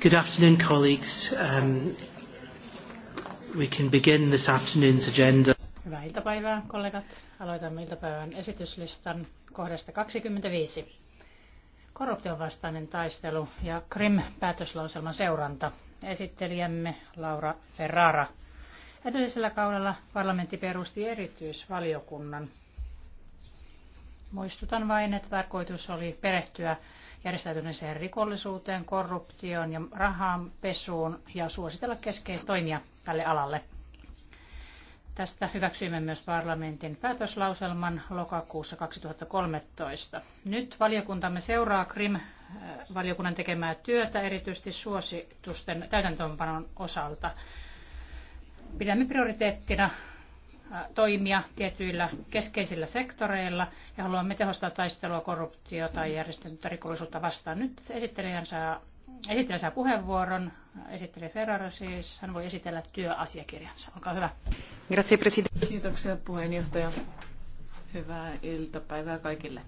Good afternoon, colleagues. Um, we can begin this afternoon's agenda. Hyvää iltapäivää, kollegat. Aloitamme iltapäivän esityslistan kohdasta 25. Korruption vastainen taistelu ja Krim-päätöslauselman seuranta. Esittelijämme Laura Ferrara. Edellisellä kaudella parlamentti perusti erityisvaliokunnan Muistutan vain, että tarkoitus oli perehtyä järjestäytyneeseen rikollisuuteen, korruptioon ja rahanpesuun ja suositella keskeisiä toimia tälle alalle. Tästä hyväksyimme myös parlamentin päätöslauselman lokakuussa 2013. Nyt valiokuntamme seuraa Krim-valiokunnan tekemää työtä erityisesti suositusten täytäntöönpanon osalta. Pidämme prioriteettina toimia tietyillä keskeisillä sektoreilla ja haluamme tehostaa taistelua korruptiota ja järjestettyä rikollisuutta vastaan. Nyt esittelijän saa, esittelijä saa puheenvuoron. Esittelijä Ferrara siis, hän voi esitellä työasiakirjansa. Olkaa hyvä. Grazie, president. Kiitoksia puheenjohtaja. Hyvää iltapäivää kaikille.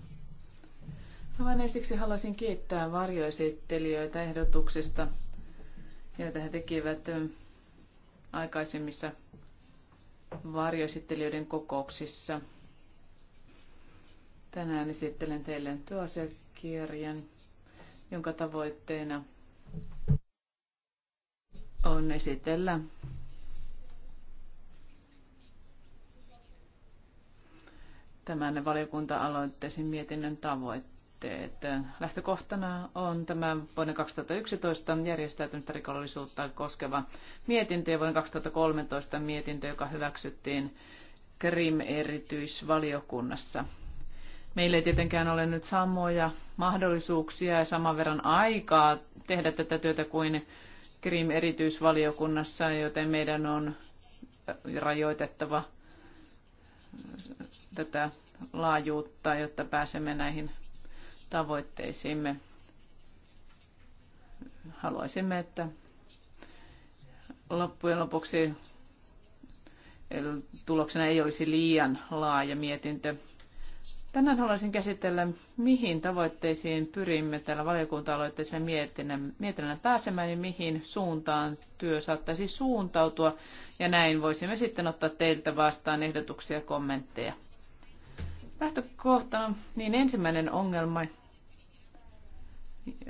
No Aivan ensiksi haluaisin kiittää varjoesittelijöitä ehdotuksista, joita he tekivät aikaisemmissa varjoesittelijöiden kokouksissa. Tänään esittelen teille työasiakirjan, jonka tavoitteena on esitellä tämän valiokunta-aloitteisen mietinnön tavoitteet aloitteet. Lähtökohtana on tämä vuoden 2011 järjestäytynyttä rikollisuutta koskeva mietintö ja vuoden 2013 mietintö, joka hyväksyttiin Krim-erityisvaliokunnassa. Meillä ei tietenkään ole nyt samoja mahdollisuuksia ja saman verran aikaa tehdä tätä työtä kuin Krim-erityisvaliokunnassa, joten meidän on rajoitettava tätä laajuutta, jotta pääsemme näihin tavoitteisiimme. Haluaisimme, että loppujen lopuksi tuloksena ei olisi liian laaja mietintö. Tänään haluaisin käsitellä, mihin tavoitteisiin pyrimme tällä valiokunta aloitteessa mietinnän pääsemään ja mihin suuntaan työ saattaisi suuntautua. Ja näin voisimme sitten ottaa teiltä vastaan ehdotuksia ja kommentteja. Lähtökohtana niin ensimmäinen ongelma,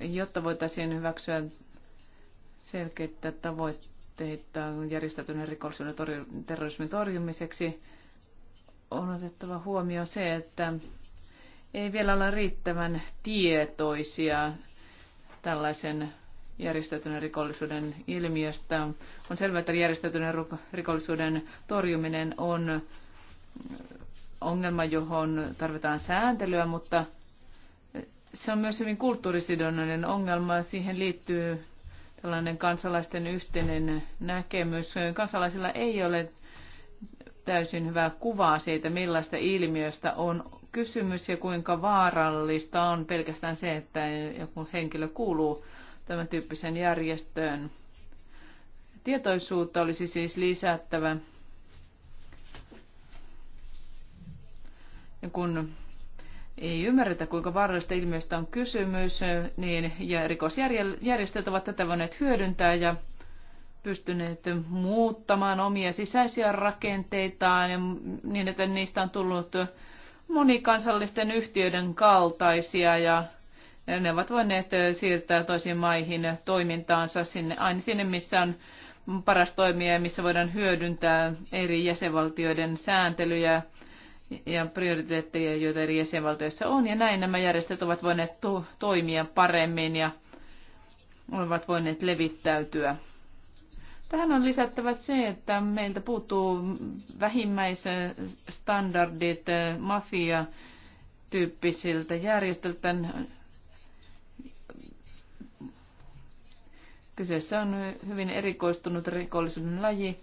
jotta voitaisiin hyväksyä selkeitä tavoitteita järjestäytyneen rikollisuuden torju- terrorismin torjumiseksi, on otettava huomioon se, että ei vielä ole riittävän tietoisia tällaisen järjestäytyneen rikollisuuden ilmiöstä. On selvää, että järjestäytyneen rikollisuuden torjuminen on ongelma, johon tarvitaan sääntelyä, mutta se on myös hyvin kulttuurisidonnainen ongelma. Siihen liittyy tällainen kansalaisten yhteinen näkemys. Kansalaisilla ei ole täysin hyvää kuvaa siitä, millaista ilmiöstä on kysymys ja kuinka vaarallista on pelkästään se, että joku henkilö kuuluu tämän tyyppisen järjestöön. Tietoisuutta olisi siis lisättävä. Ja kun ei ymmärretä, kuinka vaarallisesta ilmiöstä on kysymys, niin ja rikosjärjestöt ovat tätä voineet hyödyntää ja pystyneet muuttamaan omia sisäisiä rakenteitaan ja niin, että niistä on tullut monikansallisten yhtiöiden kaltaisia ja ne ovat voineet siirtää toisiin maihin toimintaansa sinne, aina sinne, missä on paras toimija ja missä voidaan hyödyntää eri jäsenvaltioiden sääntelyjä ja prioriteetteja, joita eri jäsenvaltioissa on. Ja näin nämä järjestöt ovat voineet to- toimia paremmin ja ovat voineet levittäytyä. Tähän on lisättävä se, että meiltä puuttuu vähimmäisstandardit eh, mafia-tyyppisiltä järjestöltä. Kyseessä on hyvin erikoistunut rikollisuuden laji.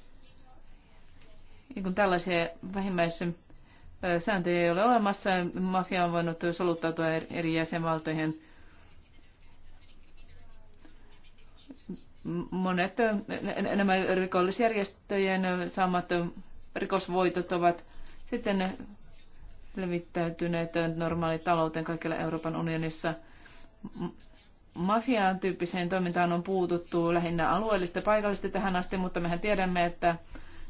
Ja kun tällaisia vähimmäisen sääntöjä ei ole olemassa. Mafia on voinut soluttautua eri jäsenvaltoihin. Monet nämä rikollisjärjestöjen saamat rikosvoitot ovat sitten levittäytyneet talouteen kaikilla Euroopan unionissa. Mafiaan tyyppiseen toimintaan on puututtu lähinnä ja paikallisesti tähän asti, mutta mehän tiedämme, että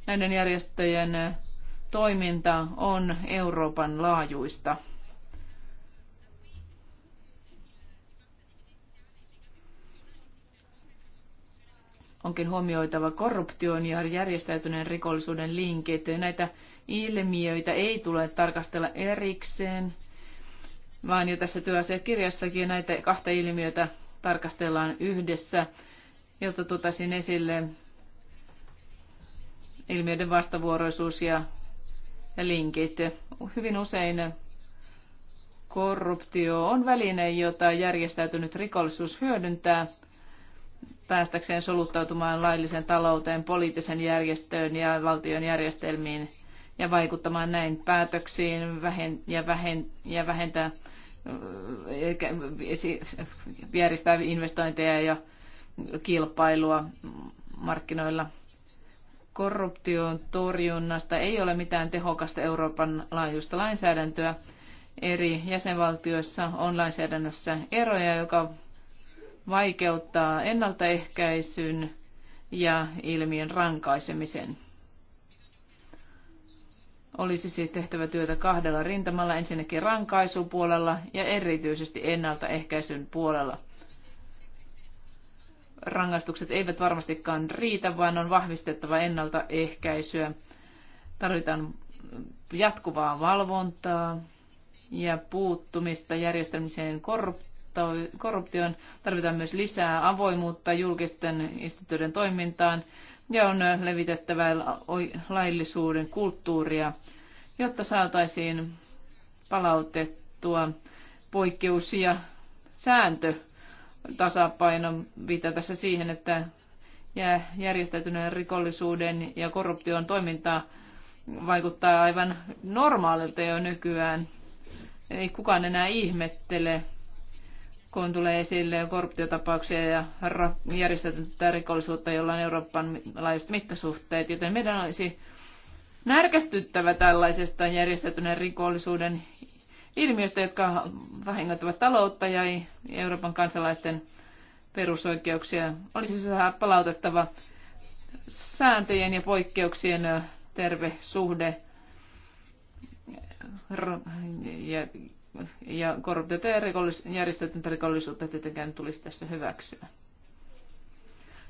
näiden järjestöjen toiminta on Euroopan laajuista. Onkin huomioitava korruption ja järjestäytyneen rikollisuuden linkit. Näitä ilmiöitä ei tule tarkastella erikseen, vaan jo tässä työasiakirjassakin näitä kahta ilmiötä tarkastellaan yhdessä, jotta tuotaisiin esille ilmiöiden vastavuoroisuus ja linkit. Hyvin usein korruptio on väline, jota järjestäytynyt rikollisuus hyödyntää päästäkseen soluttautumaan lailliseen talouteen, poliittisen järjestöön ja valtion järjestelmiin ja vaikuttamaan näin päätöksiin ja vähentää järjestää investointeja ja kilpailua markkinoilla korruption torjunnasta ei ole mitään tehokasta Euroopan laajuista lainsäädäntöä. Eri jäsenvaltioissa on lainsäädännössä eroja, joka vaikeuttaa ennaltaehkäisyn ja ilmiön rankaisemisen. Olisi siis tehtävä työtä kahdella rintamalla, ensinnäkin rankaisupuolella ja erityisesti ennaltaehkäisyn puolella rangaistukset eivät varmastikaan riitä, vaan on vahvistettava ennaltaehkäisyä. Tarvitaan jatkuvaa valvontaa ja puuttumista järjestämiseen korruptioon. Tarvitaan myös lisää avoimuutta julkisten instituutioiden toimintaan ja on levitettävä laillisuuden kulttuuria, jotta saataisiin palautettua poikkeus ja sääntö tasapaino. Viittaa siihen, että järjestäytyneen rikollisuuden ja korruption toiminta vaikuttaa aivan normaalilta jo nykyään. Ei kukaan enää ihmettele, kun tulee esille korruptiotapauksia ja järjestäytynyttä rikollisuutta, jolla on Euroopan laajuiset mittasuhteet, joten meidän olisi närkästyttävä tällaisesta järjestäytyneen rikollisuuden ilmiöstä, jotka vahingoittavat taloutta ja Euroopan kansalaisten perusoikeuksia. Olisi saada palautettava sääntöjen ja poikkeuksien terve suhde ja, ja korruptiota ja rikollis, rikollisuutta tietenkään tulisi tässä hyväksyä.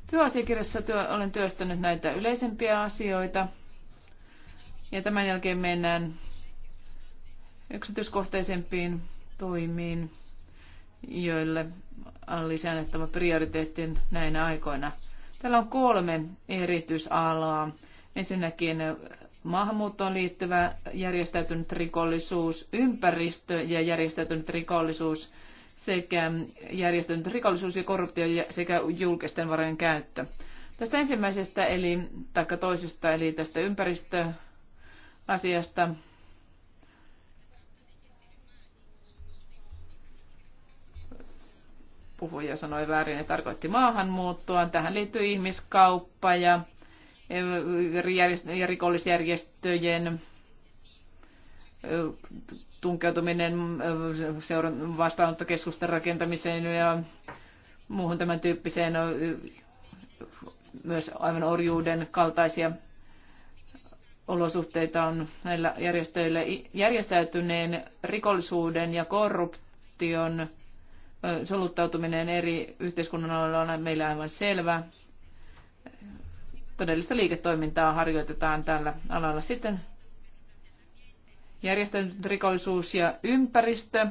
Työasiakirjassa työ, olen työstänyt näitä yleisempiä asioita ja tämän jälkeen mennään yksityiskohtaisempiin toimiin, joille on lisännettävä prioriteetti näinä aikoina. Täällä on kolme erityisalaa. Ensinnäkin maahanmuuttoon liittyvä järjestäytynyt rikollisuus, ympäristö ja järjestäytynyt rikollisuus sekä järjestäytynyt rikollisuus ja korruptio sekä julkisten varojen käyttö. Tästä ensimmäisestä eli, taikka toisesta eli tästä ympäristöasiasta puhuja sanoi väärin että tarkoitti maahanmuuttoa. Tähän liittyy ihmiskauppa ja, ja rikollisjärjestöjen tunkeutuminen vastaanottokeskusten rakentamiseen ja muuhun tämän tyyppiseen myös aivan orjuuden kaltaisia olosuhteita on näillä järjestöillä järjestäytyneen rikollisuuden ja korruption soluttautuminen eri yhteiskunnan alueilla on meillä aivan selvä. Todellista liiketoimintaa harjoitetaan tällä alalla sitten. Järjestänyt rikollisuus ja ympäristö.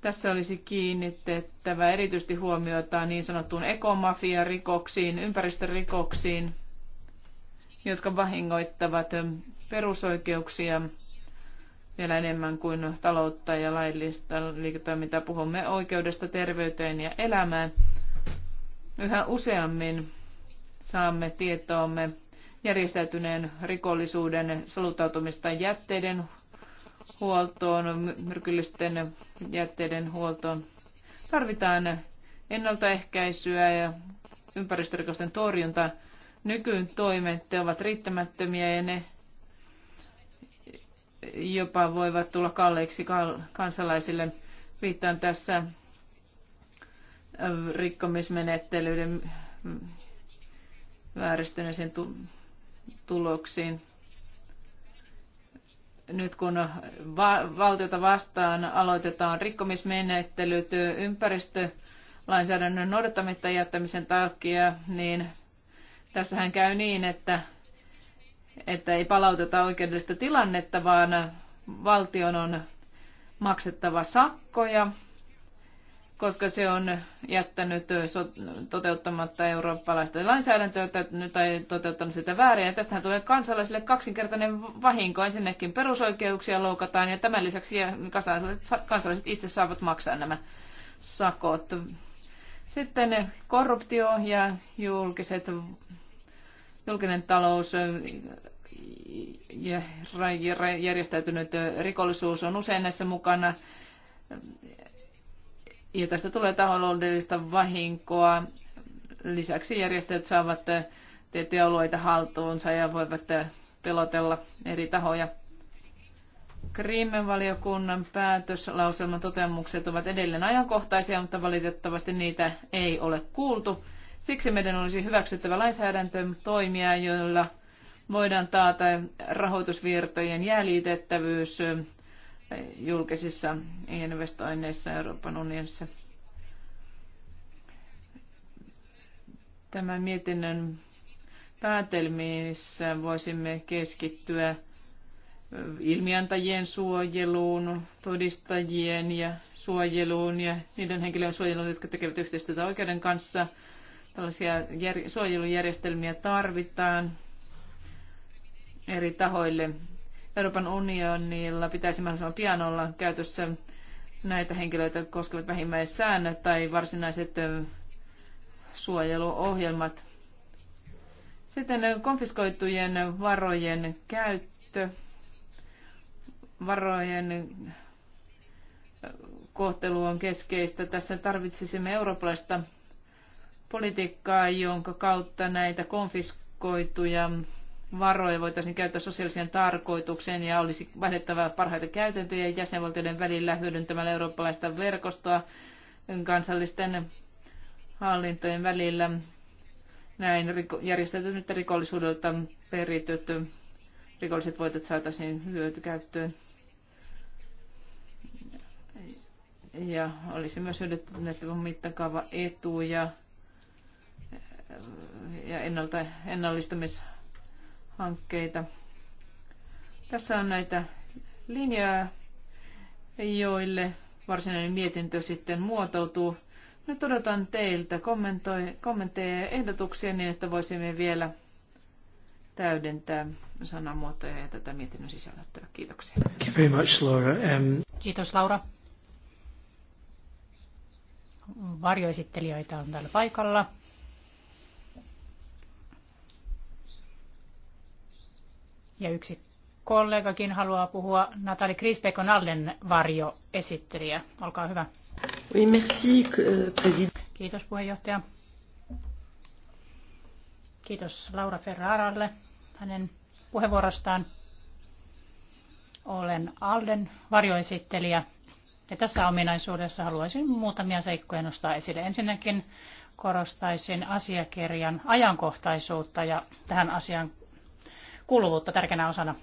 Tässä olisi kiinnitettävä erityisesti huomiota niin sanottuun ekomafiarikoksiin, ympäristörikoksiin, jotka vahingoittavat perusoikeuksia vielä enemmän kuin taloutta ja laillista liiketoimintaa. Puhumme oikeudesta terveyteen ja elämään. Yhä useammin saamme tietoomme järjestäytyneen rikollisuuden soluttautumista jätteiden huoltoon, myrkyllisten jätteiden huoltoon. Tarvitaan ennaltaehkäisyä ja ympäristörikosten torjunta. Nykytoimet ovat riittämättömiä ja ne jopa voivat tulla kalleiksi kansalaisille. Viittaan tässä äh, rikkomismenettelyiden vääristyneisiin tuloksiin. Nyt kun va- valtiota vastaan aloitetaan rikkomismenettelyt ympäristölainsäädännön noudattamatta jättämisen takia, niin tässähän käy niin, että että ei palauteta oikeudellista tilannetta, vaan valtion on maksettava sakkoja, koska se on jättänyt toteuttamatta eurooppalaista lainsäädäntöä tai toteuttanut sitä väärin. Ja tästähän tulee kansalaisille kaksinkertainen vahinko. Ensinnäkin perusoikeuksia loukataan ja tämän lisäksi kansalaiset itse saavat maksaa nämä sakot. Sitten korruptio ja julkiset, julkinen talous ja järjestäytynyt rikollisuus on usein näissä mukana. Ja tästä tulee taloudellista vahinkoa. Lisäksi järjestöt saavat tiettyjä alueita haltuunsa ja voivat pelotella eri tahoja. Kriimen valiokunnan päätöslauselman toteamukset ovat edelleen ajankohtaisia, mutta valitettavasti niitä ei ole kuultu. Siksi meidän olisi hyväksyttävä lainsäädäntö toimia, joilla voidaan taata rahoitusvirtojen jäljitettävyys julkisissa investoinneissa Euroopan unionissa. Tämän mietinnön päätelmissä voisimme keskittyä ilmiantajien suojeluun, todistajien ja suojeluun ja niiden henkilöiden suojeluun, jotka tekevät yhteistyötä oikeuden kanssa. Tällaisia suojelujärjestelmiä tarvitaan eri tahoille. Euroopan unionilla pitäisi mahdollisimman pian olla käytössä näitä henkilöitä koskevat vähimmäissäännöt tai varsinaiset suojeluohjelmat. Sitten konfiskoitujen varojen käyttö, varojen kohtelu on keskeistä. Tässä tarvitsisimme eurooppalaista politiikkaa, jonka kautta näitä konfiskoituja varoja voitaisiin käyttää sosiaaliseen tarkoitukseen ja olisi vähdettävä parhaita käytäntöjä jäsenvaltioiden välillä hyödyntämällä eurooppalaista verkostoa kansallisten hallintojen välillä. Näin riko- järjestäytynyttä rikollisuudelta perityt rikolliset voitot saataisiin hyötykäyttöön. Ja olisi myös hyödynnettävä mittakaava etu ja, ja ennalta, hankkeita. Tässä on näitä linjoja, joille varsinainen mietintö sitten muotoutuu. Nyt odotan teiltä kommentteja ja ehdotuksia niin, että voisimme vielä täydentää sanamuotoja ja tätä mietinnön sisällöttöä. Kiitoksia. Thank you very much, Laura. Um... Kiitos, Laura. Varjoesittelijöitä on täällä paikalla. Ja yksi kollegakin haluaa puhua. Natali Krispekon on Allen esittelijä. Olkaa hyvä. Oui, merci, euh, president. Kiitos puheenjohtaja. Kiitos Laura Ferraralle hänen puheenvuorostaan. Olen Alden varjoesittelijä ja tässä ominaisuudessa haluaisin muutamia seikkoja nostaa esille. Ensinnäkin korostaisin asiakirjan ajankohtaisuutta ja tähän asiaan kuuluvuutta tärkeänä osana.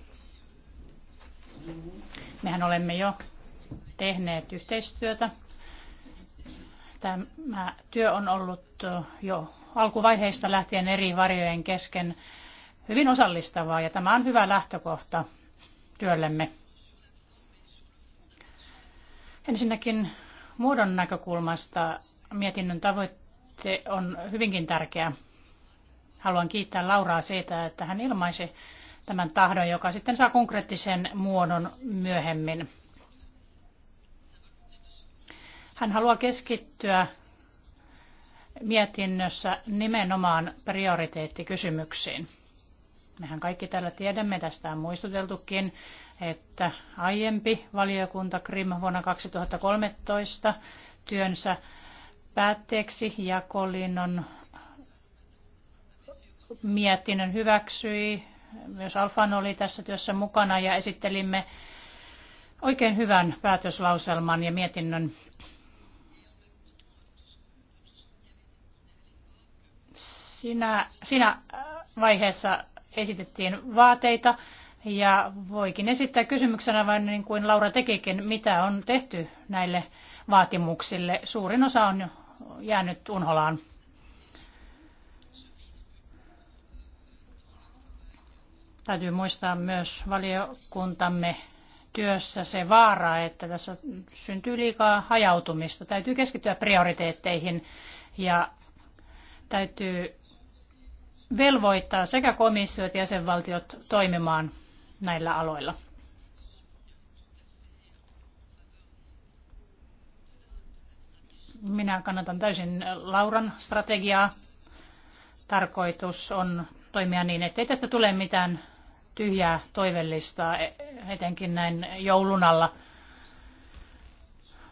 Mehän olemme jo tehneet yhteistyötä. Tämä työ on ollut jo alkuvaiheista lähtien eri varjojen kesken hyvin osallistavaa ja tämä on hyvä lähtökohta työllemme. Ensinnäkin muodon näkökulmasta mietinnön tavoitteet on hyvinkin tärkeä. Haluan kiittää Lauraa siitä, että hän ilmaisi tämän tahdon, joka sitten saa konkreettisen muodon myöhemmin. Hän haluaa keskittyä mietinnössä nimenomaan prioriteettikysymyksiin. Mehän kaikki täällä tiedämme, tästä on muistuteltukin, että aiempi valiokunta Krim vuonna 2013 työnsä päätteeksi jakolinnon mietinnön hyväksyi. Myös Alfan oli tässä työssä mukana ja esittelimme oikein hyvän päätöslauselman ja mietinnön. sinä siinä vaiheessa esitettiin vaateita ja voikin esittää kysymyksenä vain niin kuin Laura tekikin, mitä on tehty näille vaatimuksille. Suurin osa on jäänyt unholaan. Täytyy muistaa myös valiokuntamme työssä se vaara, että tässä syntyy liikaa hajautumista. Täytyy keskittyä prioriteetteihin ja täytyy velvoittaa sekä komissio että jäsenvaltiot toimimaan näillä aloilla. Minä kannatan täysin Lauran strategiaa. Tarkoitus on toimia niin, ettei tästä tule mitään tyhjää toivellistaa, e- etenkin näin joulun alla,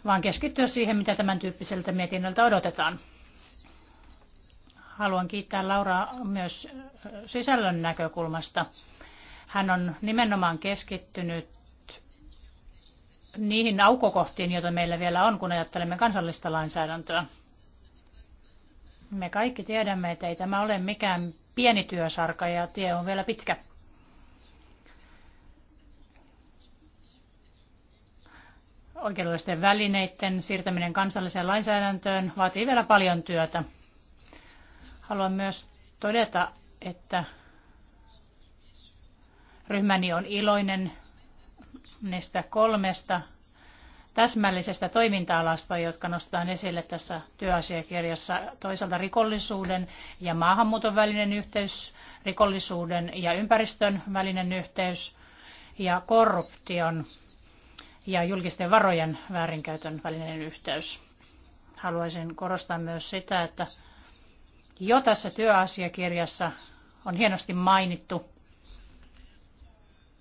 vaan keskittyä siihen, mitä tämän tyyppiseltä mietinnöltä odotetaan. Haluan kiittää Lauraa myös sisällön näkökulmasta. Hän on nimenomaan keskittynyt niihin aukokohtiin, joita meillä vielä on, kun ajattelemme kansallista lainsäädäntöä. Me kaikki tiedämme, että ei tämä ole mikään pieni työsarka ja tie on vielä pitkä. oikeudellisten välineiden siirtäminen kansalliseen lainsäädäntöön vaatii vielä paljon työtä. Haluan myös todeta, että ryhmäni on iloinen niistä kolmesta täsmällisestä toiminta-alasta, jotka nostetaan esille tässä työasiakirjassa. Toisaalta rikollisuuden ja maahanmuuton välinen yhteys, rikollisuuden ja ympäristön välinen yhteys ja korruption ja julkisten varojen väärinkäytön välinen yhteys. Haluaisin korostaa myös sitä, että jo tässä työasiakirjassa on hienosti mainittu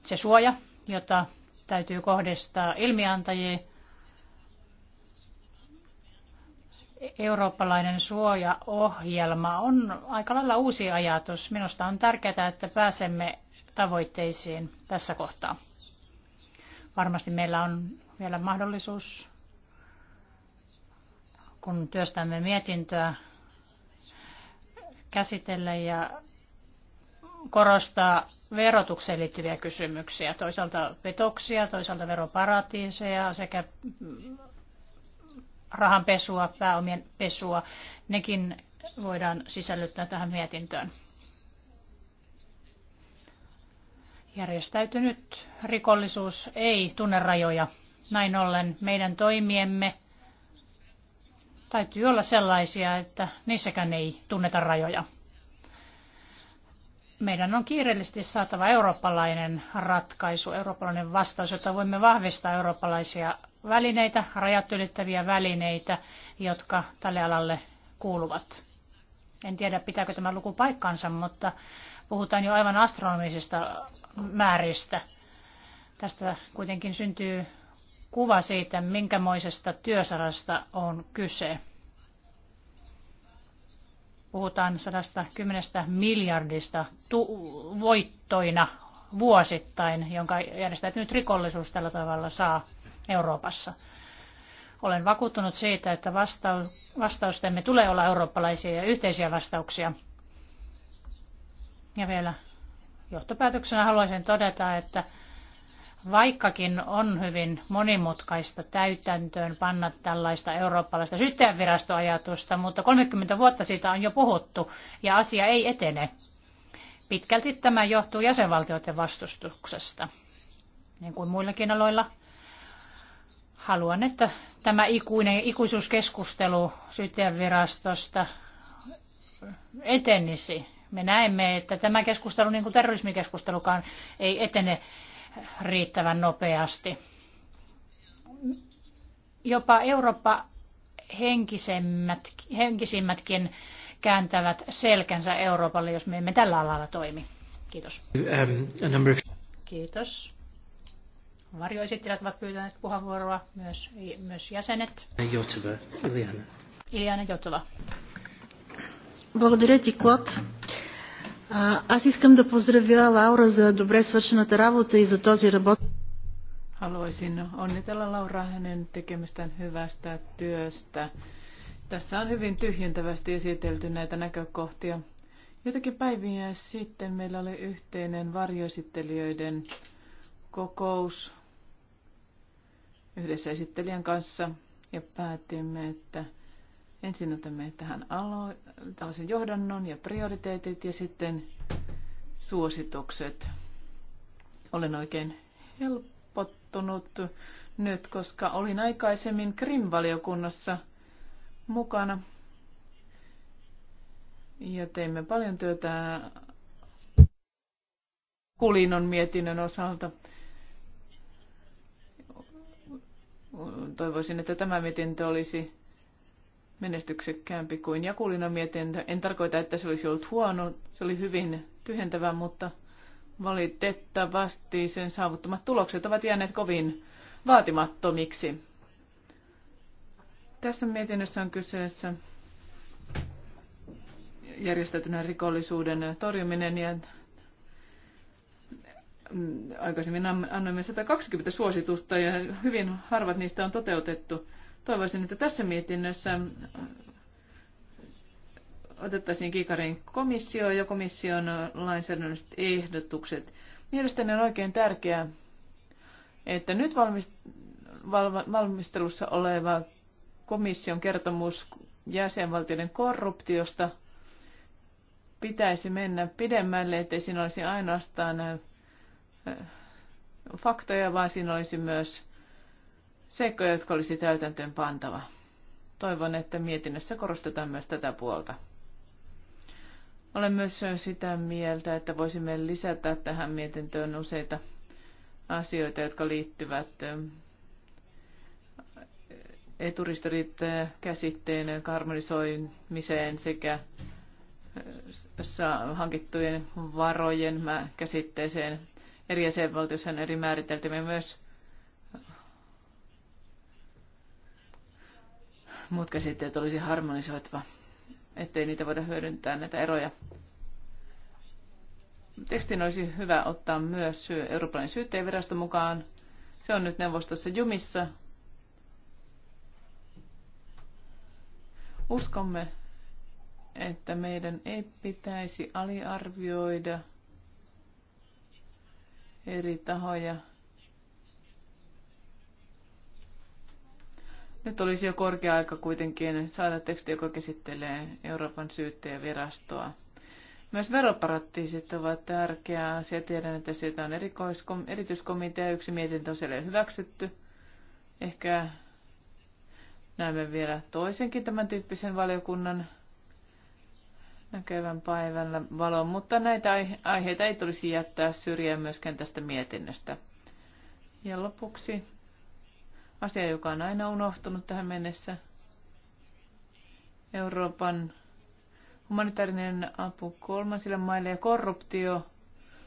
se suoja, jota täytyy kohdistaa ilmiantajiin. Eurooppalainen suojaohjelma on aika lailla uusi ajatus. Minusta on tärkeää, että pääsemme tavoitteisiin tässä kohtaa. Varmasti meillä on vielä mahdollisuus, kun työstämme mietintöä, käsitellä ja korostaa verotukseen liittyviä kysymyksiä, toisaalta petoksia, toisaalta veroparatiiseja sekä rahanpesua, pääomien pesua. Nekin voidaan sisällyttää tähän mietintöön. Järjestäytynyt rikollisuus ei tunne rajoja. Näin ollen meidän toimiemme täytyy olla sellaisia, että niissäkään ei tunneta rajoja. Meidän on kiireellisesti saatava eurooppalainen ratkaisu, eurooppalainen vastaus, jotta voimme vahvistaa eurooppalaisia välineitä, rajat ylittäviä välineitä, jotka tälle alalle kuuluvat. En tiedä, pitääkö tämä luku paikkansa, mutta puhutaan jo aivan astronomisista määristä. Tästä kuitenkin syntyy kuva siitä, minkämoisesta työsarasta on kyse. Puhutaan 110 miljardista voittoina vuosittain, jonka järjestäytynyt rikollisuus tällä tavalla saa Euroopassa. Olen vakuuttunut siitä, että vastaustemme tulee olla eurooppalaisia ja yhteisiä vastauksia. Ja vielä Johtopäätöksenä haluaisin todeta, että vaikkakin on hyvin monimutkaista täytäntöön panna tällaista eurooppalaista syyttäjänvirastoajatusta, mutta 30 vuotta siitä on jo puhuttu ja asia ei etene. Pitkälti tämä johtuu jäsenvaltioiden vastustuksesta, niin kuin muillakin aloilla. Haluan, että tämä ikuinen ikuisuuskeskustelu syyttäjänvirastosta etenisi me näemme, että tämä keskustelu, niin kuin terrorismikeskustelukaan, ei etene riittävän nopeasti. Jopa Eurooppa henkisemmät, henkisimmätkin kääntävät selkänsä Euroopalle, jos me emme tällä alalla toimi. Kiitos. Um, Kiitos. Varjoesittelijät ovat pyytäneet puheenvuoroa, myös, myös jäsenet. Jotava. Iljana. Iljana Jotava. Благодаря ти, Аз искам да поздравя Лаура за добре свършената работа и за този работ. Haluaisin onnitella Laura hänen tekemistään hyvästä työstä. Tässä on hyvin tyhjentävästi esitelty näitä näkökohtia. Jotakin päiviä sitten meillä oli yhteinen varjoesittelijöiden kokous yhdessä esittelijän kanssa ja päätimme, että Ensin otamme tähän alo- tällaisen johdannon ja prioriteetit ja sitten suositukset. Olen oikein helpottunut nyt, koska olin aikaisemmin Krim-valiokunnassa mukana ja teimme paljon työtä Kulinon mietinnön osalta. Toivoisin, että tämä mietintö olisi menestyksekkäämpi kuin Jakulina mietintö. En tarkoita, että se olisi ollut huono, se oli hyvin tyhjentävä, mutta valitettavasti sen saavuttamat tulokset ovat jääneet kovin vaatimattomiksi. Tässä mietinnössä on kyseessä järjestäytyneen rikollisuuden torjuminen ja aikaisemmin annoimme 120 suositusta ja hyvin harvat niistä on toteutettu. Toivoisin, että tässä mietinnössä äh, otettaisiin kikarin komissio ja komission lainsäädännölliset ehdotukset. Mielestäni on oikein tärkeää, että nyt valmistelussa oleva komission kertomus jäsenvaltioiden korruptiosta pitäisi mennä pidemmälle, ettei siinä olisi ainoastaan äh, faktoja, vaan siinä olisi myös seikkoja, jotka olisi täytäntöön pantava. Toivon, että mietinnössä korostetaan myös tätä puolta. Olen myös sitä mieltä, että voisimme lisätä tähän mietintöön useita asioita, jotka liittyvät eturistorit käsitteen karmonisoimiseen sekä hankittujen varojen käsitteeseen eri jäsenvaltioissa on eri määriteltyjä myös muut käsitteet olisi harmonisoitava, ettei niitä voida hyödyntää näitä eroja. Tekstin olisi hyvä ottaa myös Euroopan syyttäjävirasto mukaan. Se on nyt neuvostossa jumissa. Uskomme, että meidän ei pitäisi aliarvioida eri tahoja – Nyt olisi jo korkea aika kuitenkin saada teksti, joka käsittelee Euroopan syyttäjävirastoa. Myös veroparattiisit ovat tärkeä asia. Tiedän, että siitä on erikoiskom- erityiskomitea. Yksi mietintö on siellä hyväksytty. Ehkä näemme vielä toisenkin tämän tyyppisen valiokunnan näkevän päivällä valon, mutta näitä aiheita ei tulisi jättää syrjään myöskään tästä mietinnöstä. Ja lopuksi asia, joka on aina unohtunut tähän mennessä. Euroopan humanitaarinen apu kolmansille maille ja korruptio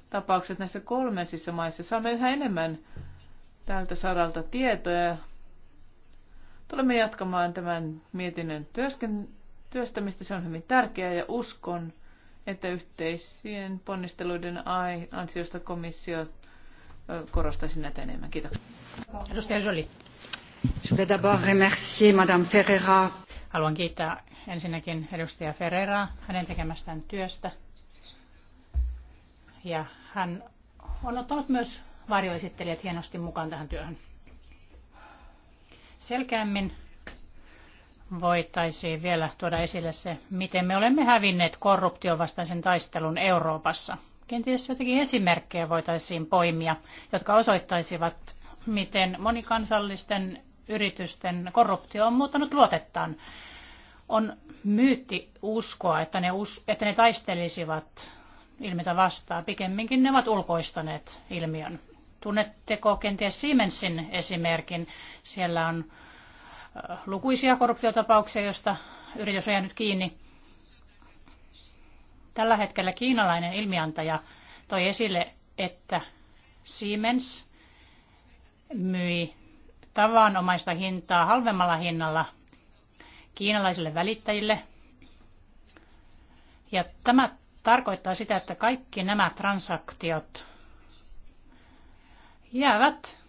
tapaukset näissä kolmensissa maissa. Saamme yhä enemmän tältä saralta tietoja. Tulemme jatkamaan tämän mietinnön työsken, työstämistä. Se on hyvin tärkeää ja uskon, että yhteisien ponnisteluiden ansiosta komissio korostaisi näitä enemmän. Kiitoksia. Edustaja Jolie. Haluan kiittää ensinnäkin edustaja Ferreraa hänen tekemästään työstä. Ja hän on ottanut myös varjoesittelijät hienosti mukaan tähän työhön. Selkeämmin voitaisiin vielä tuoda esille se, miten me olemme hävinneet vastaisen taistelun Euroopassa. Kenties jotakin esimerkkejä voitaisiin poimia, jotka osoittaisivat, miten monikansallisten yritysten korruptio on muuttanut luotettaan. On myytti uskoa, että ne, us- että ne taistelisivat ilmiötä vastaan. Pikemminkin ne ovat ulkoistaneet ilmiön. Tunnetteko kenties Siemensin esimerkin? Siellä on äh, lukuisia korruptiotapauksia, joista yritys on jäänyt kiinni. Tällä hetkellä kiinalainen ilmiantaja toi esille, että Siemens myi tavanomaista hintaa halvemmalla hinnalla kiinalaisille välittäjille. Ja tämä tarkoittaa sitä, että kaikki nämä transaktiot jäävät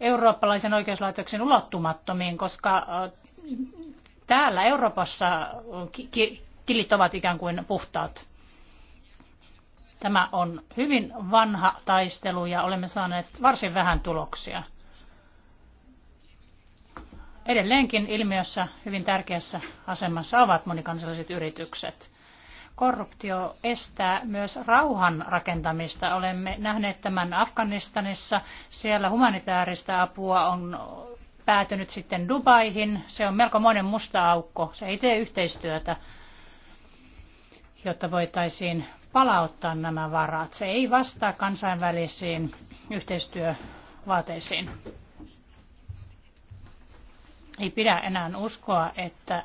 eurooppalaisen oikeuslaitoksen ulottumattomiin, koska täällä Euroopassa kilit ovat ikään kuin puhtaat. Tämä on hyvin vanha taistelu ja olemme saaneet varsin vähän tuloksia edelleenkin ilmiössä hyvin tärkeässä asemassa ovat monikansalliset yritykset. Korruptio estää myös rauhan rakentamista. Olemme nähneet tämän Afganistanissa. Siellä humanitaarista apua on päätynyt sitten Dubaihin. Se on melko monen musta aukko. Se ei tee yhteistyötä, jotta voitaisiin palauttaa nämä varat. Se ei vastaa kansainvälisiin yhteistyövaateisiin. Ei pidä enää uskoa, että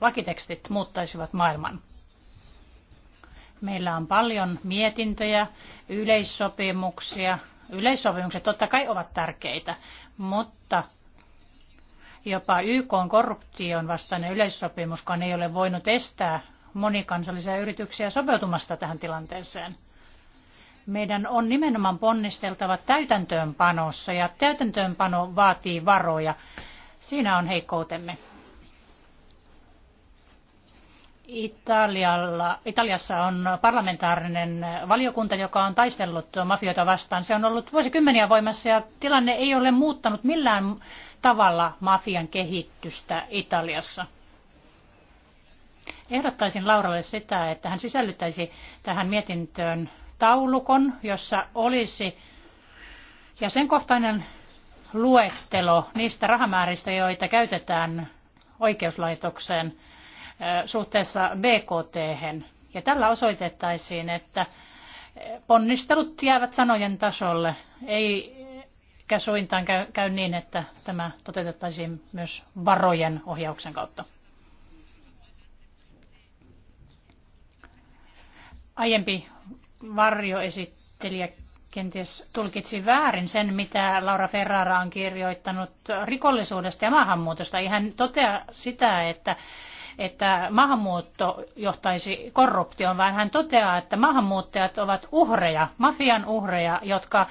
lakitekstit muuttaisivat maailman. Meillä on paljon mietintöjä, yleissopimuksia. Yleissopimukset totta kai ovat tärkeitä, mutta jopa YK on korruption vastainen yleissopimuskaan ei ole voinut estää monikansallisia yrityksiä sopeutumasta tähän tilanteeseen. Meidän on nimenomaan ponnisteltava täytäntöönpanossa ja täytäntöönpano vaatii varoja. Siinä on heikkoutemme. Italialla, Italiassa on parlamentaarinen valiokunta, joka on taistellut mafioita vastaan. Se on ollut vuosikymmeniä voimassa ja tilanne ei ole muuttanut millään tavalla mafian kehitystä Italiassa. Ehdottaisin Lauralle sitä, että hän sisällyttäisi tähän mietintöön taulukon, jossa olisi jäsenkohtainen luettelo niistä rahamääristä, joita käytetään oikeuslaitokseen suhteessa BKT. hen Ja tällä osoitettaisiin, että ponnistelut jäävät sanojen tasolle. Ei suintaan käy, käy niin, että tämä toteutettaisiin myös varojen ohjauksen kautta. Aiempi varjoesittelijä kenties tulkitsin väärin sen, mitä Laura Ferrara on kirjoittanut rikollisuudesta ja maahanmuutosta. Ei hän totea sitä, että, että maahanmuutto johtaisi korruptioon, vaan hän toteaa, että maahanmuuttajat ovat uhreja, mafian uhreja, jotka,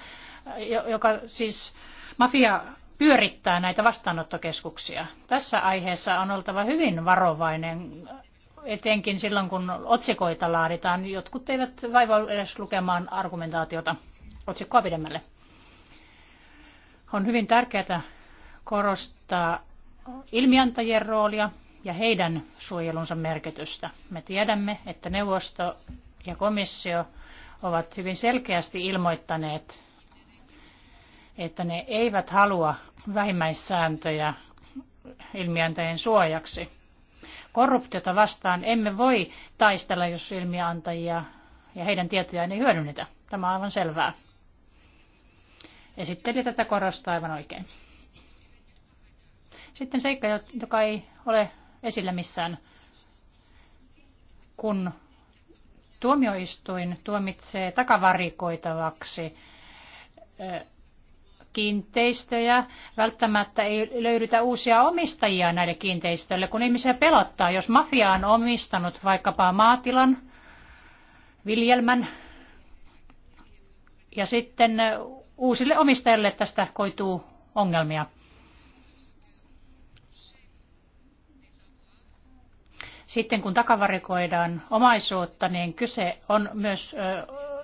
joka siis mafia pyörittää näitä vastaanottokeskuksia. Tässä aiheessa on oltava hyvin varovainen etenkin silloin, kun otsikoita laaditaan. Jotkut eivät vaivaa edes lukemaan argumentaatiota otsikkoa pidemmälle. On hyvin tärkeää korostaa ilmiantajien roolia ja heidän suojelunsa merkitystä. Me tiedämme, että neuvosto ja komissio ovat hyvin selkeästi ilmoittaneet, että ne eivät halua vähimmäissääntöjä ilmiantajien suojaksi. Korruptiota vastaan emme voi taistella, jos ilmiantajia ja heidän tietojaan ei hyödynnetä. Tämä on aivan selvää. Esitteli tätä korostaa aivan oikein. Sitten seikka, joka ei ole esillä missään, kun tuomioistuin tuomitsee takavarikoitavaksi kiinteistöjä. Välttämättä ei löydytä uusia omistajia näille kiinteistöille, kun ihmisiä pelottaa. Jos mafia on omistanut vaikkapa maatilan, viljelmän ja sitten uusille omistajille tästä koituu ongelmia. Sitten kun takavarikoidaan omaisuutta, niin kyse on myös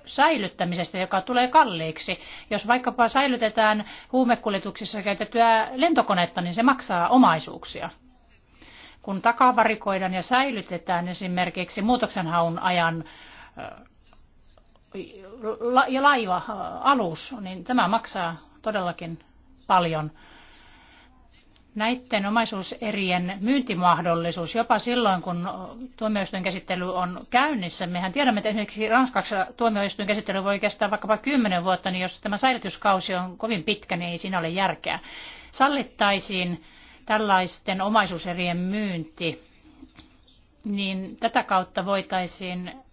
säilyttämisestä, joka tulee kalliiksi. Jos vaikkapa säilytetään huumekuljetuksissa käytettyä lentokonetta, niin se maksaa omaisuuksia. Kun takavarikoidaan ja säilytetään esimerkiksi muutoksenhaun ajan ja laiva, äh, alus, niin tämä maksaa todellakin paljon. Näiden omaisuuserien myyntimahdollisuus, jopa silloin kun käsittely on käynnissä, mehän tiedämme, että esimerkiksi Ranskassa käsittely voi kestää vaikkapa 10 vuotta, niin jos tämä säilytyskausi on kovin pitkä, niin ei siinä ole järkeä. Sallittaisiin tällaisten omaisuuserien myynti, niin tätä kautta voitaisiin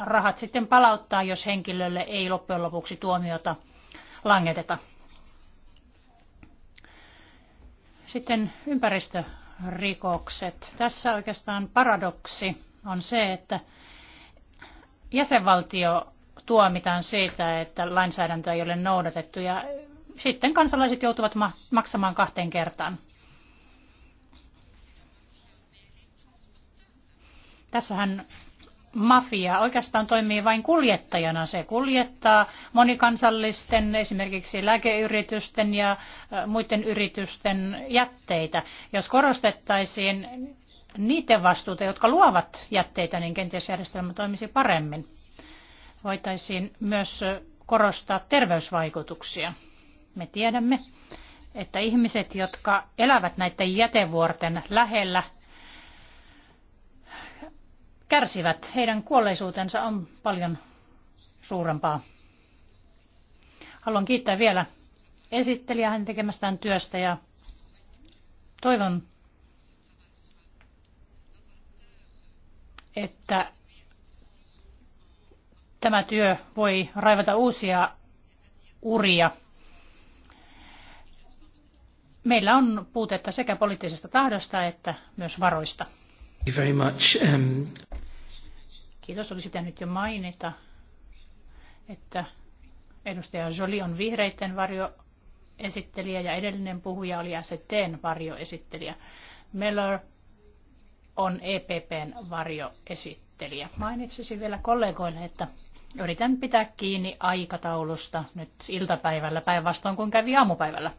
rahat sitten palauttaa, jos henkilölle ei loppujen lopuksi tuomiota langeteta. Sitten ympäristörikokset. Tässä oikeastaan paradoksi on se, että jäsenvaltio tuomitaan siitä, että lainsäädäntöä ei ole noudatettu ja sitten kansalaiset joutuvat maksamaan kahteen kertaan. Tässähän mafia oikeastaan toimii vain kuljettajana. Se kuljettaa monikansallisten esimerkiksi lääkeyritysten ja muiden yritysten jätteitä. Jos korostettaisiin niiden vastuuta, jotka luovat jätteitä, niin kenties järjestelmä toimisi paremmin. Voitaisiin myös korostaa terveysvaikutuksia. Me tiedämme, että ihmiset, jotka elävät näiden jätevuorten lähellä, kärsivät. Heidän kuolleisuutensa on paljon suurempaa. Haluan kiittää vielä esittelijää hänen tekemästään työstä ja toivon, että tämä työ voi raivata uusia uria. Meillä on puutetta sekä poliittisesta tahdosta että myös varoista. Very much. Um... Kiitos. Olisi pitänyt jo mainita, että edustaja Jolie on vihreiden varjoesittelijä ja edellinen puhuja oli STn varjoesittelijä. Meller on EPPn varjoesittelijä. Mainitsisin vielä kollegoille, että yritän pitää kiinni aikataulusta nyt iltapäivällä päinvastoin kuin kävi aamupäivällä.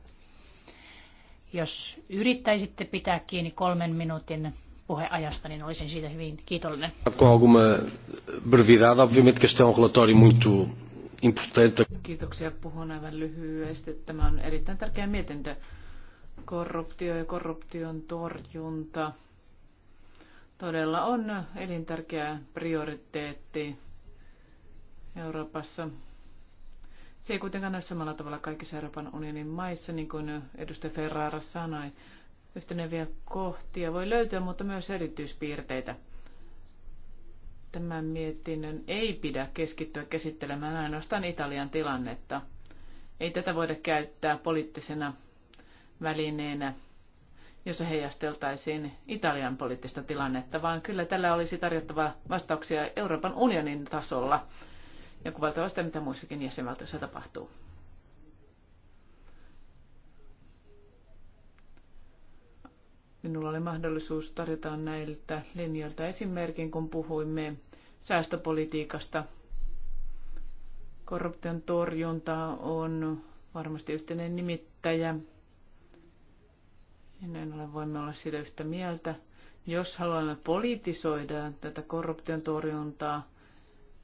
Jos yrittäisitte pitää kiinni kolmen minuutin puheajasta, niin olisin siitä hyvin kiitollinen. Con alguma brevidade, obviamente que este é um relatório muito importante. Kiitoksia. Puhun aivan lyhyesti. Tämä on erittäin tärkeä mietintö. Korruptio ja korruption torjunta todella on elintärkeä prioriteetti Euroopassa. Se ei kuitenkaan ole samalla tavalla kaikissa Euroopan unionin maissa, niin kuin edustaja Ferrara sanoi yhteneviä kohtia voi löytyä, mutta myös erityispiirteitä. Tämän mietinnön ei pidä keskittyä käsittelemään ainoastaan Italian tilannetta. Ei tätä voida käyttää poliittisena välineenä, jossa heijasteltaisiin Italian poliittista tilannetta, vaan kyllä tällä olisi tarjottava vastauksia Euroopan unionin tasolla ja kuvaltava sitä, mitä muissakin jäsenvaltioissa tapahtuu. Minulla oli mahdollisuus tarjota näiltä linjalta esimerkin, kun puhuimme säästöpolitiikasta. Korruption torjunta on varmasti yhteinen nimittäjä. Ja näin ole, voimme olla siitä yhtä mieltä. Jos haluamme politisoida tätä korruption torjuntaa,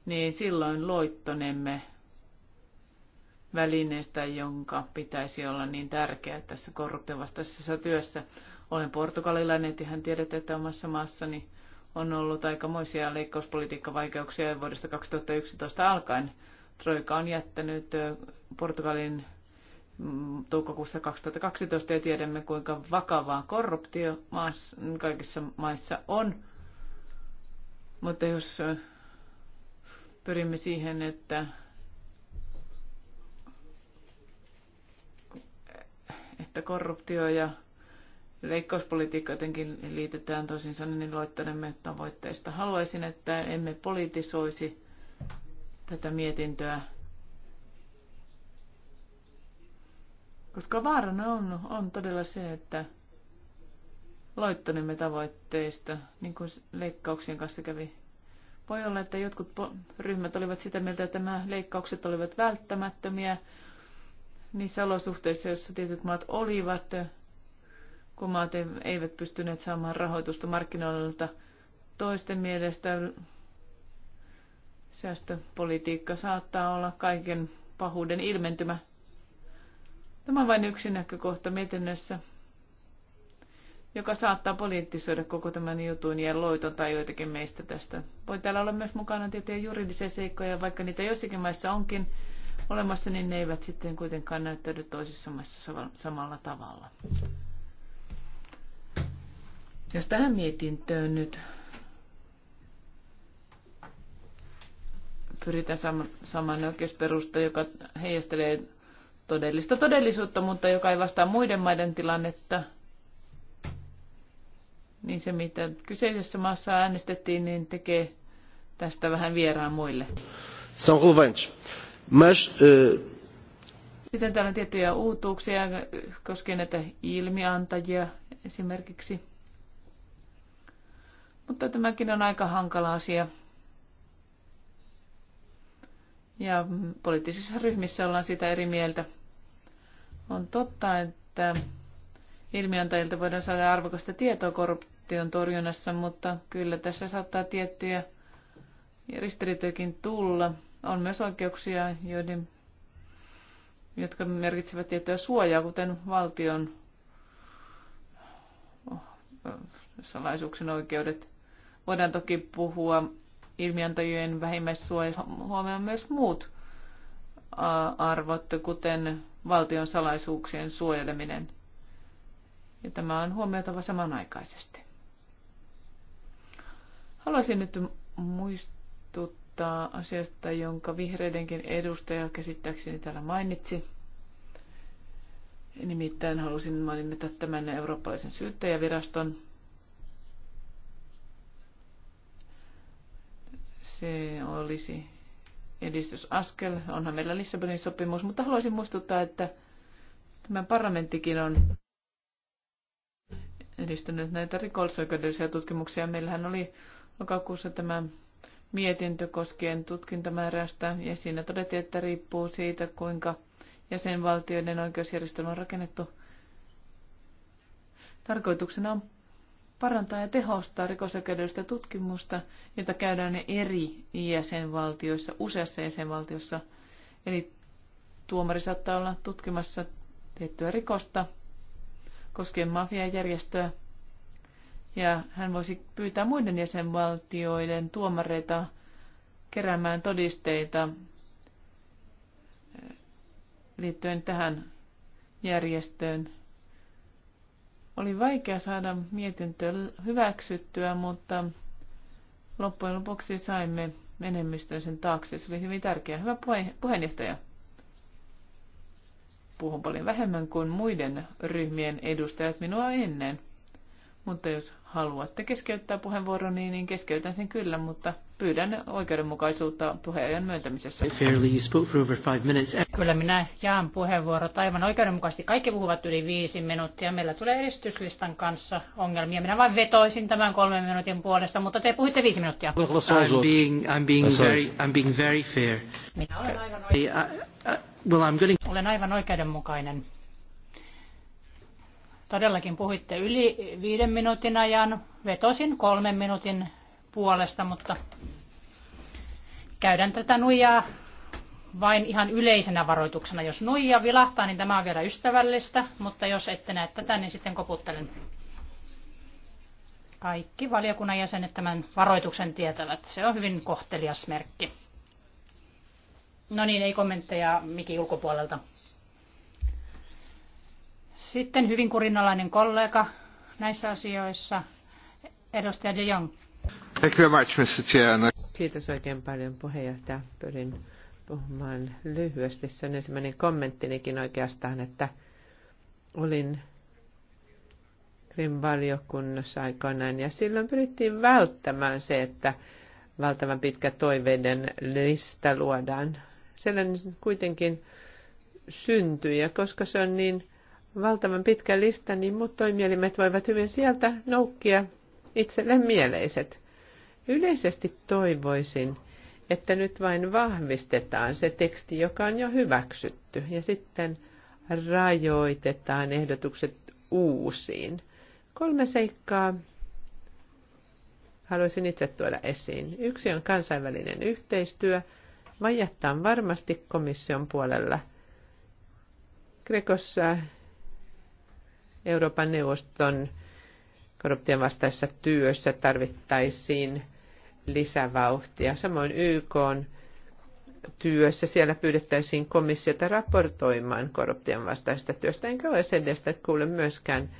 niin silloin loittonemme välineestä, jonka pitäisi olla niin tärkeä tässä korruption vastaisessa työssä. Olen portugalilainen, niin hän tiedätte, että omassa maassani on ollut aikamoisia leikkauspolitiikkavaikeuksia vuodesta 2011 alkaen. Troika on jättänyt Portugalin mm, toukokuussa 2012 ja tiedämme, kuinka vakavaa korruptio maassa, kaikissa maissa on. Mutta jos pyrimme siihen, että että korruptio ja leikkauspolitiikka jotenkin liitetään toisiinsa, niin loittelemme tavoitteista. Haluaisin, että emme politisoisi tätä mietintöä, koska vaarana on, on todella se, että loittonemme tavoitteista, niin kuin leikkauksien kanssa kävi. Voi olla, että jotkut ryhmät olivat sitä mieltä, että nämä leikkaukset olivat välttämättömiä niissä olosuhteissa, joissa tietyt maat olivat kun maat eivät pystyneet saamaan rahoitusta markkinoilta toisten mielestä. Säästöpolitiikka saattaa olla kaiken pahuuden ilmentymä. Tämä on vain yksi näkökohta mietinnössä, joka saattaa poliittisoida koko tämän jutun ja loiton tai joitakin meistä tästä. Voi täällä olla myös mukana tiettyjä juridisia seikkoja, vaikka niitä jossakin maissa onkin olemassa, niin ne eivät sitten kuitenkaan näyttäydy toisissa maissa samalla tavalla. Jos tähän mietintöön nyt pyritään saamaan oikeusperusta, joka heijastelee todellista todellisuutta, mutta joka ei vastaa muiden maiden tilannetta, niin se mitä kyseisessä maassa äänestettiin, niin tekee tästä vähän vieraan muille. Sans revanche. Mas, uh... Sitten täällä on tiettyjä uutuuksia koskien näitä ilmiantajia esimerkiksi. Mutta tämäkin on aika hankala asia. Ja poliittisissa ryhmissä ollaan sitä eri mieltä. On totta, että ilmiöntäjiltä voidaan saada arvokasta tietoa korruption torjunnassa, mutta kyllä tässä saattaa tiettyjä ristiriitojakin tulla. On myös oikeuksia, joiden, jotka merkitsevät tiettyä suojaa, kuten valtion salaisuuksien oikeudet. Voidaan toki puhua ilmiantajien vähimmäissuojassa huomioon myös muut arvot, kuten valtion salaisuuksien suojeleminen. Ja tämä on huomioitava samanaikaisesti. Haluaisin nyt muistuttaa asiasta, jonka vihreidenkin edustaja käsittääkseni täällä mainitsi. Nimittäin halusin mainita tämän eurooppalaisen syyttäjäviraston Se olisi edistysaskel. Onhan meillä Lissabonin sopimus, mutta haluaisin muistuttaa, että tämä parlamenttikin on edistänyt näitä rikollisoikeudellisia tutkimuksia. Meillähän oli lokakuussa tämä mietintö koskien tutkintamäärästä ja siinä todettiin, että riippuu siitä, kuinka jäsenvaltioiden oikeusjärjestelmä on rakennettu. Tarkoituksena on parantaa ja tehostaa rikosoikeudellista tutkimusta, jota käydään eri jäsenvaltioissa, useassa jäsenvaltiossa. Eli tuomari saattaa olla tutkimassa tiettyä rikosta koskien mafiajärjestöä, ja hän voisi pyytää muiden jäsenvaltioiden tuomareita keräämään todisteita eh, liittyen tähän järjestöön oli vaikea saada mietintö hyväksyttyä, mutta loppujen lopuksi saimme enemmistön sen taakse. Se oli hyvin tärkeä. Hyvä puheenjohtaja. Puhun paljon vähemmän kuin muiden ryhmien edustajat minua ennen. Mutta jos haluatte keskeyttää puheenvuoroni, niin keskeytän sen kyllä, mutta pyydän oikeudenmukaisuutta puheenjohtajan myöntämisessä. Kyllä minä jaan puheenvuorot aivan oikeudenmukaisesti. Kaikki puhuvat yli viisi minuuttia. Meillä tulee edistyslistan kanssa ongelmia. Minä vain vetoisin tämän kolmen minuutin puolesta, mutta te puhuitte viisi minuuttia. I'm being, I'm being, very, I'm being very fair. Minä olen aivan, oikein... olen aivan oikeudenmukainen. Todellakin puhuitte yli viiden minuutin ajan. Vetosin kolmen minuutin puolesta, mutta käydään tätä nuijaa vain ihan yleisenä varoituksena. Jos nuija vilahtaa, niin tämä on vielä ystävällistä, mutta jos ette näe tätä, niin sitten koputtelen. Kaikki valiokunnan jäsenet tämän varoituksen tietävät. Se on hyvin kohtelias merkki. No niin, ei kommentteja Miki ulkopuolelta. Sitten hyvin kurinalainen kollega näissä asioissa, edustaja De Jong. Thank you very much, Mr. Chair. Kiitos oikein paljon puheenjohtaja. Pyrin puhumaan lyhyesti. Se on ensimmäinen kommenttinikin oikeastaan, että olin Krim valiokunnassa aikoinaan ja silloin pyrittiin välttämään se, että valtavan pitkä toiveiden lista luodaan. Sellainen kuitenkin syntyy ja koska se on niin valtavan pitkä lista, niin muut toimielimet voivat hyvin sieltä noukkia itselle mieleiset. Yleisesti toivoisin, että nyt vain vahvistetaan se teksti, joka on jo hyväksytty, ja sitten rajoitetaan ehdotukset uusiin. Kolme seikkaa haluaisin itse tuoda esiin. Yksi on kansainvälinen yhteistyö. Vajetta on varmasti komission puolella. Grekossa Euroopan neuvoston korruption vastaisessa työssä tarvittaisiin lisävauhtia. Samoin YK on työssä. Siellä pyydettäisiin komissiota raportoimaan korruption vastaisesta työstä, enkä ole sen edestä kuule myöskään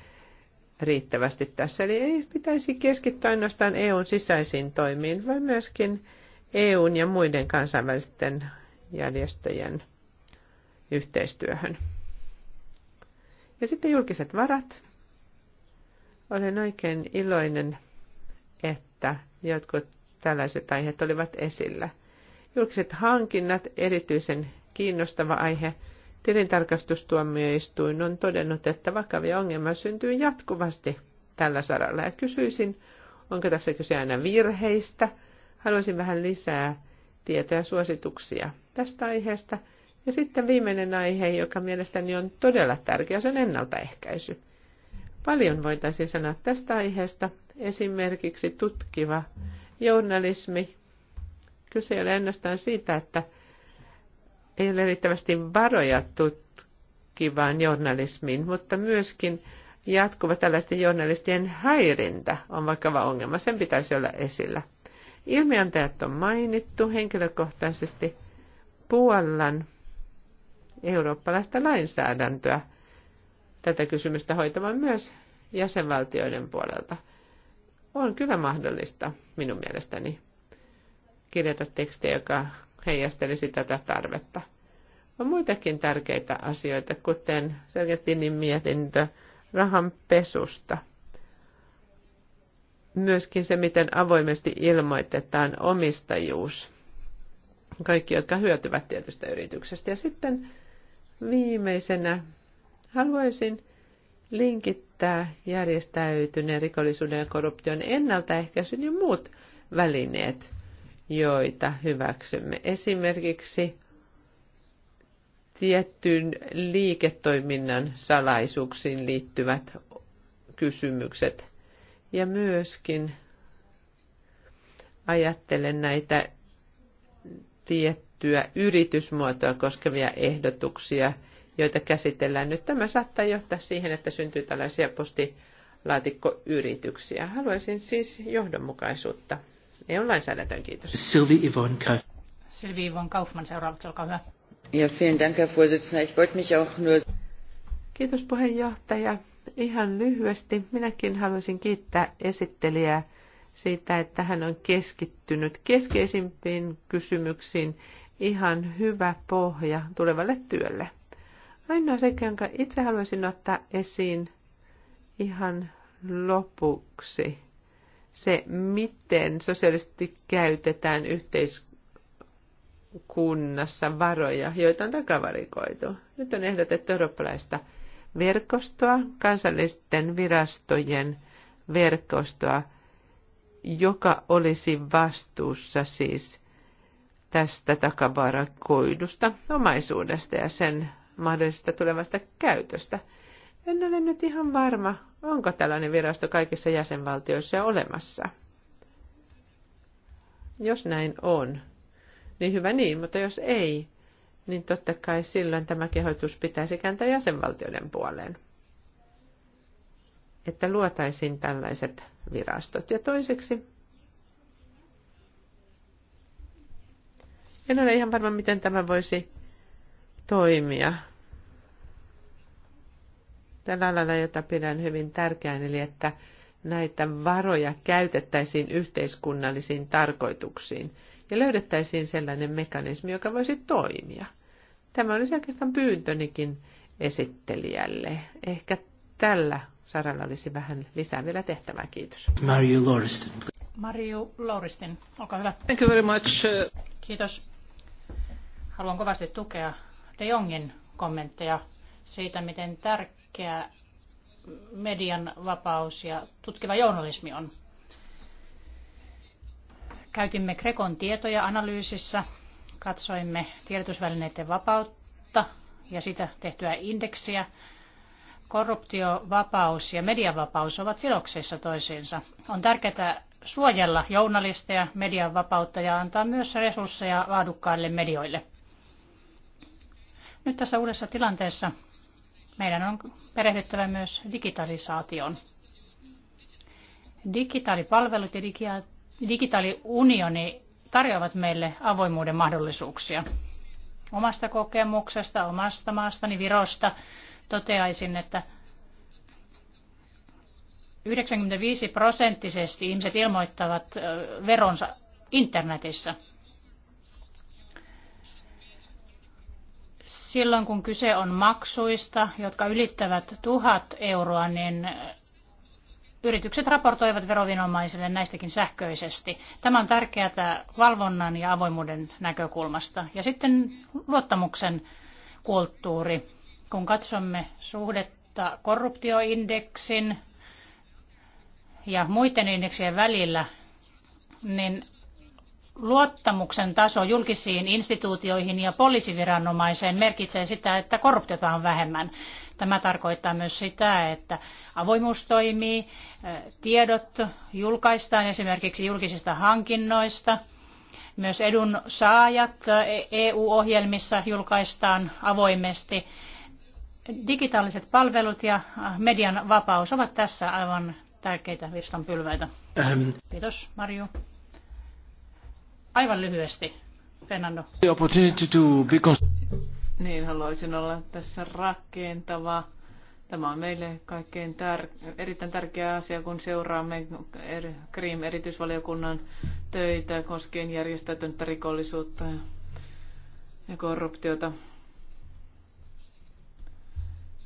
riittävästi tässä. Eli ei pitäisi keskittyä ainoastaan EUn sisäisiin toimiin, vaan myöskin EUn ja muiden kansainvälisten järjestöjen yhteistyöhön. Ja sitten julkiset varat. Olen oikein iloinen, että jotkut tällaiset aiheet olivat esillä. Julkiset hankinnat, erityisen kiinnostava aihe. Tilintarkastustuomioistuin on todennut, että vakavia ongelmia syntyy jatkuvasti tällä saralla. Ja kysyisin, onko tässä kyse aina virheistä? Haluaisin vähän lisää tietoja ja suosituksia tästä aiheesta. Ja sitten viimeinen aihe, joka mielestäni on todella tärkeä, se on ennaltaehkäisy. Paljon voitaisiin sanoa tästä aiheesta, esimerkiksi tutkiva journalismi. Kyse ei ole ainoastaan siitä, että ei ole riittävästi varoja tutkivaan journalismiin, mutta myöskin jatkuva tällaisten journalistien häirintä on vakava ongelma. Sen pitäisi olla esillä. Ilmiantajat on mainittu henkilökohtaisesti Puolan eurooppalaista lainsäädäntöä – tätä kysymystä hoitamaan myös jäsenvaltioiden puolelta. On kyllä mahdollista minun mielestäni kirjata tekstiä, joka heijastelisi tätä tarvetta. On muitakin tärkeitä asioita, kuten Sergetinin mietintö rahan pesusta. Myöskin se, miten avoimesti ilmoitetaan omistajuus. Kaikki, jotka hyötyvät tietystä yrityksestä. Ja sitten viimeisenä Haluaisin linkittää järjestäytyneen rikollisuuden ja korruption ennaltaehkäisyn ja muut välineet, joita hyväksymme. Esimerkiksi tiettyyn liiketoiminnan salaisuuksiin liittyvät kysymykset. Ja myöskin ajattelen näitä tiettyä yritysmuotoa koskevia ehdotuksia – joita käsitellään nyt. Tämä saattaa johtaa siihen, että syntyy tällaisia postilaatikkoyrityksiä. Haluaisin siis johdonmukaisuutta. ole lainsäädäntöön kiitos. Silvi Ivon Kaufmann. Silvi Ivon Kaufmann seuraavaksi, olkaa hyvä. Ja, vielen Dank, Herr Vorsitzender. Ich wollte mich auch nur... Kiitos puheenjohtaja. Ihan lyhyesti minäkin haluaisin kiittää esittelijää siitä, että hän on keskittynyt keskeisimpiin kysymyksiin. Ihan hyvä pohja tulevalle työlle. Ainoa seikka, jonka itse haluaisin ottaa esiin ihan lopuksi, se miten sosiaalisesti käytetään yhteiskunnassa varoja, joita on takavarikoitu. Nyt on ehdotettu eurooppalaista verkostoa, kansallisten virastojen verkostoa, joka olisi vastuussa siis tästä takavarakoidusta omaisuudesta ja sen mahdollisesta tulevasta käytöstä. En ole nyt ihan varma, onko tällainen virasto kaikissa jäsenvaltioissa olemassa. Jos näin on, niin hyvä niin, mutta jos ei, niin totta kai silloin tämä kehoitus pitäisi kääntää jäsenvaltioiden puoleen. Että luotaisiin tällaiset virastot. Ja toiseksi, en ole ihan varma, miten tämä voisi toimia tällä lailla, jota pidän hyvin tärkeän, eli että näitä varoja käytettäisiin yhteiskunnallisiin tarkoituksiin ja löydettäisiin sellainen mekanismi, joka voisi toimia. Tämä olisi oikeastaan pyyntönikin esittelijälle. Ehkä tällä saralla olisi vähän lisää vielä tehtävää. Kiitos. Mario Lauristin. Mario Lauristin, olkaa hyvä. Thank you very much. Kiitos. Haluan kovasti tukea De Jongin kommentteja siitä, miten tärkeä median vapaus ja tutkiva journalismi on. Käytimme Grekon tietoja analyysissä, katsoimme tiedotusvälineiden vapautta ja sitä tehtyä indeksiä. Korruptiovapaus ja medianvapaus ovat sidoksissa toisiinsa. On tärkeää suojella journalisteja, median vapautta ja antaa myös resursseja laadukkaille medioille. Nyt tässä uudessa tilanteessa meidän on perehdyttävä myös digitalisaatioon. Digitaalipalvelut ja digitaaliunioni tarjoavat meille avoimuuden mahdollisuuksia. Omasta kokemuksesta, omasta maastani Virosta toteaisin, että 95 prosenttisesti ihmiset ilmoittavat veronsa internetissä. Silloin kun kyse on maksuista, jotka ylittävät tuhat euroa, niin yritykset raportoivat veroviranomaisille näistäkin sähköisesti. Tämä on tärkeää valvonnan ja avoimuuden näkökulmasta. Ja sitten luottamuksen kulttuuri. Kun katsomme suhdetta korruptioindeksin ja muiden indeksien välillä, niin luottamuksen taso julkisiin instituutioihin ja poliisiviranomaiseen merkitsee sitä, että korruptiota on vähemmän. Tämä tarkoittaa myös sitä, että avoimuus toimii, eh, tiedot julkaistaan esimerkiksi julkisista hankinnoista, myös edun saajat EU-ohjelmissa eh, e julkaistaan avoimesti. Digitaaliset palvelut ja eh, median vapaus ovat tässä aivan tärkeitä virstanpylväitä. Kiitos, Marju. Aivan lyhyesti, Fernando. The opportunity to be niin, haluaisin olla tässä rakentava. Tämä on meille kaikkein tär- erittäin tärkeä asia, kun seuraamme er- Krim-erityisvaliokunnan töitä koskien järjestäytynyttä rikollisuutta ja korruptiota.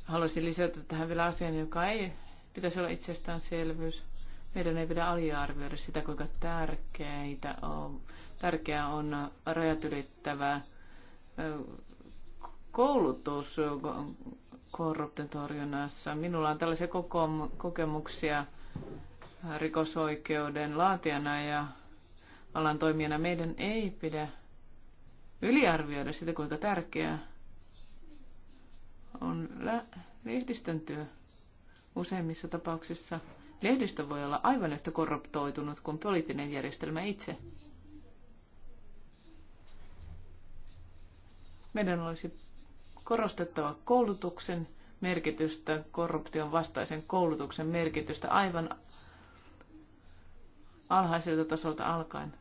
Haluaisin lisätä tähän vielä asian, joka ei pitäisi olla itsestäänselvyys. Meidän ei pidä aliarvioida sitä, kuinka tärkeitä on, tärkeää on rajat ylittävä koulutus korruptentorjunnassa. Minulla on tällaisia kokemuksia rikosoikeuden laatijana ja alan toimijana. Meidän ei pidä yliarvioida sitä, kuinka tärkeää on lehdistön työ useimmissa tapauksissa – Lehdistö voi olla aivan yhtä korruptoitunut kuin poliittinen järjestelmä itse. Meidän olisi korostettava koulutuksen merkitystä, korruption vastaisen koulutuksen merkitystä aivan alhaiselta tasolta alkaen.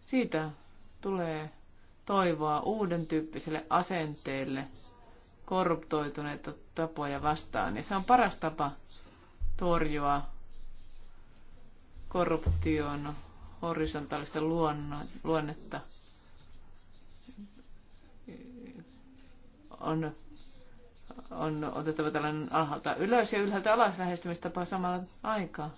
Siitä tulee toivoa uuden tyyppiselle asenteelle korruptoituneita tapoja vastaan. Ja se on paras tapa torjua korruption horisontaalista luonnetta. On, on otettava tällainen alhaalta ylös ja ylhäältä alas lähestymistapa samalla aikaa.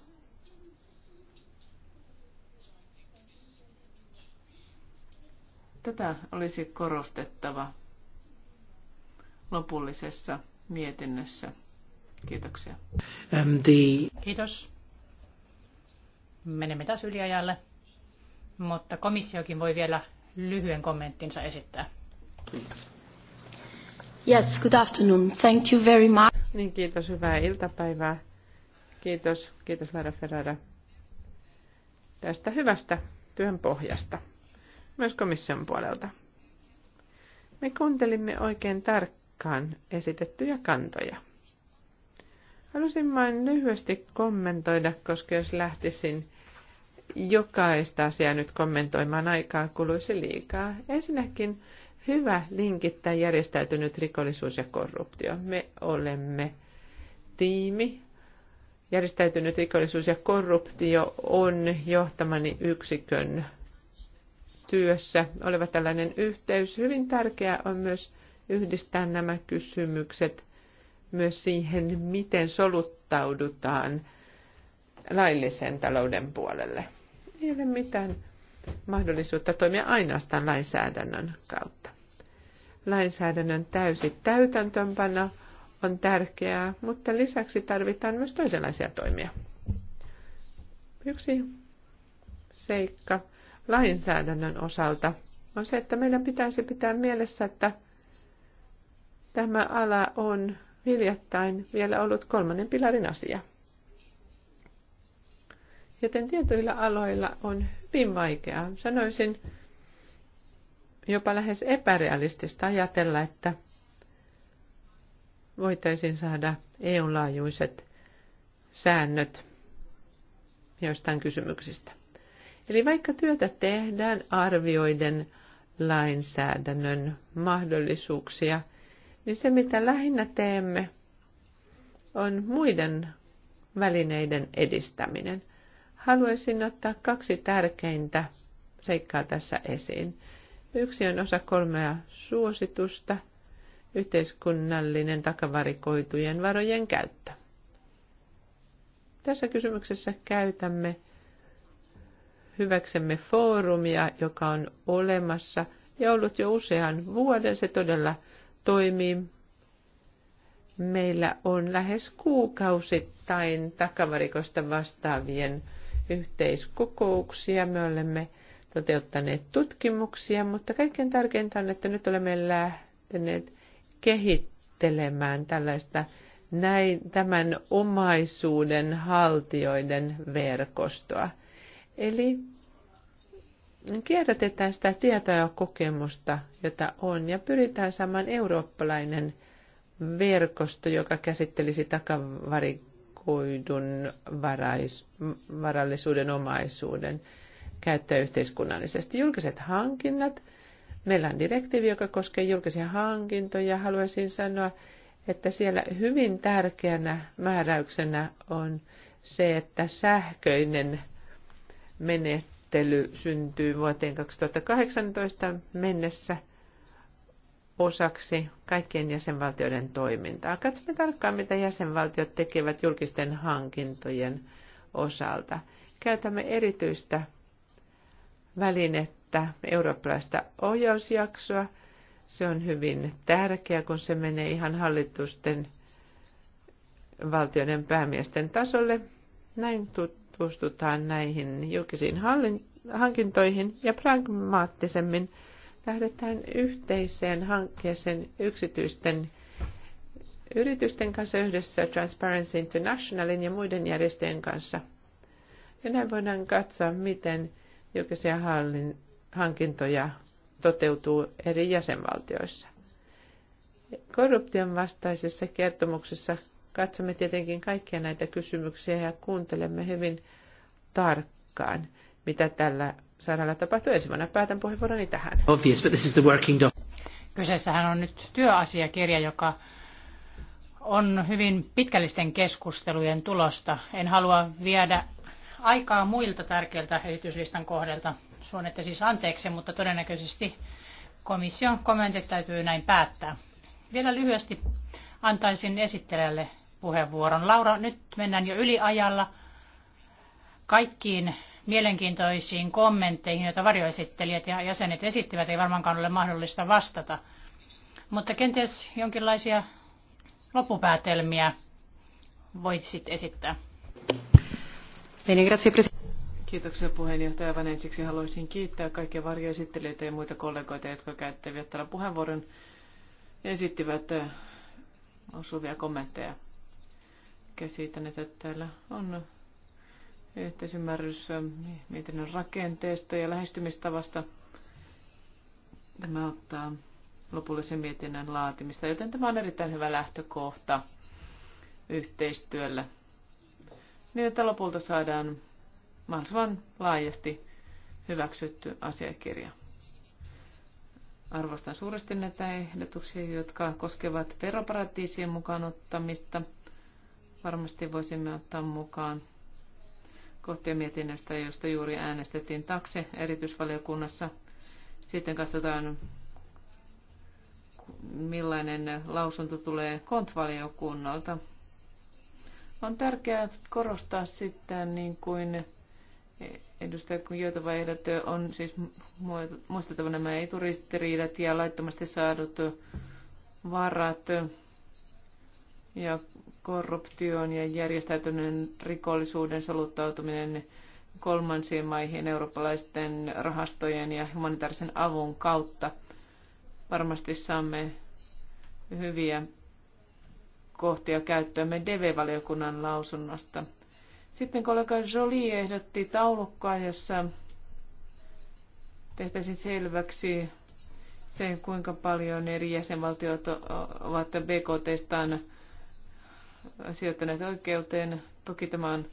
Tätä olisi korostettava lopullisessa mietinnössä. Kiitoksia. Um, the... Kiitos. Menemme taas yliajalle, mutta komissiokin voi vielä lyhyen kommenttinsa esittää. Please. Yes, good afternoon. Thank you very much. Niin, kiitos. Hyvää iltapäivää. Kiitos. Kiitos Lara Ferrara tästä hyvästä työn pohjasta, myös komission puolelta. Me kuuntelimme oikein tarkkaan esitettyjä kantoja. Halusin vain lyhyesti kommentoida, koska jos lähtisin jokaista asiaa nyt kommentoimaan, aikaa kuluisi liikaa. Ensinnäkin hyvä linkittää järjestäytynyt rikollisuus ja korruptio. Me olemme tiimi. Järjestäytynyt rikollisuus ja korruptio on johtamani yksikön työssä oleva tällainen yhteys. Hyvin tärkeää on myös yhdistää nämä kysymykset – myös siihen, miten soluttaudutaan laillisen talouden puolelle. Ei ole mitään mahdollisuutta toimia ainoastaan lainsäädännön kautta. Lainsäädännön täysi täytäntöönpano on tärkeää, mutta lisäksi tarvitaan myös toisenlaisia toimia. Yksi seikka lainsäädännön osalta on se, että meidän pitäisi pitää mielessä, että tämä ala on viljattain vielä ollut kolmannen pilarin asia. Joten tietyillä aloilla on hyvin vaikeaa. Sanoisin jopa lähes epärealistista ajatella, että voitaisiin saada EU-laajuiset säännöt joistain kysymyksistä. Eli vaikka työtä tehdään arvioiden lainsäädännön mahdollisuuksia – niin se mitä lähinnä teemme on muiden välineiden edistäminen. Haluaisin ottaa kaksi tärkeintä seikkaa tässä esiin. Yksi on osa kolmea suositusta, yhteiskunnallinen takavarikoitujen varojen käyttö. Tässä kysymyksessä käytämme hyväksemme foorumia, joka on olemassa ja ollut jo usean vuoden. Se todella toimii. Meillä on lähes kuukausittain takavarikosta vastaavien yhteiskokouksia. Me olemme toteuttaneet tutkimuksia, mutta kaikkein tärkeintä on, että nyt olemme lähteneet kehittelemään tällaista näin, tämän omaisuuden haltijoiden verkostoa. Eli kierrätetään sitä tietoa ja kokemusta, jota on, ja pyritään saamaan eurooppalainen verkosto, joka käsittelisi takavarikoidun varais, varallisuuden omaisuuden käyttöä yhteiskunnallisesti. Julkiset hankinnat. Meillä on direktiivi, joka koskee julkisia hankintoja. Haluaisin sanoa, että siellä hyvin tärkeänä määräyksenä on se, että sähköinen menet menettely syntyy vuoteen 2018 mennessä osaksi kaikkien jäsenvaltioiden toimintaa. Katsomme tarkkaan, mitä jäsenvaltiot tekevät julkisten hankintojen osalta. Käytämme erityistä välinettä, eurooppalaista ohjausjaksoa. Se on hyvin tärkeä, kun se menee ihan hallitusten valtioiden päämiesten tasolle. Näin tutustutaan näihin julkisiin hallin, hankintoihin ja pragmaattisemmin lähdetään yhteiseen hankkeeseen yksityisten yritysten kanssa yhdessä Transparency Internationalin ja muiden järjestöjen kanssa. Ja näin voidaan katsoa, miten julkisia hallin, hankintoja toteutuu eri jäsenvaltioissa. Korruption vastaisessa kertomuksessa Katsomme tietenkin kaikkia näitä kysymyksiä ja kuuntelemme hyvin tarkkaan, mitä tällä saralla tapahtuu. Ensimmäinen päätän puheenvuoroni tähän. Obvious, but this is the working Kyseessähän on nyt työasiakirja, joka on hyvin pitkällisten keskustelujen tulosta. En halua viedä aikaa muilta tärkeiltä esityslistan kohdelta. Suunnette siis anteeksi, mutta todennäköisesti komission kommentit täytyy näin päättää. Vielä lyhyesti antaisin esittelijälle puheenvuoron. Laura, nyt mennään jo yliajalla kaikkiin mielenkiintoisiin kommentteihin, joita varjoesittelijät ja jäsenet esittivät, ei varmaankaan ole mahdollista vastata. Mutta kenties jonkinlaisia loppupäätelmiä voisit esittää. Kiitoksia puheenjohtaja. Aivan ensiksi haluaisin kiittää kaikkia varjoesittelijöitä ja muita kollegoita, jotka käyttävät täällä puheenvuoron ja esittivät osuvia kommentteja. Käsitän, että täällä on yhteisymmärrys mietinnön rakenteesta ja lähestymistavasta. Tämä ottaa lopullisen mietinnön laatimista, joten tämä on erittäin hyvä lähtökohta yhteistyölle. Niin, että lopulta saadaan mahdollisimman laajasti hyväksytty asiakirja. Arvostan suuresti näitä ehdotuksia, jotka koskevat veroparatiisien mukaan ottamista. Varmasti voisimme ottaa mukaan kohtia mietinnöstä, josta juuri äänestettiin takse erityisvaliokunnassa. Sitten katsotaan, millainen lausunto tulee kontvaliokunnalta. On tärkeää korostaa sitten niin kuin edustaja Kujotovaihdot on siis muistettava nämä eturistiriidat ja laittomasti saadut varat ja korruption ja järjestäytyneen rikollisuuden soluttautuminen kolmansiin maihin eurooppalaisten rahastojen ja humanitaarisen avun kautta. Varmasti saamme hyviä kohtia käyttöömme DV-valiokunnan lausunnosta. Sitten kollega Jolie ehdotti taulukkoa, jossa tehtäisiin selväksi sen, kuinka paljon eri jäsenvaltiot ovat BKTstaan sijoittaneet oikeuteen. Toki tämä on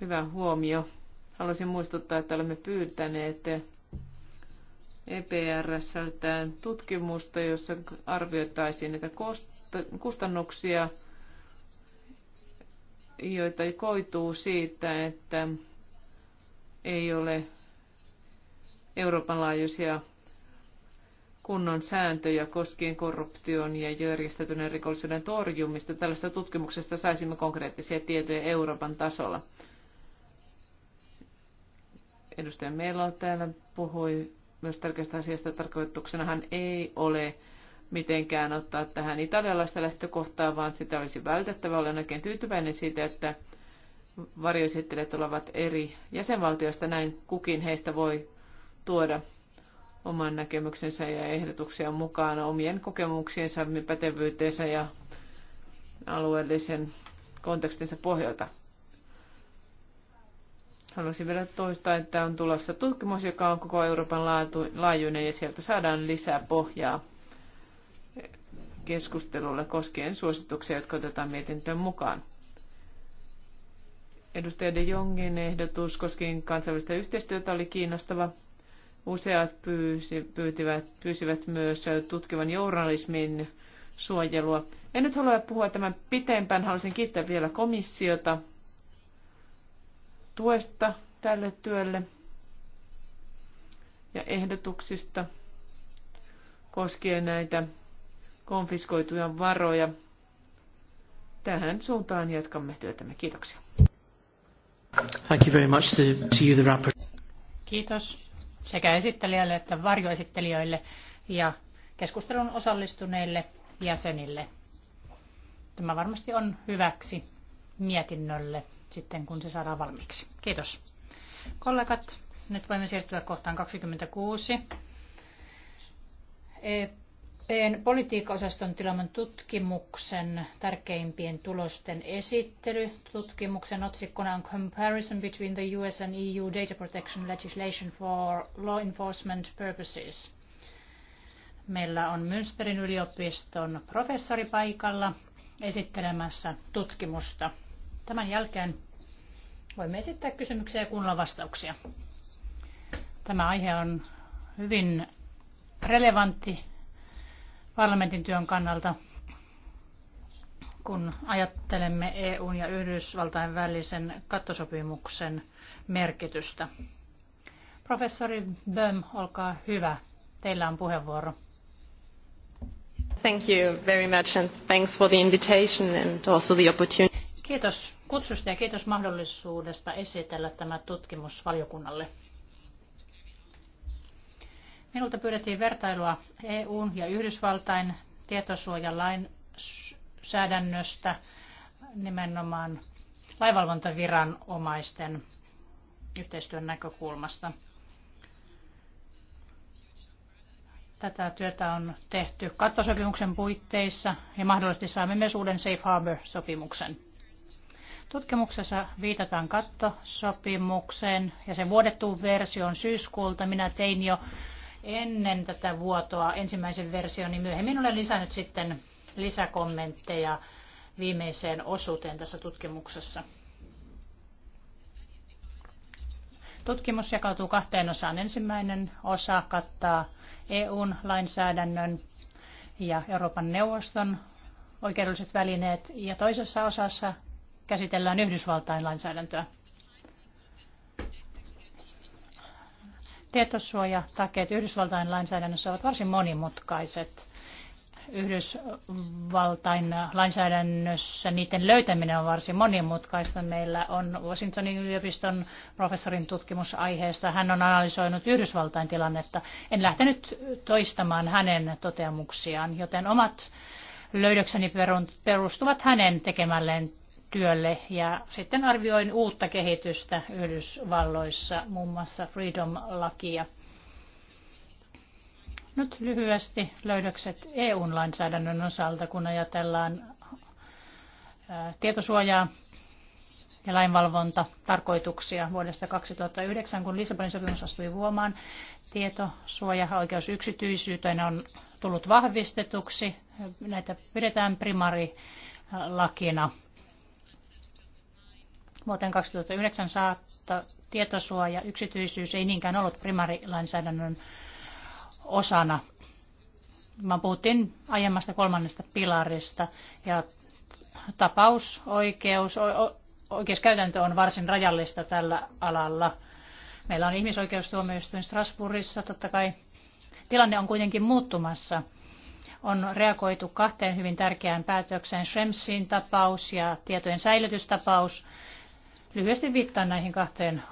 hyvä huomio. Haluaisin muistuttaa, että olemme pyytäneet EPRSltään tutkimusta, jossa arvioitaisiin näitä kustannuksia – joita koituu siitä, että ei ole Euroopan laajuisia kunnon sääntöjä koskien korruption ja järjestäytyneen rikollisuuden torjumista. Tällaista tutkimuksesta saisimme konkreettisia tietoja Euroopan tasolla. Edustaja Melo täällä puhui myös tärkeästä asiasta. Tarkoituksenahan ei ole mitenkään ottaa tähän italialaista lähtökohtaa, vaan sitä olisi vältettävä. Olen oikein tyytyväinen siitä, että varjoesittelijät ovat eri jäsenvaltioista. Näin kukin heistä voi tuoda oman näkemyksensä ja ehdotuksia mukaan omien kokemuksiensa, pätevyyteensä ja alueellisen kontekstinsa pohjalta. Haluaisin vielä toistaa, että on tulossa tutkimus, joka on koko Euroopan laajuinen ja sieltä saadaan lisää pohjaa keskustelulle koskien suosituksia, jotka otetaan mietintöön mukaan. Edustaja De Jongin ehdotus koskien kansainvälistä yhteistyötä oli kiinnostava. Useat pyysi, pyytivät, pyysivät myös tutkivan journalismin suojelua. En nyt halua puhua tämän pitempään. Haluaisin kiittää vielä komissiota tuesta tälle työlle ja ehdotuksista koskien näitä konfiskoituja varoja. Tähän suuntaan jatkamme työtämme. Kiitoksia. Thank you very much to, to you, the rapper. Kiitos sekä esittelijälle että varjoesittelijöille ja keskustelun osallistuneille jäsenille. Tämä varmasti on hyväksi mietinnölle sitten, kun se saadaan valmiiksi. Kiitos. Kollegat, nyt voimme siirtyä kohtaan 26. E- EPn politiikkaosaston tilaman tutkimuksen tärkeimpien tulosten esittely. Tutkimuksen otsikkona on Comparison between the US and EU Data Protection Legislation for Law Enforcement Purposes. Meillä on Münsterin yliopiston professori paikalla esittelemässä tutkimusta. Tämän jälkeen voimme esittää kysymyksiä ja kuunnella vastauksia. Tämä aihe on hyvin relevantti parlamentin työn kannalta, kun ajattelemme EUn ja Yhdysvaltain välisen kattosopimuksen merkitystä. Professori Böhm, olkaa hyvä. Teillä on puheenvuoro. Thank you very much and thanks for the invitation and also the opportunity. Kiitos kutsusta ja kiitos mahdollisuudesta esitellä tämä tutkimus valiokunnalle. Minulta pyydettiin vertailua EUn ja Yhdysvaltain tietosuojalain säädännöstä nimenomaan laivalvontaviranomaisten yhteistyön näkökulmasta. Tätä työtä on tehty kattosopimuksen puitteissa ja mahdollisesti saamme myös uuden Safe Harbor-sopimuksen. Tutkimuksessa viitataan kattosopimukseen ja sen vuodettuun versioon syyskuulta. Minä tein jo ennen tätä vuotoa ensimmäisen version, niin myöhemmin olen lisännyt sitten lisäkommentteja viimeiseen osuuteen tässä tutkimuksessa. Tutkimus jakautuu kahteen osaan. Ensimmäinen osa kattaa EUn lainsäädännön ja Euroopan neuvoston oikeudelliset välineet, ja toisessa osassa käsitellään Yhdysvaltain lainsäädäntöä. Tietosuojatakeet Yhdysvaltain lainsäädännössä ovat varsin monimutkaiset. Yhdysvaltain lainsäädännössä niiden löytäminen on varsin monimutkaista. Meillä on Washingtonin yliopiston professorin tutkimusaiheesta. Hän on analysoinut Yhdysvaltain tilannetta. En lähtenyt toistamaan hänen toteamuksiaan, joten omat löydökseni perustuvat hänen tekemälleen työlle ja sitten arvioin uutta kehitystä Yhdysvalloissa, muun muassa Freedom-lakia. Nyt lyhyesti löydökset EU-lainsäädännön osalta, kun ajatellaan tietosuojaa ja lainvalvonta tarkoituksia vuodesta 2009, kun Lissabonin sopimus astui vuomaan. Tietosuoja, oikeus yksityisyyteen on tullut vahvistetuksi. Näitä pidetään primari-lakina. Vuoteen 2009 saatta tietosuoja, yksityisyys ei niinkään ollut primarilainsäädännön osana, vaan puhuttiin aiemmasta kolmannesta pilarista. Ja tapausoikeus, oikeuskäytäntö on varsin rajallista tällä alalla. Meillä on ihmisoikeustuomioistuin Strasbourgissa, totta kai tilanne on kuitenkin muuttumassa. On reagoitu kahteen hyvin tärkeään päätökseen, Schremsin tapaus ja tietojen säilytystapaus. Lyhyesti viittaan näihin kahteen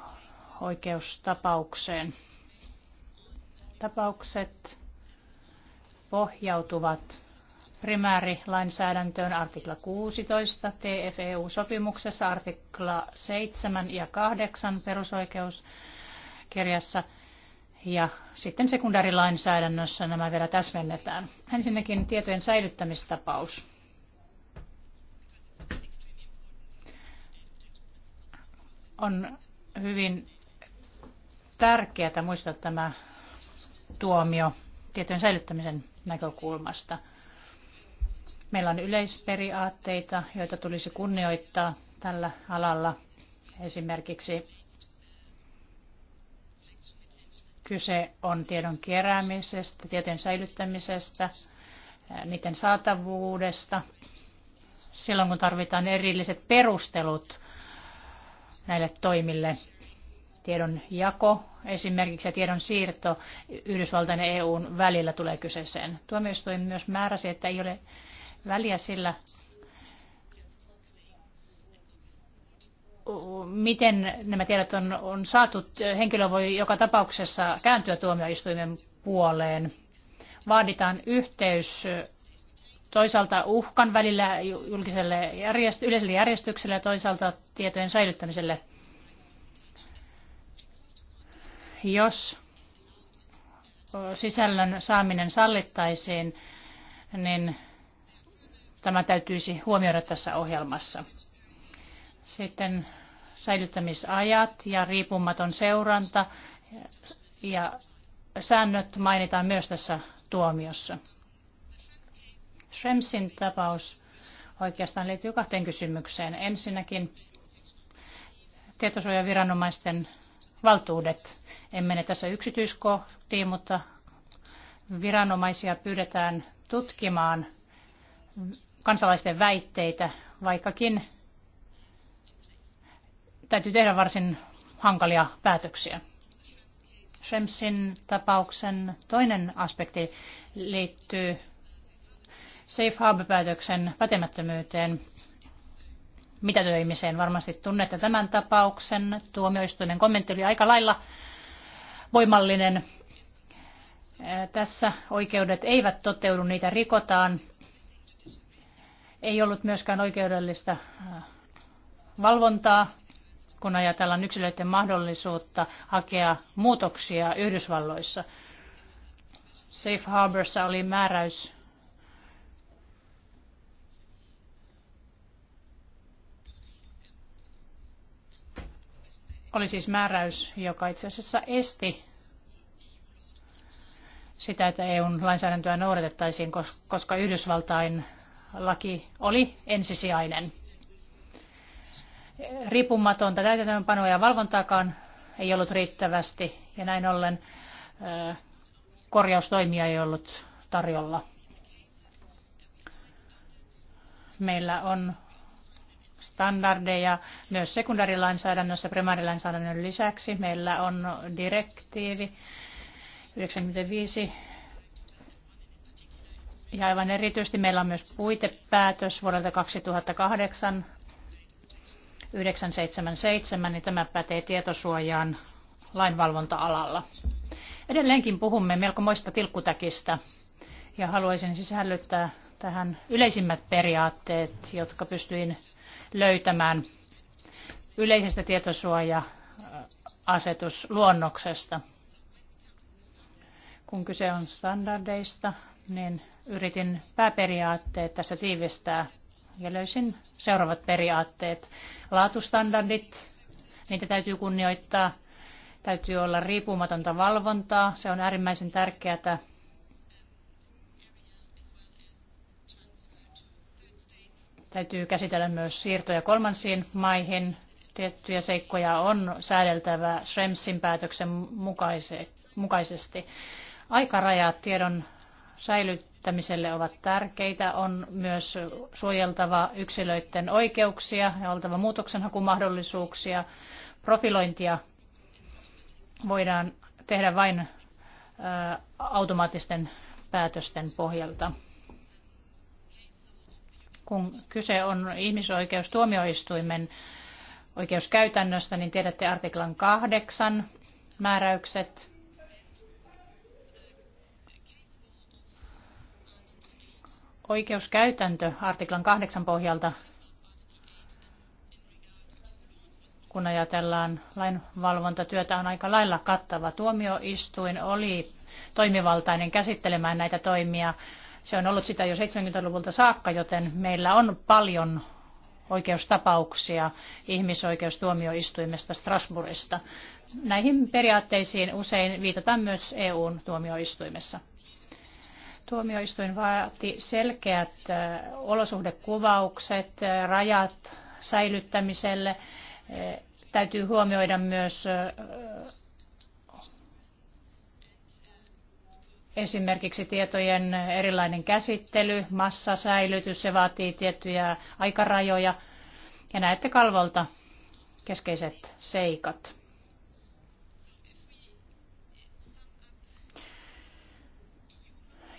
oikeustapaukseen. Tapaukset pohjautuvat primäärilainsäädäntöön artikla 16 TFEU-sopimuksessa, artikla 7 ja 8 perusoikeuskirjassa ja sitten sekundaarilainsäädännössä nämä vielä täsmennetään. Ensinnäkin tietojen säilyttämistapaus. On hyvin tärkeää muistaa tämä tuomio tietojen säilyttämisen näkökulmasta. Meillä on yleisperiaatteita, joita tulisi kunnioittaa tällä alalla. Esimerkiksi kyse on tiedon keräämisestä, tietojen säilyttämisestä, niiden saatavuudesta. Silloin kun tarvitaan erilliset perustelut näille toimille. Tiedon jako esimerkiksi ja tiedon siirto Yhdysvaltain ja EUn välillä tulee kyseeseen. Tuomioistuin myös määräsi, että ei ole väliä sillä, miten nämä tiedot on, on saatu. Henkilö voi joka tapauksessa kääntyä tuomioistuimen puoleen. Vaaditaan yhteys toisaalta uhkan välillä julkiselle järjest- yleiselle järjestykselle ja toisaalta tietojen säilyttämiselle. Jos sisällön saaminen sallittaisiin, niin tämä täytyisi huomioida tässä ohjelmassa. Sitten säilyttämisajat ja riippumaton seuranta ja säännöt mainitaan myös tässä tuomiossa. Schremsin tapaus oikeastaan liittyy kahteen kysymykseen. Ensinnäkin tietosuojaviranomaisten valtuudet. En mene tässä yksityiskohtiin, mutta viranomaisia pyydetään tutkimaan kansalaisten väitteitä, vaikkakin täytyy tehdä varsin hankalia päätöksiä. Schremsin tapauksen toinen aspekti liittyy Safe Harbor-päätöksen pätemättömyyteen mitätöimiseen. Varmasti tunnette tämän tapauksen. Tuomioistuimen kommentti oli aika lailla voimallinen. Äh, tässä oikeudet eivät toteudu, niitä rikotaan. Ei ollut myöskään oikeudellista äh, valvontaa, kun ajatellaan yksilöiden mahdollisuutta hakea muutoksia Yhdysvalloissa. Safe Harborissa oli määräys oli siis määräys, joka itse asiassa esti sitä, että EUn lainsäädäntöä noudatettaisiin, koska Yhdysvaltain laki oli ensisijainen. Riippumatonta täytäntöönpanoa ja valvontaakaan ei ollut riittävästi ja näin ollen korjaustoimia ei ollut tarjolla. Meillä on standardeja myös sekundaarilainsäädännössä primaarilainsäädännön lisäksi. Meillä on direktiivi 95 ja aivan erityisesti meillä on myös puitepäätös vuodelta 2008 977, niin tämä pätee tietosuojaan lainvalvonta-alalla. Edelleenkin puhumme melko moista tilkkutäkistä ja haluaisin sisällyttää tähän yleisimmät periaatteet, jotka pystyin löytämään yleisestä tietosuoja-asetusluonnoksesta. Kun kyse on standardeista, niin yritin pääperiaatteet tässä tiivistää ja löysin seuraavat periaatteet. Laatustandardit, niitä täytyy kunnioittaa. Täytyy olla riippumatonta valvontaa. Se on äärimmäisen tärkeää Täytyy käsitellä myös siirtoja kolmansiin maihin. Tiettyjä seikkoja on säädeltävä Schremsin päätöksen mukaisesti. Aikarajat tiedon säilyttämiselle ovat tärkeitä. On myös suojeltava yksilöiden oikeuksia ja oltava muutoksenhakumahdollisuuksia. Profilointia voidaan tehdä vain automaattisten päätösten pohjalta. Kun kyse on ihmisoikeustuomioistuimen oikeuskäytännöstä, niin tiedätte artiklan kahdeksan määräykset. Oikeuskäytäntö artiklan kahdeksan pohjalta, kun ajatellaan lainvalvontatyötä, on aika lailla kattava. Tuomioistuin oli toimivaltainen käsittelemään näitä toimia se on ollut sitä jo 70-luvulta saakka, joten meillä on paljon oikeustapauksia ihmisoikeustuomioistuimesta Strasbourgista. Näihin periaatteisiin usein viitataan myös EUn tuomioistuimessa. Tuomioistuin vaati selkeät olosuhdekuvaukset, rajat säilyttämiselle. Täytyy huomioida myös Esimerkiksi tietojen erilainen käsittely, massasäilytys, se vaatii tiettyjä aikarajoja. Ja näette kalvolta keskeiset seikat.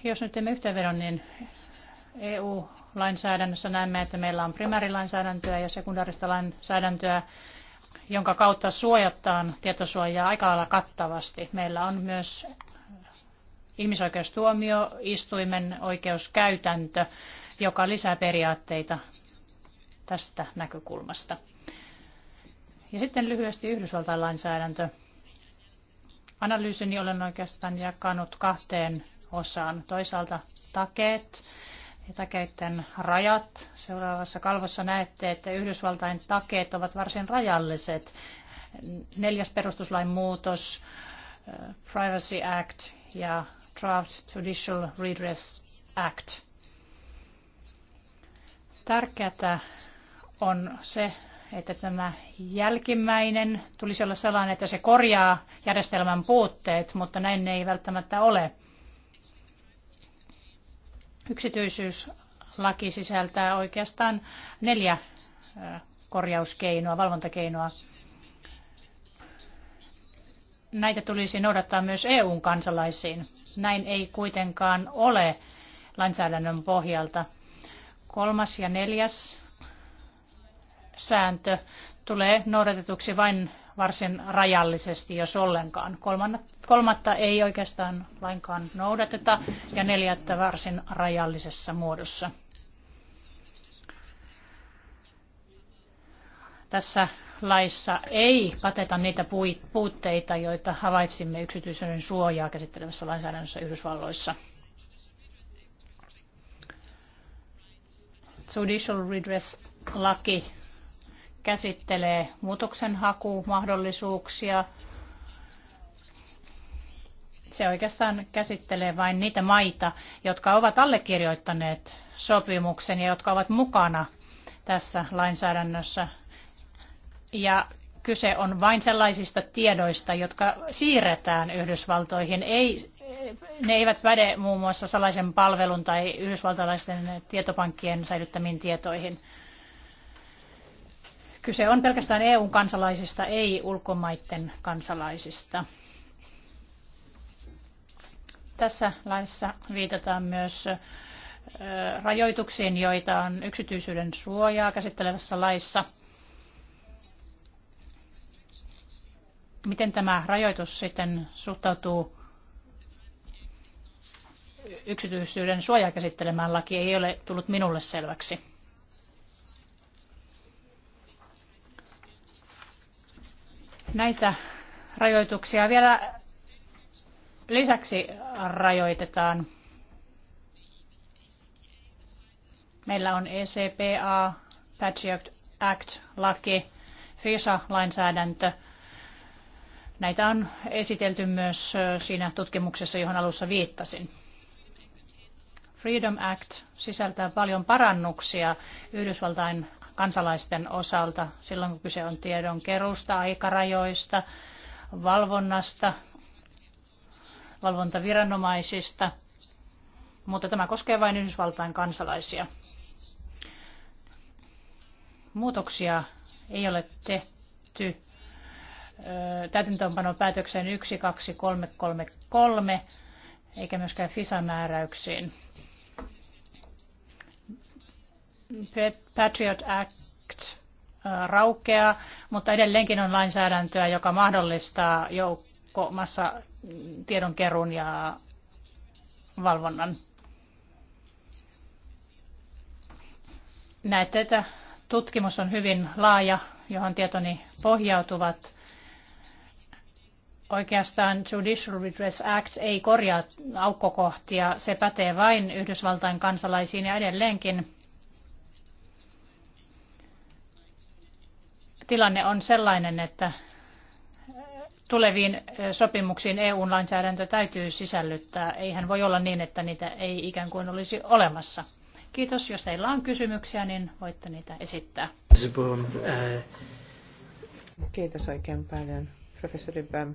Jos nyt teemme yhteenvedon, niin EU-lainsäädännössä näemme, että meillä on primäärilainsäädäntöä ja sekundaarista lainsäädäntöä, jonka kautta suojataan tietosuojaa aika lailla kattavasti. Meillä on myös ihmisoikeustuomioistuimen oikeuskäytäntö, joka lisää periaatteita tästä näkökulmasta. Ja sitten lyhyesti Yhdysvaltain lainsäädäntö. Analyysini olen oikeastaan jakanut kahteen osaan. Toisaalta takeet ja takeiden rajat. Seuraavassa kalvossa näette, että Yhdysvaltain takeet ovat varsin rajalliset. Neljäs perustuslain muutos, eh, Privacy Act ja Draft Judicial Redress Act. Tärkeää on se, että tämä jälkimmäinen tulisi olla sellainen, että se korjaa järjestelmän puutteet, mutta näin ne ei välttämättä ole. Yksityisyyslaki sisältää oikeastaan neljä korjauskeinoa, valvontakeinoa. Näitä tulisi noudattaa myös EUn kansalaisiin. Näin ei kuitenkaan ole lainsäädännön pohjalta. Kolmas ja neljäs sääntö tulee noudatetuksi vain varsin rajallisesti, jos ollenkaan. Kolmatta ei oikeastaan lainkaan noudateta ja neljättä varsin rajallisessa muodossa. Tässä laissa ei kateta niitä puutteita, joita havaitsimme yksityisyyden suojaa käsittelevässä lainsäädännössä Yhdysvalloissa. Judicial Redress-laki käsittelee muutoksenhakumahdollisuuksia. Se oikeastaan käsittelee vain niitä maita, jotka ovat allekirjoittaneet sopimuksen ja jotka ovat mukana tässä lainsäädännössä ja kyse on vain sellaisista tiedoista, jotka siirretään Yhdysvaltoihin. Ei, ne eivät päde muun muassa salaisen palvelun tai yhdysvaltalaisten tietopankkien säilyttämiin tietoihin. Kyse on pelkästään EU-kansalaisista, ei ulkomaiden kansalaisista. Tässä laissa viitataan myös rajoituksiin, joita on yksityisyyden suojaa käsittelevässä laissa – Miten tämä rajoitus sitten suhtautuu yksityisyyden suojaa käsittelemään laki ei ole tullut minulle selväksi. Näitä rajoituksia vielä lisäksi rajoitetaan. Meillä on ECPA, Patriot Act-laki, FISA-lainsäädäntö – Näitä on esitelty myös siinä tutkimuksessa, johon alussa viittasin. Freedom Act sisältää paljon parannuksia Yhdysvaltain kansalaisten osalta silloin, kun kyse on tiedon kerusta, aikarajoista, valvonnasta, valvontaviranomaisista, mutta tämä koskee vain Yhdysvaltain kansalaisia. Muutoksia ei ole tehty täytäntöönpanopäätökseen 12333 eikä myöskään FISA-määräyksiin. Patriot Act raukeaa, mutta edelleenkin on lainsäädäntöä, joka mahdollistaa joukkomassa tiedonkerun ja valvonnan. Näette, että tutkimus on hyvin laaja, johon tietoni pohjautuvat. Oikeastaan Judicial Redress Act ei korjaa aukkokohtia, se pätee vain Yhdysvaltain kansalaisiin ja edelleenkin tilanne on sellainen, että tuleviin sopimuksiin EU-lainsäädäntö täytyy sisällyttää. Eihän voi olla niin, että niitä ei ikään kuin olisi olemassa. Kiitos. Jos teillä on kysymyksiä, niin voitte niitä esittää. Kiitos oikein paljon professori Böhm.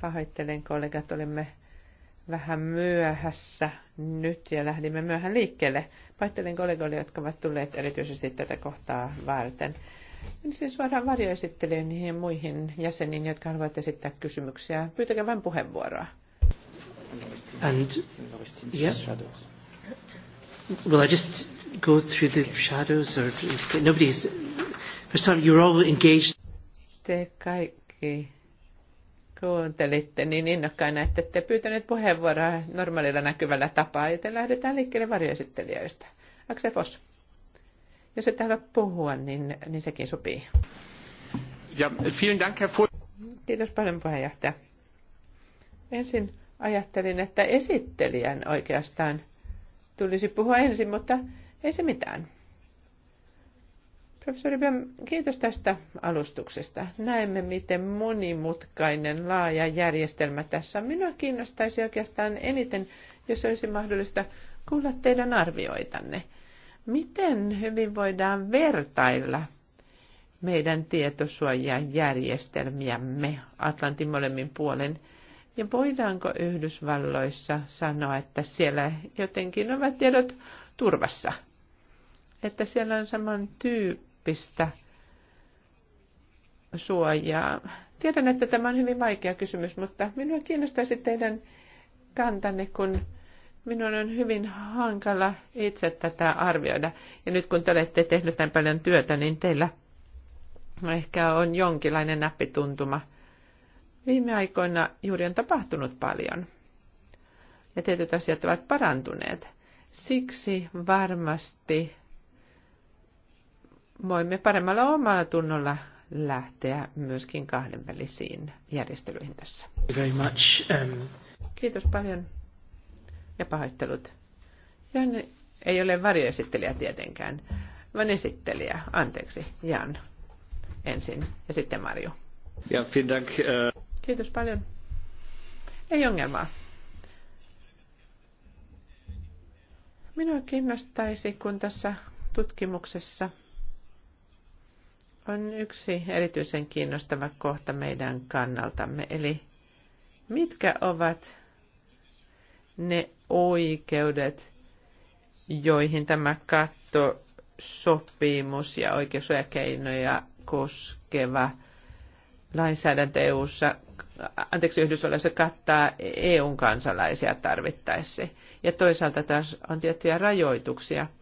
Pahoittelen kollegat, olemme vähän myöhässä nyt ja lähdimme myöhään liikkeelle. Pahoittelen kollegoille, jotka ovat tulleet erityisesti tätä kohtaa varten. Ensin siis suoraan varjoesittelyyn niihin muihin jäseniin, jotka haluavat esittää kysymyksiä. Pyytäkää vain puheenvuoroa. And, yeah. Will I just go through the shadows or nobody's te kaikki kuuntelitte niin innokkaina, että ette pyytäneet puheenvuoroa normaalilla näkyvällä tapaa, joten lähdetään liikkeelle varjoesittelijöistä. Axel Foss, jos et halua puhua, niin, niin sekin sopii. Ja, vielen dank, Herr Kiitos paljon puheenjohtaja. Ensin ajattelin, että esittelijän oikeastaan tulisi puhua ensin, mutta ei se mitään. Professori Böhm, kiitos tästä alustuksesta. Näemme, miten monimutkainen laaja järjestelmä tässä on. Minua kiinnostaisi oikeastaan eniten, jos olisi mahdollista kuulla teidän arvioitanne. Miten hyvin voidaan vertailla meidän tietosuojajärjestelmiämme Atlantin molemmin puolen? Ja voidaanko Yhdysvalloissa sanoa, että siellä jotenkin ovat tiedot turvassa? Että siellä on saman tyyppi tyyppistä suojaa? Tiedän, että tämä on hyvin vaikea kysymys, mutta minua kiinnostaisi teidän kantanne, kun minun on hyvin hankala itse tätä arvioida. Ja nyt kun te olette tehneet näin paljon työtä, niin teillä ehkä on jonkinlainen näppituntuma. Viime aikoina juuri on tapahtunut paljon. Ja tietyt asiat ovat parantuneet. Siksi varmasti voimme paremmalla omalla tunnolla lähteä myöskin kahdenvälisiin järjestelyihin tässä. Very much. Um... Kiitos paljon ja pahoittelut. Jan ei ole varjoesittelijä tietenkään, vaan esittelijä. Anteeksi, Jan ensin ja sitten Marju. Ja, dank, uh... Kiitos paljon. Ei ongelmaa. Minua kiinnostaisi, kun tässä tutkimuksessa – on yksi erityisen kiinnostava kohta meidän kannaltamme, eli mitkä ovat ne oikeudet, joihin tämä katto sopimus ja oikeusjakeinoja koskeva lainsäädäntö EU-ssa, anteeksi Yhdysvalloissa kattaa eu kansalaisia tarvittaessa. Ja toisaalta taas on tiettyjä rajoituksia –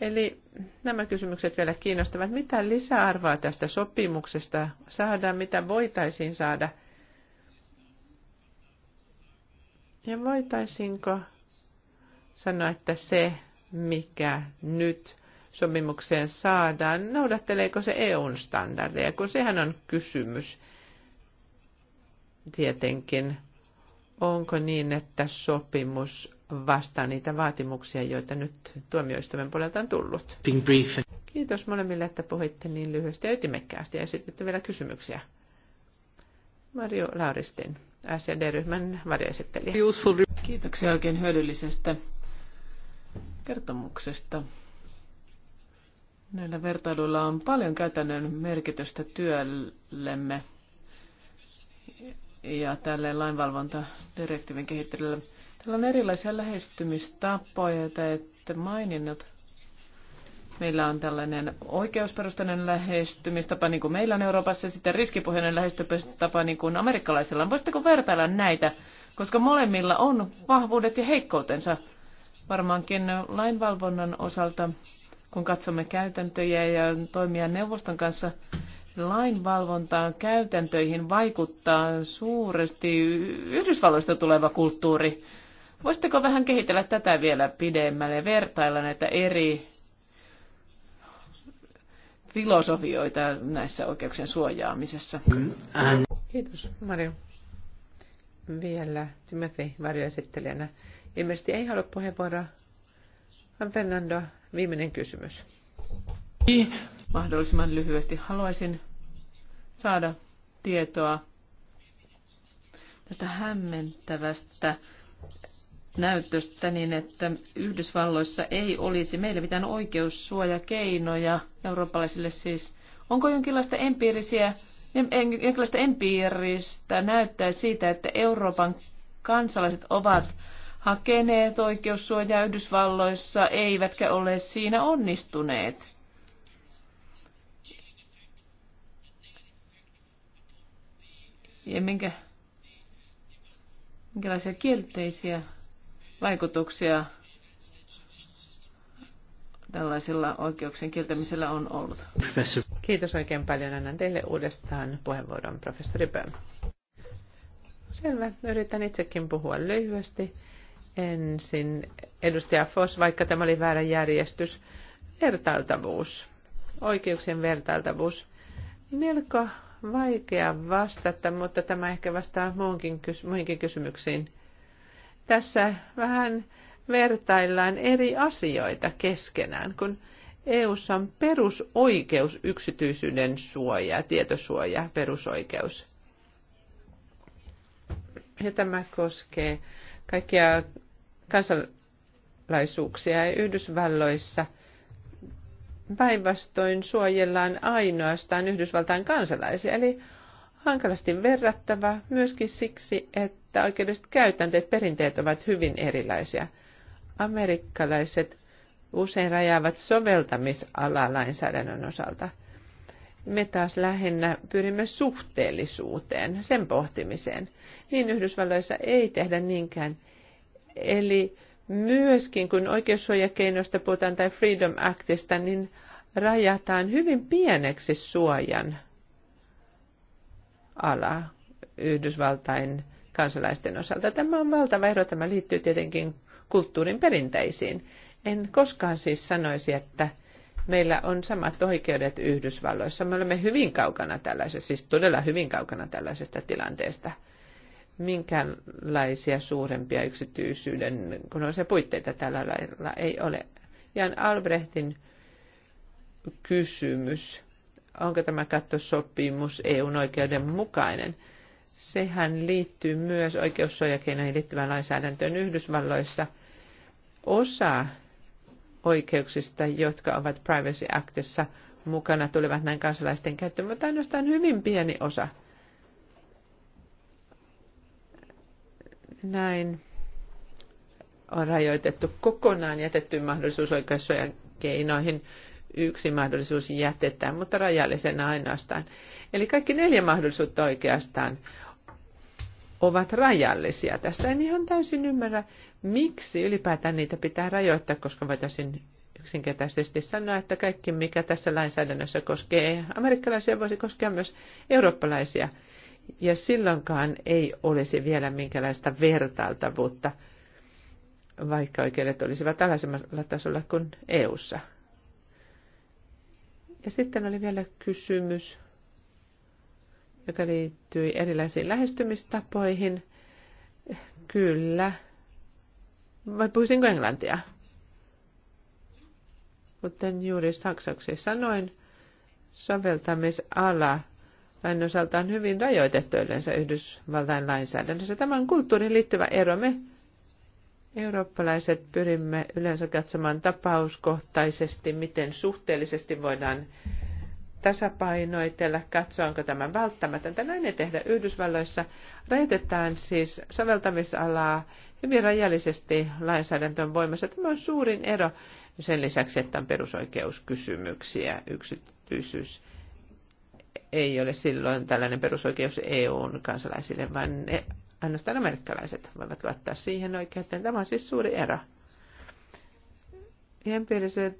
Eli nämä kysymykset vielä kiinnostavat. Mitä lisäarvoa tästä sopimuksesta saadaan, mitä voitaisiin saada? Ja voitaisinko sanoa, että se, mikä nyt sopimukseen saadaan, noudatteleeko se EUn standardeja, kun sehän on kysymys tietenkin. Onko niin, että sopimus vastaa niitä vaatimuksia, joita nyt tuomioistuimen puolelta on tullut. Kiitos molemmille, että puhuitte niin lyhyesti ja ytimekkäästi ja esititte vielä kysymyksiä. Marjo Lauristin, SED-ryhmän varjoesittelijä. Kiitoksia oikein hyödyllisestä kertomuksesta. Näillä vertailuilla on paljon käytännön merkitystä työllemme ja tälle lainvalvontadirektiivin kehittelylle. Meillä on erilaisia lähestymistapoja, että maininnat. Meillä on tällainen oikeusperustainen lähestymistapa, niin kuin meillä on Euroopassa, ja sitten riskipohjainen lähestymistapa, niin kuin amerikkalaisilla on. Voisitteko vertailla näitä, koska molemmilla on vahvuudet ja heikkoutensa varmaankin lainvalvonnan osalta, kun katsomme käytäntöjä ja toimia neuvoston kanssa, lainvalvontaan käytäntöihin vaikuttaa suuresti Yhdysvalloista tuleva kulttuuri. Voisitteko vähän kehitellä tätä vielä pidemmälle ja vertailla näitä eri filosofioita näissä oikeuksien suojaamisessa? Mm, Kiitos, Maria. Vielä Timothy varjoesittelijänä. Ilmeisesti ei halua puheenvuoroa. Hän Fernando, viimeinen kysymys. Mahdollisimman lyhyesti haluaisin saada tietoa tästä hämmentävästä näytöstä niin, että Yhdysvalloissa ei olisi meillä mitään oikeussuojakeinoja eurooppalaisille siis. Onko jonkinlaista empiirisiä, jonkinlaista empiiristä näyttää siitä, että Euroopan kansalaiset ovat hakeneet oikeussuojaa Yhdysvalloissa, eivätkä ole siinä onnistuneet? Ja minkä, minkälaisia kielteisiä vaikutuksia tällaisilla oikeuksien kieltämisellä on ollut. Kiitos oikein paljon. Annan teille uudestaan puheenvuoron, professori Böhm. Selvä. Yritän itsekin puhua lyhyesti. Ensin edustaja Foss, vaikka tämä oli väärä järjestys. Vertailtavuus. Oikeuksien vertailtavuus. Melko vaikea vastata, mutta tämä ehkä vastaa muihinkin kysymyksiin tässä vähän vertaillaan eri asioita keskenään, kun EU:ssa on perusoikeus yksityisyyden suoja, tietosuoja, perusoikeus. Ja tämä koskee kaikkia kansalaisuuksia ja Yhdysvalloissa päinvastoin suojellaan ainoastaan Yhdysvaltain kansalaisia, eli hankalasti verrattava myöskin siksi, että oikeudelliset käytänteet, perinteet ovat hyvin erilaisia. Amerikkalaiset usein rajaavat soveltamisalaa lainsäädännön osalta. Me taas lähinnä pyrimme suhteellisuuteen, sen pohtimiseen. Niin Yhdysvalloissa ei tehdä niinkään. Eli myöskin kun oikeussuojakeinoista puhutaan tai Freedom Actista, niin rajataan hyvin pieneksi suojan ala Yhdysvaltain kansalaisten osalta. Tämä on valtava ero. Tämä liittyy tietenkin kulttuurin perinteisiin. En koskaan siis sanoisi, että meillä on samat oikeudet Yhdysvalloissa. Me olemme hyvin kaukana tällaisesta, siis todella hyvin kaukana tällaisesta tilanteesta. Minkälaisia suurempia yksityisyyden kun on se puitteita tällä lailla ei ole. Jan Albrehtin kysymys onko tämä kattosopimus eu oikeuden mukainen. Sehän liittyy myös oikeussuojakeinoihin liittyvään lainsäädäntöön Yhdysvalloissa. Osa oikeuksista, jotka ovat Privacy Actissa mukana, tulevat näin kansalaisten käyttöön, mutta ainoastaan hyvin pieni osa. Näin on rajoitettu kokonaan jätetty mahdollisuus oikeussuojakeinoihin. keinoihin yksi mahdollisuus jätetään, mutta rajallisena ainoastaan. Eli kaikki neljä mahdollisuutta oikeastaan ovat rajallisia. Tässä en ihan täysin ymmärrä, miksi ylipäätään niitä pitää rajoittaa, koska voitaisiin yksinkertaisesti sanoa, että kaikki mikä tässä lainsäädännössä koskee amerikkalaisia voisi koskea myös eurooppalaisia. Ja silloinkaan ei olisi vielä minkälaista vertailtavuutta, vaikka oikeudet olisivat alhaisemmalla tasolla kuin EU:ssa. ssa ja sitten oli vielä kysymys, joka liittyi erilaisiin lähestymistapoihin. Kyllä. Vai puhuisinko englantia? Kuten juuri saksaksi sanoin, soveltamisala lain osalta on hyvin rajoitettu yleensä Yhdysvaltain lainsäädännössä. Tämä on kulttuuriin liittyvä ero. Me Eurooppalaiset pyrimme yleensä katsomaan tapauskohtaisesti, miten suhteellisesti voidaan tasapainoitella, katsoa, onko tämä välttämätöntä. Näin ei tehdä Yhdysvalloissa. Rajoitetaan siis soveltamisalaa hyvin rajallisesti lainsäädäntöön voimassa. Tämä on suurin ero sen lisäksi, että on perusoikeuskysymyksiä. Yksityisyys ei ole silloin tällainen perusoikeus EUn kansalaisille, vaan ne ainoastaan amerikkalaiset voivat luottaa siihen oikeuteen. Tämä on siis suuri ero. Empiiriset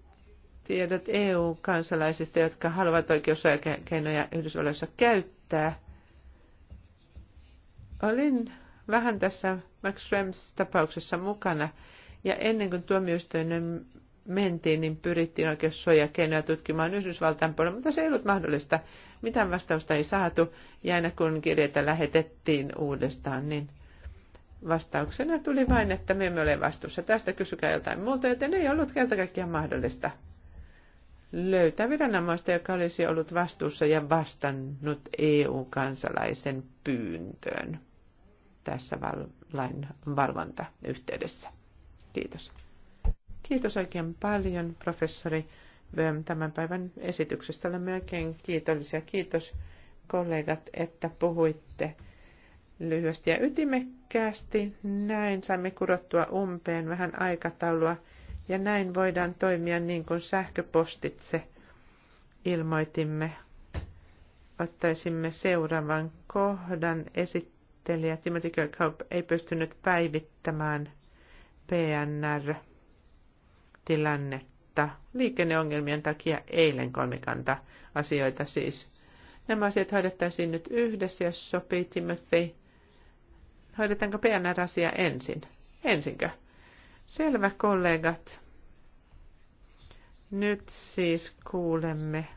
tiedot EU-kansalaisista, jotka haluavat oikeussuojakeinoja Yhdysvalloissa käyttää. Olin vähän tässä Max Schrems tapauksessa mukana, ja ennen kuin tuomioistuin mentiin, niin pyrittiin suojakeinoja tutkimaan Yhdysvaltain puolella, mutta se ei ollut mahdollista. Mitään vastausta ei saatu, ja aina kun kirjeitä lähetettiin uudestaan, niin vastauksena tuli vain, että me emme ole vastuussa. Tästä kysykää jotain muuta, joten ei ollut kerta kaikkiaan mahdollista löytää viranomaista, joka olisi ollut vastuussa ja vastannut EU-kansalaisen pyyntöön tässä val- lain valvontayhteydessä. Kiitos. Kiitos oikein paljon, professori Böhm, tämän päivän esityksestä. Olemme oikein kiitollisia. Kiitos kollegat, että puhuitte lyhyesti ja ytimekkäästi. Näin saimme kurottua umpeen vähän aikataulua ja näin voidaan toimia niin kuin sähköpostitse ilmoitimme. Ottaisimme seuraavan kohdan esittelijä. Timothy Kirkhope ei pystynyt päivittämään PNR tilannetta liikenneongelmien takia eilen kolmikanta asioita siis. Nämä asiat hoidettaisiin nyt yhdessä, jos sopii Timothy. Hoidetaanko PNR-asia ensin? Ensinkö? Selvä, kollegat. Nyt siis kuulemme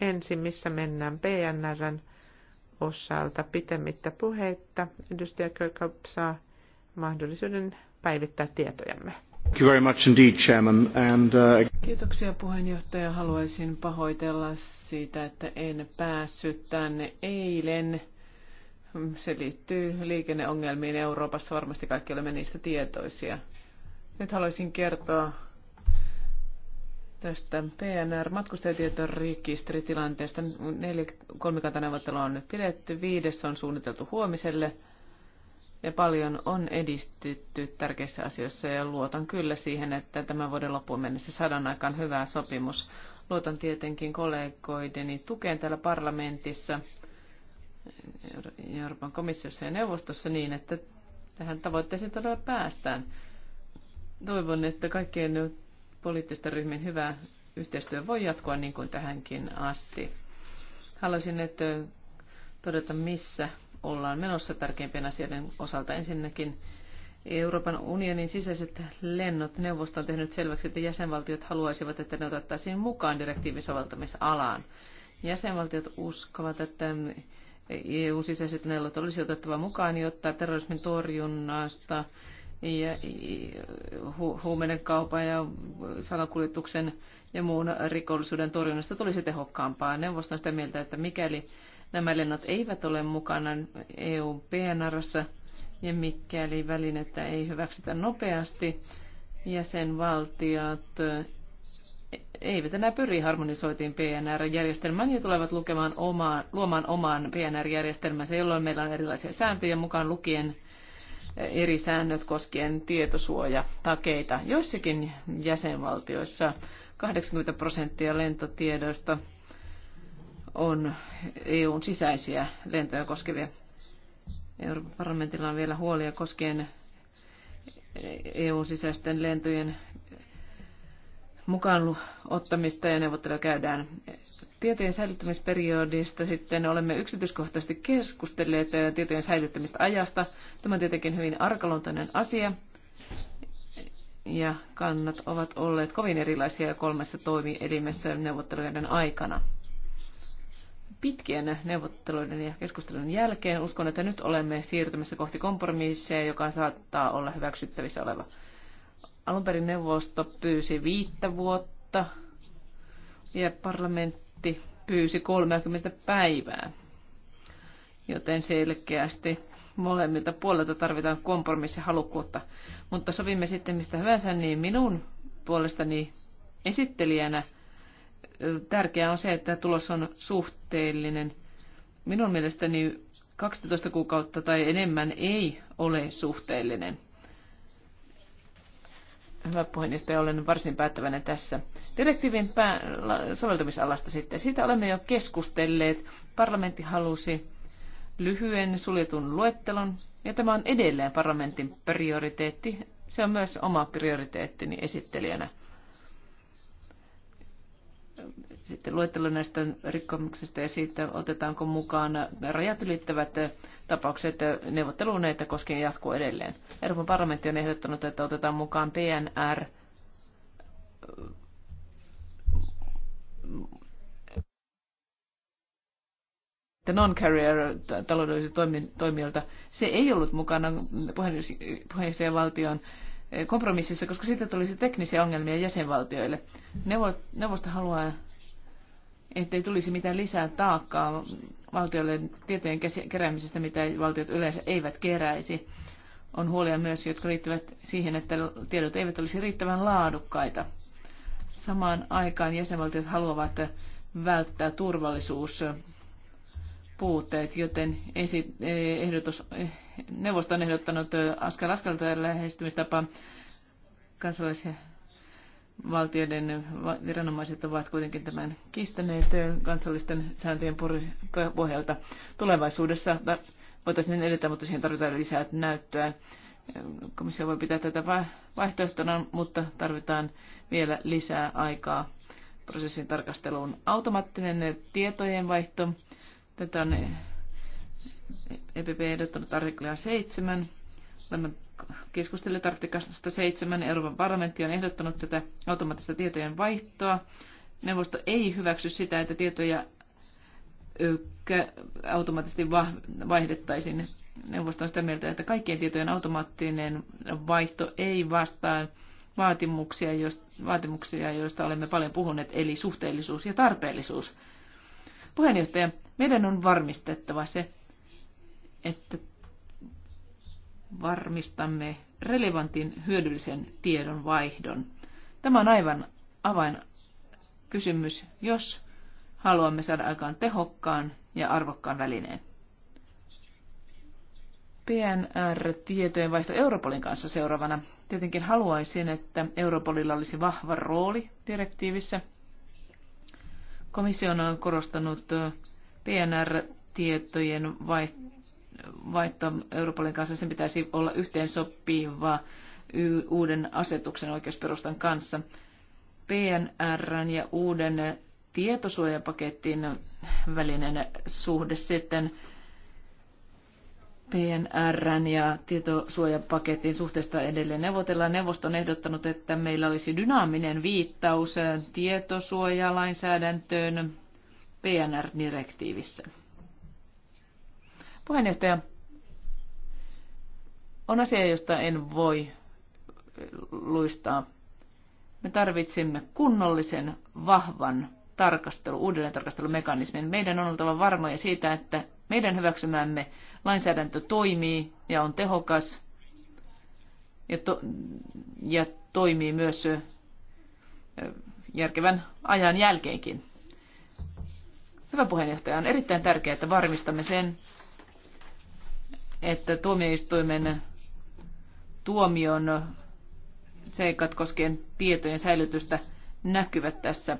ensin, missä mennään PNRn osalta pitemmittä puheitta. Edustaja Kirkhope saa mahdollisuuden päivittää tietojamme. Thank you uh, Kiitoksia puheenjohtaja. Haluaisin pahoitella siitä, että en päässyt tänne eilen. Se liittyy liikenneongelmiin Euroopassa. Varmasti kaikki olemme niistä tietoisia. Nyt haluaisin kertoa tästä PNR-matkustajatietorekisteritilanteesta. Neljä kolmikantaneuvottelua on nyt pidetty, viides on suunniteltu huomiselle – ja paljon on edistytty tärkeissä asioissa ja luotan kyllä siihen, että tämän vuoden loppuun mennessä sadan aikaan hyvä sopimus. Luotan tietenkin kollegoideni tukeen täällä parlamentissa, Euroopan komissiossa ja neuvostossa niin, että tähän tavoitteeseen todella päästään. Toivon, että kaikkien poliittisten ryhmien hyvä yhteistyö voi jatkua niin kuin tähänkin asti. Haluaisin, että todeta, missä ollaan menossa tärkeimpien asioiden osalta. Ensinnäkin Euroopan unionin sisäiset lennot. Neuvosto on tehnyt selväksi, että jäsenvaltiot haluaisivat, että ne otettaisiin mukaan direktiivin soveltamisalaan. Jäsenvaltiot uskovat, että EU-sisäiset lennot olisi otettava mukaan, jotta terrorismin torjunnasta ja hu- huumeiden kaupan ja salakuljetuksen ja muun rikollisuuden torjunnasta tulisi tehokkaampaa. Neuvosto on sitä mieltä, että mikäli nämä lennot eivät ole mukana EUn PNRssä ja mikäli välinettä ei hyväksytä nopeasti, jäsenvaltiot eivät enää pyri harmonisoitiin PNR-järjestelmään ja tulevat lukemaan omaan, luomaan omaan PNR-järjestelmänsä, jolloin meillä on erilaisia sääntöjä mukaan lukien eri säännöt koskien tietosuojatakeita. Joissakin jäsenvaltioissa 80 prosenttia lentotiedoista on EUn sisäisiä lentoja koskevia. Euroopan parlamentilla on vielä huolia koskien EUn sisäisten lentojen mukaan ottamista ja neuvotteluja käydään. Tietojen säilyttämisperiodista sitten olemme yksityiskohtaisesti keskustelleet tietojen säilyttämistä ajasta. Tämä on tietenkin hyvin arkaluontoinen asia ja kannat ovat olleet kovin erilaisia kolmessa toimielimessä neuvottelujen aikana pitkien neuvotteluiden ja keskustelun jälkeen uskon, että nyt olemme siirtymässä kohti kompromisseja, joka saattaa olla hyväksyttävissä oleva. Alun perin neuvosto pyysi viittä vuotta ja parlamentti pyysi 30 päivää. Joten selkeästi molemmilta puolilta tarvitaan kompromissihalukkuutta. Mutta sovimme sitten mistä hyvänsä, niin minun puolestani esittelijänä – tärkeää on se, että tulos on suhteellinen. Minun mielestäni 12 kuukautta tai enemmän ei ole suhteellinen. Hyvä puheenjohtaja, olen varsin päättäväinen tässä. Direktiivin pää- soveltamisalasta sitten. Siitä olemme jo keskustelleet. Parlamentti halusi lyhyen suljetun luettelon, ja tämä on edelleen parlamentin prioriteetti. Se on myös oma prioriteettini esittelijänä sitten luettelo näistä rikkomuksista ja siitä, otetaanko mukaan rajat ylittävät tapaukset neuvotteluun näitä koskien jatkuu edelleen. Euroopan parlamentti on ehdottanut, että otetaan mukaan PNR non-carrier taloudellisilta toimijoilta. Se ei ollut mukana puheenjohtajavaltion valtion kompromississa, koska siitä tulisi teknisiä ongelmia jäsenvaltioille. Neuvosto haluaa, ettei tulisi mitään lisää taakkaa valtioille tietojen keräämisestä, mitä valtiot yleensä eivät keräisi. On huolia myös, jotka liittyvät siihen, että tiedot eivät olisi riittävän laadukkaita. Samaan aikaan jäsenvaltiot haluavat välttää turvallisuus puutteet, joten esi- eh, ehdotus, eh, neuvosto on ehdottanut eh, askel askelta lähestymistapa kansalaisia valtioiden viranomaiset ovat kuitenkin tämän kiistäneet kansallisten sääntöjen pohjalta. Tulevaisuudessa voitaisiin niin edetä, mutta siihen tarvitaan lisää näyttöä. Komissio voi pitää tätä vaihtoehtona, mutta tarvitaan vielä lisää aikaa prosessin tarkasteluun. Automaattinen tietojenvaihto Tätä on EPP ehdottanut artiklaa 7. Olemme keskustelleet artiklasta 7. Euroopan parlamentti on ehdottanut tätä automaattista tietojen vaihtoa. Neuvosto ei hyväksy sitä, että tietoja automaattisesti vaihdettaisiin. Neuvosto on sitä mieltä, että kaikkien tietojen automaattinen vaihto ei vastaa vaatimuksia, vaatimuksia joista olemme paljon puhuneet, eli suhteellisuus ja tarpeellisuus. Puheenjohtaja, meidän on varmistettava se, että varmistamme relevantin hyödyllisen tiedon vaihdon. Tämä on aivan avain kysymys, jos haluamme saada aikaan tehokkaan ja arvokkaan välineen. PNR-tietojen vaihto Europolin kanssa seuraavana. Tietenkin haluaisin, että Europolilla olisi vahva rooli direktiivissä. Komissio on korostanut PNR-tietojen vaihto Euroopan kanssa, sen pitäisi olla yhteensopiva uuden asetuksen oikeusperustan kanssa. PNR ja uuden tietosuojapaketin välinen suhde sitten PNRn ja tietosuojapaketin suhteesta edelleen neuvotellaan. Neuvosto on ehdottanut, että meillä olisi dynaaminen viittaus tietosuojalainsäädäntöön PNR-direktiivissä. Puheenjohtaja, on asia, josta en voi luistaa. Me tarvitsemme kunnollisen, vahvan tarkastelu, uudelleen tarkastelumekanismin. Meidän on oltava varmoja siitä, että meidän hyväksymämme lainsäädäntö toimii ja on tehokas ja, to, ja toimii myös järkevän ajan jälkeenkin. Hyvä puheenjohtaja, on erittäin tärkeää, että varmistamme sen, että tuomioistuimen tuomion seikat koskien tietojen säilytystä näkyvät tässä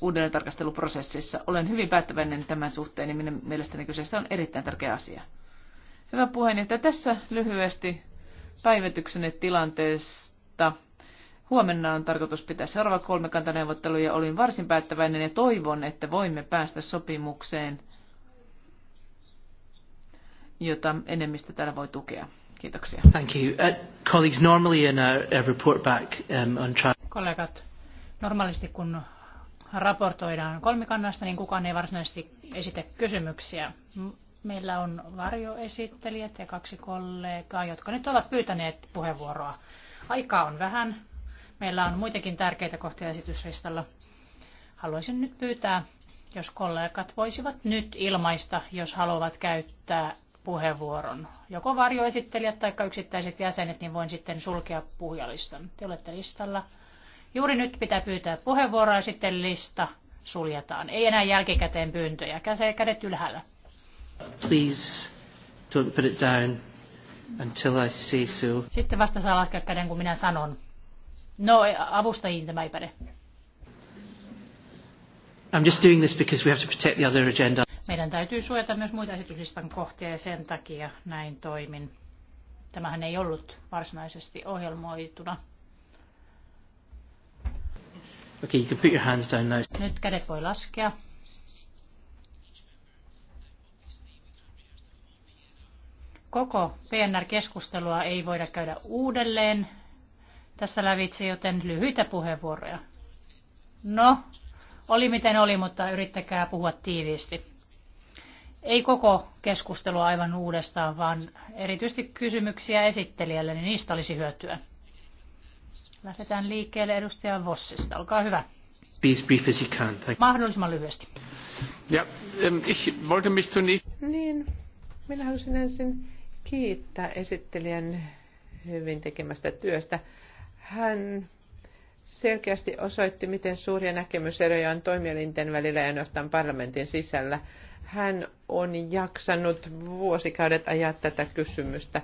uudelleen tarkasteluprosessissa. Olen hyvin päättäväinen tämän suhteen ja niin minun mielestäni kyseessä on erittäin tärkeä asia. Hyvä puheenjohtaja, tässä lyhyesti päivityksenne tilanteesta Huomenna on tarkoitus pitää seuraava kolmikantaneuvottelu ja olin varsin päättäväinen ja toivon, että voimme päästä sopimukseen, jota enemmistö täällä voi tukea. Kiitoksia. Thank you. Uh, colleagues, normally in a, a report back um, on Kollegat, normaalisti kun raportoidaan kolmikannasta, niin kukaan ei varsinaisesti esitä kysymyksiä. Meillä on varjoesittelijät ja kaksi kollegaa, jotka nyt ovat pyytäneet puheenvuoroa. Aikaa on vähän. Meillä on muitakin tärkeitä kohtia esityslistalla. Haluaisin nyt pyytää, jos kollegat voisivat nyt ilmaista, jos haluavat käyttää puheenvuoron. Joko varjoesittelijät tai yksittäiset jäsenet, niin voin sitten sulkea puhujalistan. Te olette listalla. Juuri nyt pitää pyytää puheenvuoroa ja sitten lista suljetaan. Ei enää jälkikäteen pyyntöjä. Kädet ylhäällä. Please don't put it down until I see so. Sitten vasta saa laskea käden, kun minä sanon. No, avustajiin tämä ei päde. I'm just doing this because we have to protect the other agenda. Meidän täytyy suojata myös muita esityslistan kohtia ja sen takia näin toimin. Tämähän ei ollut varsinaisesti ohjelmoituna. Okay, you can put your hands down now. Nyt kädet voi laskea. Koko PNR-keskustelua ei voida käydä uudelleen tässä lävitse, joten lyhyitä puheenvuoroja. No, oli miten oli, mutta yrittäkää puhua tiiviisti. Ei koko keskustelua aivan uudestaan, vaan erityisesti kysymyksiä esittelijälle, niin niistä olisi hyötyä. Lähdetään liikkeelle edustaja Vossista. Olkaa hyvä. Mahdollisimman lyhyesti. Ja, ich mich Niin, minä halusin ensin kiittää esittelijän hyvin tekemästä työstä. Hän selkeästi osoitti, miten suuria näkemyseroja on toimielinten välillä ja ainoastaan parlamentin sisällä. Hän on jaksanut vuosikaudet ajaa tätä kysymystä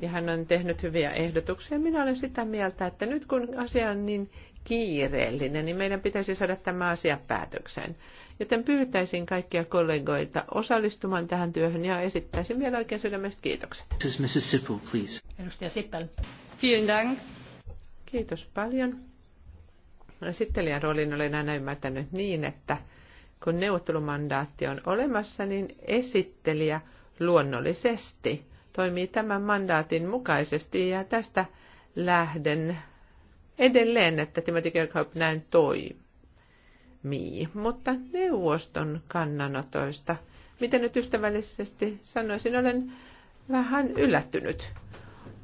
ja hän on tehnyt hyviä ehdotuksia. Minä olen sitä mieltä, että nyt kun asia on niin kiireellinen, niin meidän pitäisi saada tämä asia päätökseen. Joten pyytäisin kaikkia kollegoita osallistumaan tähän työhön ja esittäisin vielä oikein sydämestä kiitokset. Mrs. Sippel, please. Edustaja Sippel. Vielen Dank. Kiitos paljon. Esittelijän roolin olen aina ymmärtänyt niin, että kun neuvottelumandaatti on olemassa, niin esittelijä luonnollisesti toimii tämän mandaatin mukaisesti ja tästä lähden edelleen, että Timothy Kirkhope näin toimii. Mutta neuvoston kannanotoista, miten nyt ystävällisesti sanoisin, olen vähän yllättynyt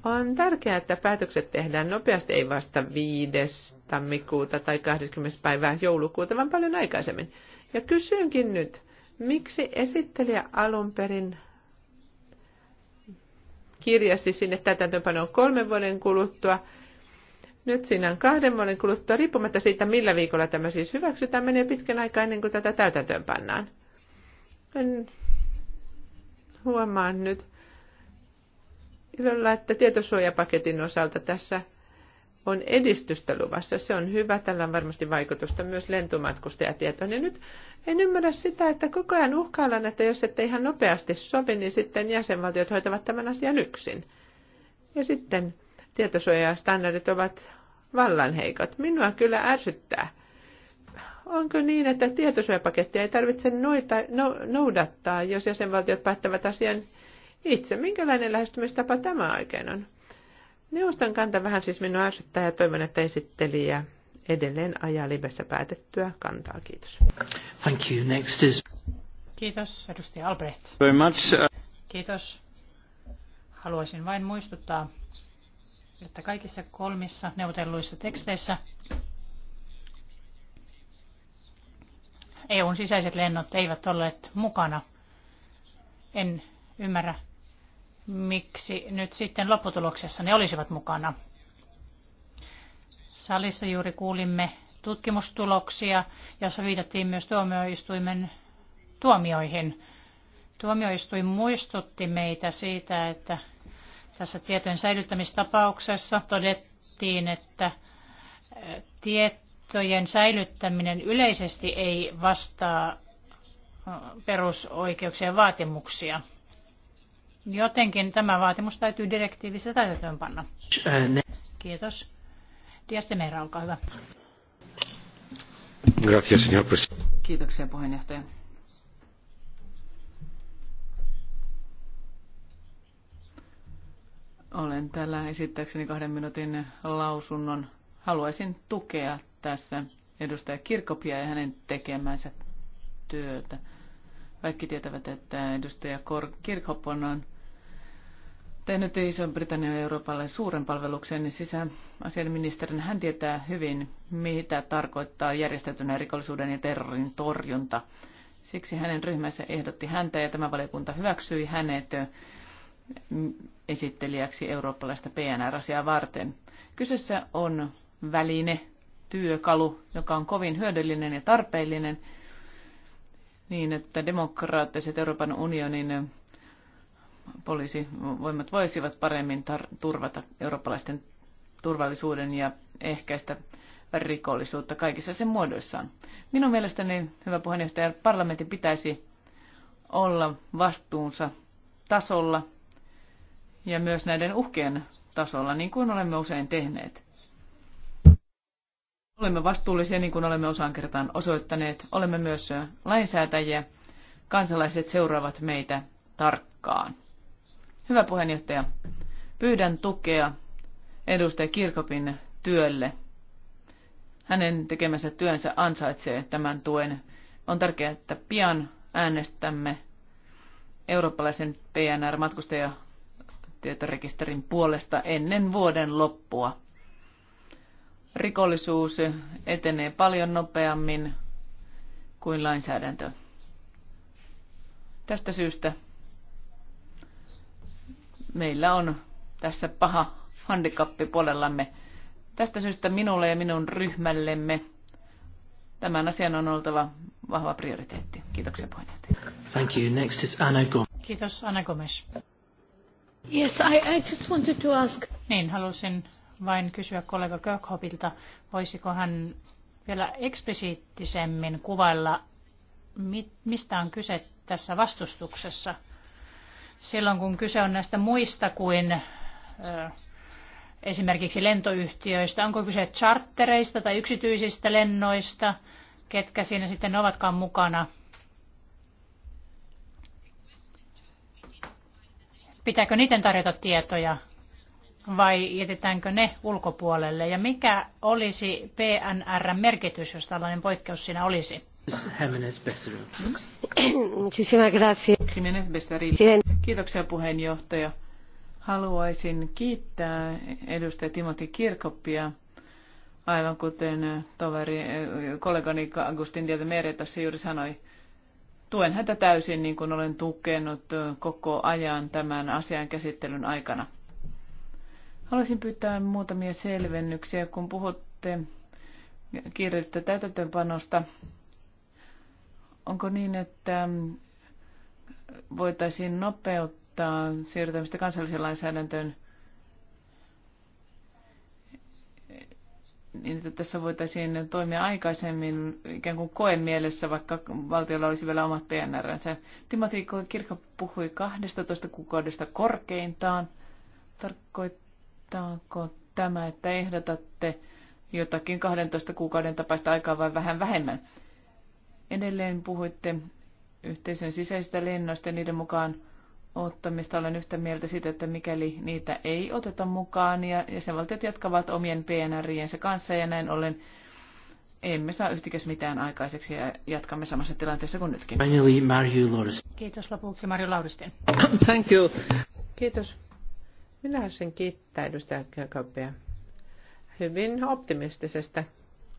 on tärkeää, että päätökset tehdään nopeasti, ei vasta 5. tammikuuta tai 20. päivää joulukuuta, vaan paljon aikaisemmin. Ja kysynkin nyt, miksi esittelijä alun perin kirjasi sinne täytäntöönpanoon kolmen vuoden kuluttua, nyt siinä on kahden vuoden kuluttua, riippumatta siitä, millä viikolla tämä siis hyväksytään, menee pitkän aikaa ennen kuin tätä täytäntöön pannaan. En huomaa nyt, ilolla, että tietosuojapaketin osalta tässä on edistystä luvassa. Se on hyvä, tällä on varmasti vaikutusta myös lentomatkustajatietoon. Ja nyt en ymmärrä sitä, että koko ajan uhkaillaan, että jos ette ihan nopeasti sovi, niin sitten jäsenvaltiot hoitavat tämän asian yksin. Ja sitten tietosuojastandardit ovat vallan heikot. Minua kyllä ärsyttää. Onko niin, että tietosuojapakettia ei tarvitse noita, no, noudattaa, jos jäsenvaltiot päättävät asian itse. Minkälainen lähestymistapa tämä oikein on? Neuvoston kanta vähän siis minua ärsyttää ja toivon, että ja edelleen ajaa livessä päätettyä kantaa. Kiitos. Thank you. Next is... Kiitos, edustaja Albrecht. Very much. Uh- Kiitos. Haluaisin vain muistuttaa, että kaikissa kolmissa neuvotelluissa teksteissä EUn sisäiset lennot eivät olleet mukana. En ymmärrä, miksi nyt sitten lopputuloksessa ne olisivat mukana. Salissa juuri kuulimme tutkimustuloksia, jossa viitattiin myös tuomioistuimen tuomioihin. Tuomioistuin muistutti meitä siitä, että tässä tietojen säilyttämistapauksessa todettiin, että eh, tietojen säilyttäminen yleisesti ei vastaa eh, perusoikeuksien vaatimuksia – Jotenkin tämä vaatimus täytyy direktiivissä täytäntöönpanna. Kiitos. Diasemera, olkaa hyvä. presidente. Kiitoksia puheenjohtaja. Olen täällä esittääkseni kahden minuutin lausunnon. Haluaisin tukea tässä edustaja Kirkopia ja hänen tekemänsä työtä. Kaikki tietävät, että edustaja Kirkop on tehnyt Iso-Britannian Euroopalle suuren palveluksen niin sisäasiainministerin. Hän tietää hyvin, mitä tarkoittaa järjestäytyneen rikollisuuden ja terrorin torjunta. Siksi hänen ryhmänsä ehdotti häntä ja tämä valiokunta hyväksyi hänet esittelijäksi eurooppalaista PNR-asiaa varten. Kyseessä on väline, työkalu, joka on kovin hyödyllinen ja tarpeellinen niin, että demokraattiset Euroopan unionin poliisivoimat voisivat paremmin turvata eurooppalaisten turvallisuuden ja ehkäistä rikollisuutta kaikissa sen muodoissaan. Minun mielestäni, hyvä puheenjohtaja, parlamentin pitäisi olla vastuunsa tasolla ja myös näiden uhkien tasolla, niin kuin olemme usein tehneet. Olemme vastuullisia, niin kuin olemme osaan kertaan osoittaneet. Olemme myös lainsäätäjiä. Kansalaiset seuraavat meitä tarkkaan. Hyvä puheenjohtaja, pyydän tukea edustaja Kirkopin työlle. Hänen tekemänsä työnsä ansaitsee tämän tuen. On tärkeää, että pian äänestämme eurooppalaisen PNR-matkustajatietorekisterin puolesta ennen vuoden loppua. Rikollisuus etenee paljon nopeammin kuin lainsäädäntö. Tästä syystä meillä on tässä paha handikappi puolellamme. Tästä syystä minulle ja minun ryhmällemme tämän asian on oltava vahva prioriteetti. Kiitoksia puheenjohtaja. Thank you. Next is Anna Gomes. Kiitos Anna Gomes. Yes, I, I just wanted to ask. Niin, halusin vain kysyä kollega Kirkhopilta, voisiko hän vielä eksplisiittisemmin kuvailla, mistä on kyse tässä vastustuksessa – silloin, kun kyse on näistä muista kuin esimerkiksi lentoyhtiöistä? Onko kyse chartereista tai yksityisistä lennoista? Ketkä siinä sitten ovatkaan mukana? Pitääkö niiden tarjota tietoja vai jätetäänkö ne ulkopuolelle? Ja mikä olisi PNR-merkitys, jos tällainen poikkeus siinä olisi? Kiitoksia puheenjohtaja. Haluaisin kiittää edustaja Timothy Kirkoppia, aivan kuten toveri, kollegani Agustin Dieltä tässä juuri sanoi. Tuen häntä täysin, niin kuin olen tukenut koko ajan tämän asian käsittelyn aikana. Haluaisin pyytää muutamia selvennyksiä, kun puhutte kiireellisestä täytäntöönpanosta Onko niin, että voitaisiin nopeuttaa siirtämistä kansalliseen lainsäädäntöön niin, että tässä voitaisiin toimia aikaisemmin ikään kuin koen mielessä, vaikka valtiolla olisi vielä omat PNR-nsä. Timothy Kirkka puhui 12 kuukaudesta korkeintaan. Tarkoittaako tämä, että ehdotatte jotakin 12 kuukauden tapaista aikaa vai vähän vähemmän? Edelleen puhuitte yhteisön sisäisistä lennoista ja niiden mukaan ottamista. Olen yhtä mieltä siitä, että mikäli niitä ei oteta mukaan ja jäsenvaltiot jatkavat omien pnr iensä kanssa ja näin ollen emme saa yhtikäs mitään aikaiseksi ja jatkamme samassa tilanteessa kuin nytkin. Kiitos lopuksi Marju Lauristin. Thank you. Kiitos. Minä sen kiittää edustaja Kaupia hyvin optimistisesta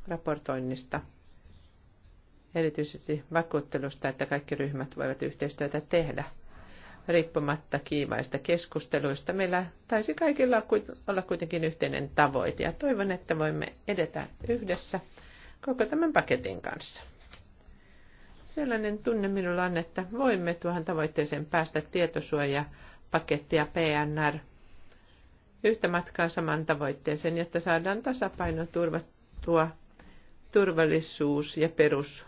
raportoinnista – erityisesti vakuuttelusta, että kaikki ryhmät voivat yhteistyötä tehdä riippumatta kiivaista keskusteluista. Meillä taisi kaikilla olla kuitenkin yhteinen tavoite ja toivon, että voimme edetä yhdessä koko tämän paketin kanssa. Sellainen tunne minulla on, että voimme tuohon tavoitteeseen päästä tietosuoja-pakettia PNR yhtä matkaa saman tavoitteeseen, jotta saadaan tasapaino turvattua turvallisuus ja perus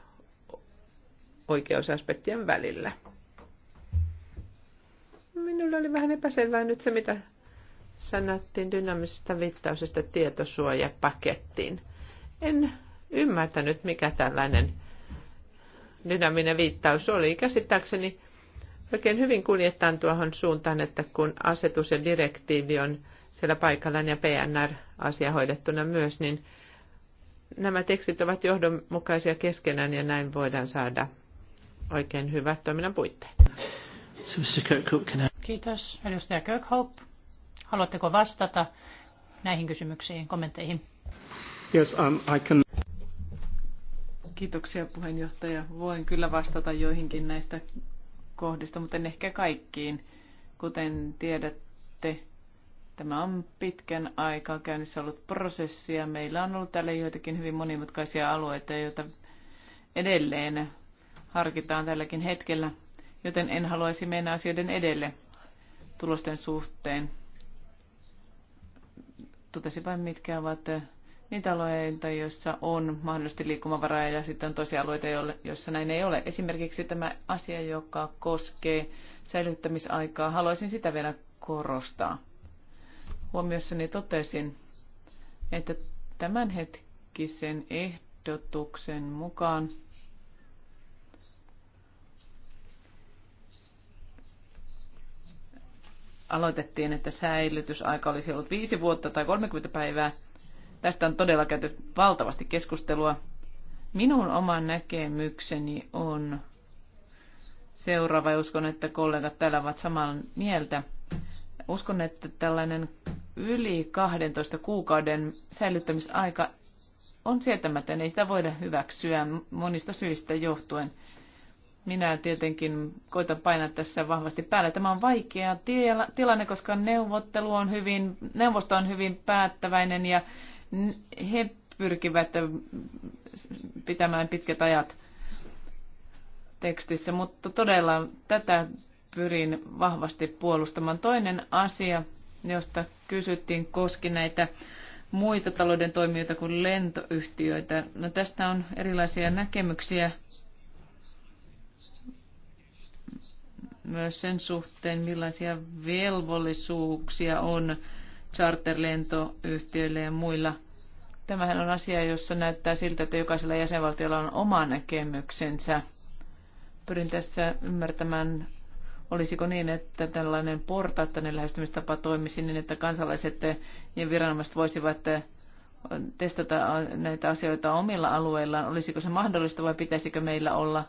oikeusaspektien välillä. Minulla oli vähän epäselvää nyt se, mitä sanottiin dynaamisesta viittausesta tietosuojapakettiin. En ymmärtänyt, mikä tällainen dynaaminen viittaus oli. Käsittääkseni oikein hyvin kuljettaan tuohon suuntaan, että kun asetus ja direktiivi on siellä paikallaan ja PNR-asia hoidettuna myös, niin nämä tekstit ovat johdonmukaisia keskenään ja näin voidaan saada oikein hyvät toiminnan puitteet. Kiitos. Edustaja Kirkhope, haluatteko vastata näihin kysymyksiin, kommentteihin? Yes, um, I can... Kiitoksia puheenjohtaja. Voin kyllä vastata joihinkin näistä kohdista, mutta en ehkä kaikkiin. Kuten tiedätte, tämä on pitkän aikaa käynnissä ollut prosessi ja meillä on ollut täällä joitakin hyvin monimutkaisia alueita, joita edelleen harkitaan tälläkin hetkellä, joten en haluaisi mennä asioiden edelle tulosten suhteen. Totesin vain, mitkä ovat eh, niitä alueita, joissa on mahdollisesti liikkumavaraa ja sitten on toisia alueita, joissa näin ei ole. Esimerkiksi tämä asia, joka koskee säilyttämisaikaa, haluaisin sitä vielä korostaa. Huomiossani totesin, että tämänhetkisen ehdotuksen mukaan aloitettiin, että säilytysaika olisi ollut viisi vuotta tai 30 päivää. Tästä on todella käyty valtavasti keskustelua. Minun oma näkemykseni on seuraava, ja uskon, että kollegat täällä ovat samaa mieltä. Uskon, että tällainen yli 12 kuukauden säilyttämisaika on sietämätön, ei sitä voida hyväksyä monista syistä johtuen. Minä tietenkin koitan painaa tässä vahvasti päälle. Tämä on vaikea tilanne, koska neuvottelu on hyvin, neuvosto on hyvin päättäväinen ja he pyrkivät pitämään pitkät ajat tekstissä, mutta todella tätä pyrin vahvasti puolustamaan. Toinen asia, josta kysyttiin, koski näitä muita talouden toimijoita kuin lentoyhtiöitä. No tästä on erilaisia näkemyksiä myös sen suhteen, millaisia velvollisuuksia on charterlentoyhtiöille ja muilla. Tämähän on asia, jossa näyttää siltä, että jokaisella jäsenvaltiolla on oma näkemyksensä. Pyrin tässä ymmärtämään, olisiko niin, että tällainen portaattainen lähestymistapa toimisi niin, että kansalaiset ja viranomaiset voisivat testata näitä asioita omilla alueillaan. Olisiko se mahdollista vai pitäisikö meillä olla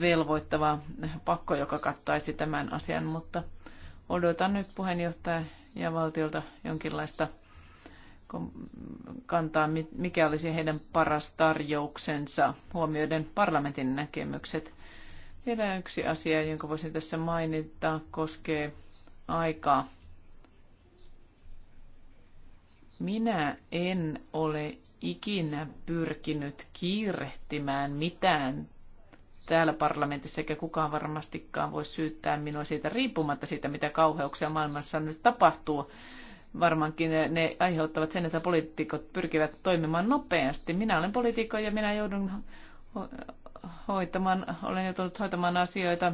velvoittava pakko, joka kattaisi tämän asian, mutta odotan nyt puheenjohtaja ja valtiolta jonkinlaista kantaa, mikä olisi heidän paras tarjouksensa huomioiden parlamentin näkemykset. Vielä yksi asia, jonka voisin tässä mainita, koskee aikaa. Minä en ole ikinä pyrkinyt kiirehtimään mitään täällä parlamentissa, eikä kukaan varmastikaan voi syyttää minua siitä riippumatta siitä, mitä kauheuksia maailmassa nyt tapahtuu. Varmaankin ne, ne aiheuttavat sen, että poliitikot pyrkivät toimimaan nopeasti. Minä olen poliitikko ja minä joudun hoitamaan, olen joutunut hoitamaan asioita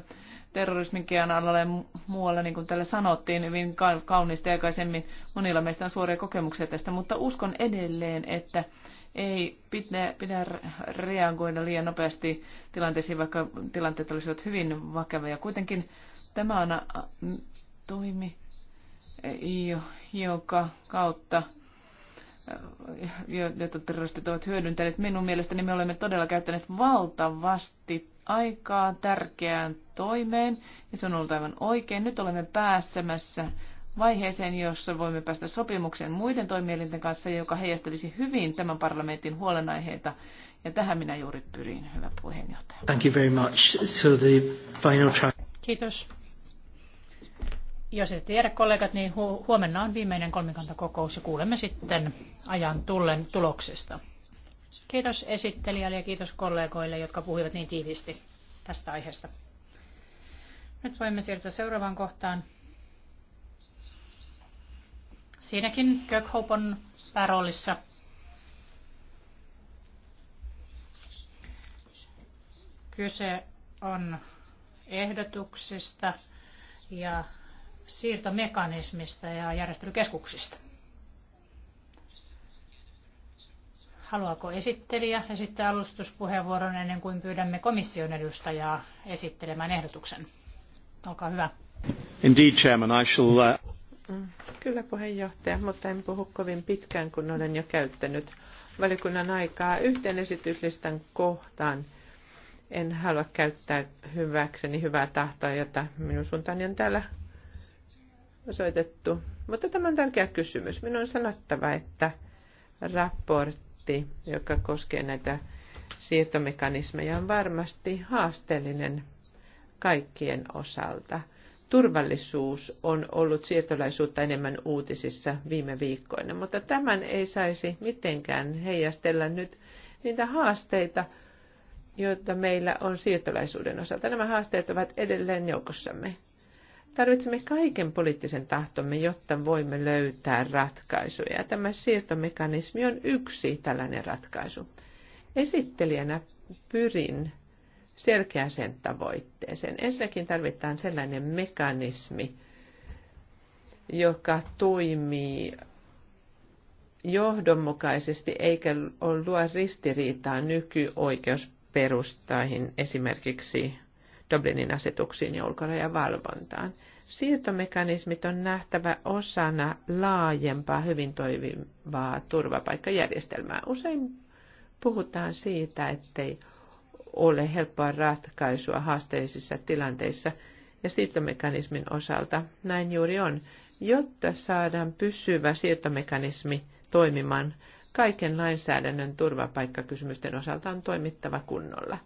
terrorisminkin alalle muualla, niin kuin täällä sanottiin, hyvin kauniisti aikaisemmin. Monilla meistä on suoria kokemuksia tästä, mutta uskon edelleen, että ei pidä, pidä reagoida liian nopeasti tilanteisiin, vaikka tilanteet olisivat hyvin vakavia. Kuitenkin tämä on toimi, e, joka kautta e, jota terroristit ovat hyödyntäneet. Minun mielestäni me olemme todella käyttäneet valtavasti aikaa tärkeään toimeen, ja se on ollut aivan oikein. Nyt olemme pääsemässä vaiheeseen, jossa voimme päästä sopimukseen muiden toimielinten kanssa, joka heijastelisi hyvin tämän parlamentin huolenaiheita. Ja tähän minä juuri pyrin, hyvä puheenjohtaja. Thank you very much. So the final track. Kiitos. Jos ette tiedä kollegat, niin hu- huomenna on viimeinen kolmikantakokous ja kuulemme sitten ajan tullen tuloksesta. Kiitos esittelijälle ja kiitos kollegoille, jotka puhuivat niin tiiviisti tästä aiheesta. Nyt voimme siirtyä seuraavaan kohtaan. Siinäkin Kirkhope on pääroolissa. Kyse on ehdotuksista ja siirtomekanismista ja järjestelykeskuksista. Haluaako esittelijä esittää alustuspuheenvuoron ennen kuin pyydämme komission edustajaa esittelemään ehdotuksen? Olkaa hyvä. Indeed, Chairman, I shall... Uh... Mm, kyllä puheenjohtaja, mutta en puhu kovin pitkään, kun olen jo käyttänyt valikunnan aikaa yhteen esityslistan kohtaan. En halua käyttää hyväkseni hyvää tahtoa, jota minun suuntaani on täällä osoitettu. Mutta tämä on tärkeä kysymys. Minun on sanottava, että raportti, joka koskee näitä siirtomekanismeja, on varmasti haasteellinen kaikkien osalta. Turvallisuus on ollut siirtolaisuutta enemmän uutisissa viime viikkoina, mutta tämän ei saisi mitenkään heijastella nyt niitä haasteita, joita meillä on siirtolaisuuden osalta. Nämä haasteet ovat edelleen joukossamme. Tarvitsemme kaiken poliittisen tahtomme, jotta voimme löytää ratkaisuja. Tämä siirtomekanismi on yksi tällainen ratkaisu. Esittelijänä pyrin sen tavoitteeseen. Ensinnäkin tarvitaan sellainen mekanismi, joka toimii johdonmukaisesti eikä luo ristiriitaa nykyoikeusperustaihin, esimerkiksi Dublinin asetuksiin ja ulkorajavalvontaan. Siirtomekanismit on nähtävä osana laajempaa hyvin toimivaa turvapaikkajärjestelmää. Usein puhutaan siitä, ettei ole helppoa ratkaisua haasteellisissa tilanteissa. Ja siirtomekanismin osalta näin juuri on. Jotta saadaan pysyvä siirtomekanismi toimimaan, kaiken lainsäädännön turvapaikkakysymysten osalta on toimittava kunnolla.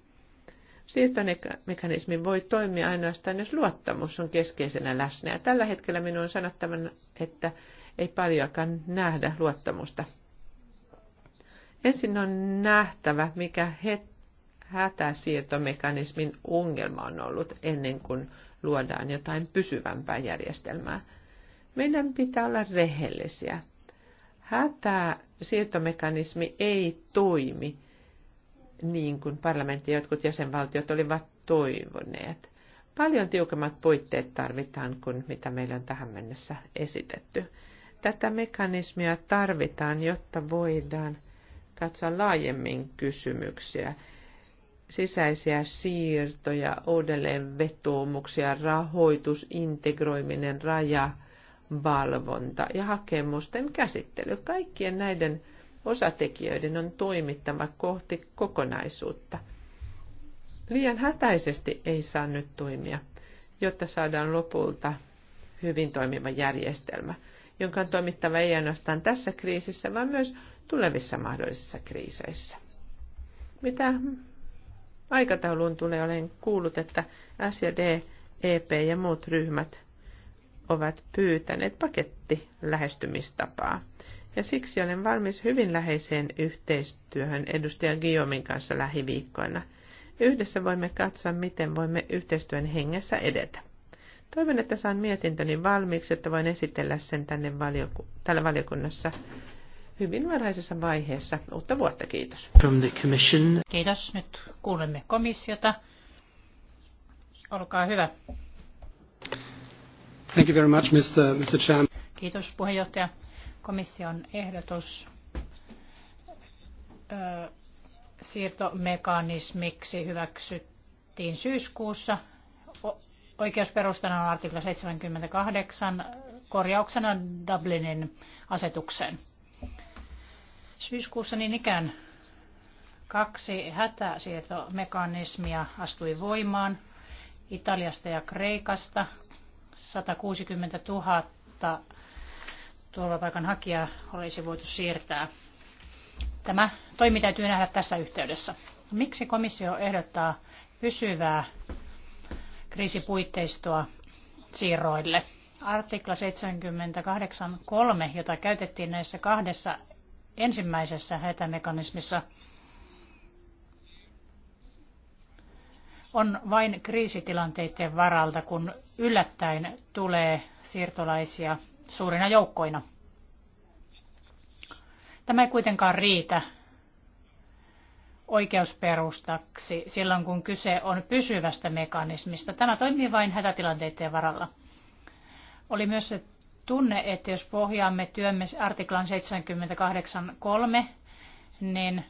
Siirtomekanismi voi toimia ainoastaan, jos luottamus on keskeisenä läsnä. Ja tällä hetkellä minun on sanottava, että ei paljonkaan nähdä luottamusta. Ensin on nähtävä, mikä het hätäsiirtomekanismin ongelma on ollut ennen kuin luodaan jotain pysyvämpää järjestelmää. Meidän pitää olla rehellisiä. Hätäsiirtomekanismi ei toimi niin kuin parlamentti ja jotkut jäsenvaltiot olivat toivoneet. Paljon tiukemmat puitteet tarvitaan kuin mitä meillä on tähän mennessä esitetty. Tätä mekanismia tarvitaan, jotta voidaan katsoa laajemmin kysymyksiä sisäisiä siirtoja, uudelleen vetoomuksia, rahoitus, integroiminen, raja, valvonta ja hakemusten käsittely. Kaikkien näiden osatekijöiden on toimittava kohti kokonaisuutta. Liian hätäisesti ei saa nyt toimia, jotta saadaan lopulta hyvin toimiva järjestelmä, jonka on toimittava ei ainoastaan tässä kriisissä, vaan myös tulevissa mahdollisissa kriiseissä. Mitä aikatauluun tulee, olen kuullut, että D, EP ja muut ryhmät ovat pyytäneet paketti lähestymistapaa. Ja siksi olen valmis hyvin läheiseen yhteistyöhön edustajan Guillaumin kanssa lähiviikkoina. Yhdessä voimme katsoa, miten voimme yhteistyön hengessä edetä. Toivon, että saan mietintöni valmiiksi, että voin esitellä sen tänne valioku- täällä valiokunnassa hyvin varhaisessa vaiheessa uutta vuotta. Kiitos. From the commission. Kiitos. Nyt kuulemme komissiota. Olkaa hyvä. Thank you very much, Mr. Mr. Chairman. Kiitos puheenjohtaja. Komission ehdotus ö, siirtomekanismiksi hyväksyttiin syyskuussa. O- oikeusperustana on artikla 78 korjauksena Dublinin asetukseen. Syyskuussa niin ikään kaksi hätäsietomekanismia astui voimaan Italiasta ja Kreikasta. 160 000 turvapaikanhakijaa olisi voitu siirtää. Tämä toimi täytyy nähdä tässä yhteydessä. Miksi komissio ehdottaa pysyvää kriisipuitteistoa siirroille? Artikla 78.3, jota käytettiin näissä kahdessa ensimmäisessä hätämekanismissa on vain kriisitilanteiden varalta, kun yllättäen tulee siirtolaisia suurina joukkoina. Tämä ei kuitenkaan riitä oikeusperustaksi silloin, kun kyse on pysyvästä mekanismista. Tämä toimii vain hätätilanteiden varalla. Oli myös tunne, että jos pohjaamme työmme artiklan 78.3, niin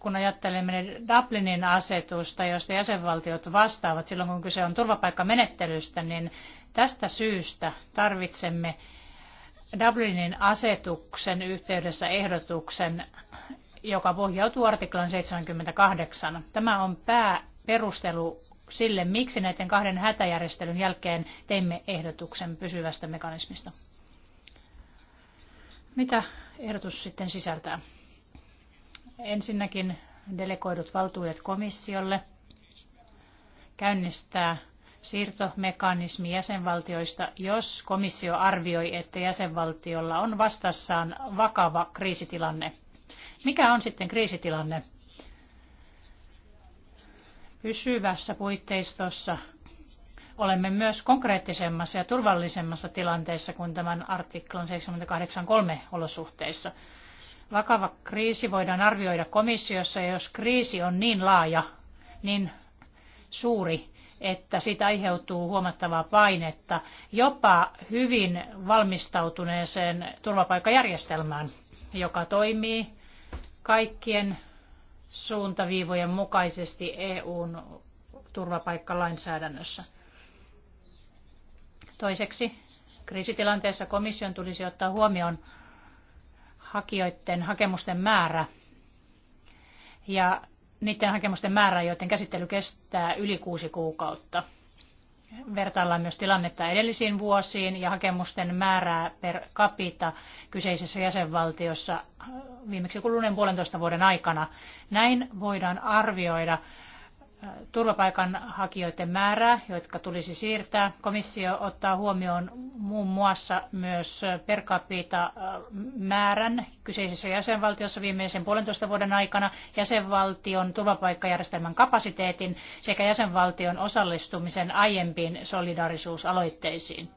kun ajattelemme Dublinin asetusta, josta jäsenvaltiot vastaavat silloin, kun kyse on turvapaikkamenettelystä, niin tästä syystä tarvitsemme Dublinin asetuksen yhteydessä ehdotuksen, joka pohjautuu artiklan 78. Tämä on pääperustelu sille, miksi näiden kahden hätäjärjestelyn jälkeen teimme ehdotuksen pysyvästä mekanismista. Mitä ehdotus sitten sisältää? Ensinnäkin delegoidut valtuudet komissiolle käynnistää siirtomekanismi jäsenvaltioista, jos komissio arvioi, että jäsenvaltiolla on vastassaan vakava kriisitilanne. Mikä on sitten kriisitilanne? pysyvässä puitteistossa olemme myös konkreettisemmassa ja turvallisemmassa tilanteessa kuin tämän artiklan 78.3 olosuhteissa. Vakava kriisi voidaan arvioida komissiossa ja jos kriisi on niin laaja, niin suuri, että siitä aiheutuu huomattavaa painetta jopa hyvin valmistautuneeseen turvapaikkajärjestelmään, joka toimii kaikkien suuntaviivojen mukaisesti EUn turvapaikkalainsäädännössä. Toiseksi kriisitilanteessa komission tulisi ottaa huomioon hakijoiden hakemusten määrä ja niiden hakemusten määrä, joiden käsittely kestää yli kuusi kuukautta vertaillaan myös tilannetta edellisiin vuosiin ja hakemusten määrää per capita kyseisessä jäsenvaltiossa viimeksi kuluneen puolentoista vuoden aikana. Näin voidaan arvioida turvapaikanhakijoiden määrää, jotka tulisi siirtää. Komissio ottaa huomioon muun muassa myös per capita äh, määrän kyseisessä jäsenvaltiossa viimeisen puolentoista vuoden aikana, jäsenvaltion turvapaikkajärjestelmän kapasiteetin sekä jäsenvaltion osallistumisen aiempiin solidaarisuusaloitteisiin.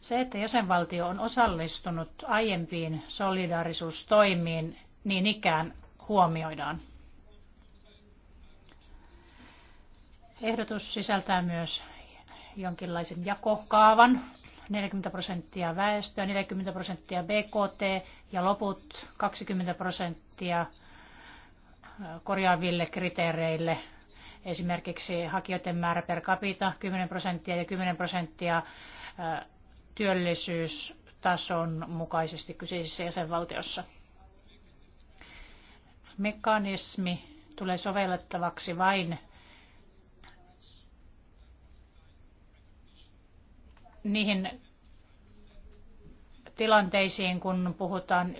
Se, että jäsenvaltio on osallistunut aiempiin solidaarisuustoimiin, niin ikään huomioidaan. Ehdotus sisältää myös jonkinlaisen jakokaavan, 40 prosenttia väestöä, 40 prosenttia BKT ja loput 20 prosenttia korjaaville kriteereille. Esimerkiksi hakijoiden määrä per capita 10 prosenttia ja 10 prosenttia työllisyystason mukaisesti kyseisessä jäsenvaltiossa. Mekanismi tulee sovellettavaksi vain niihin tilanteisiin, kun puhutaan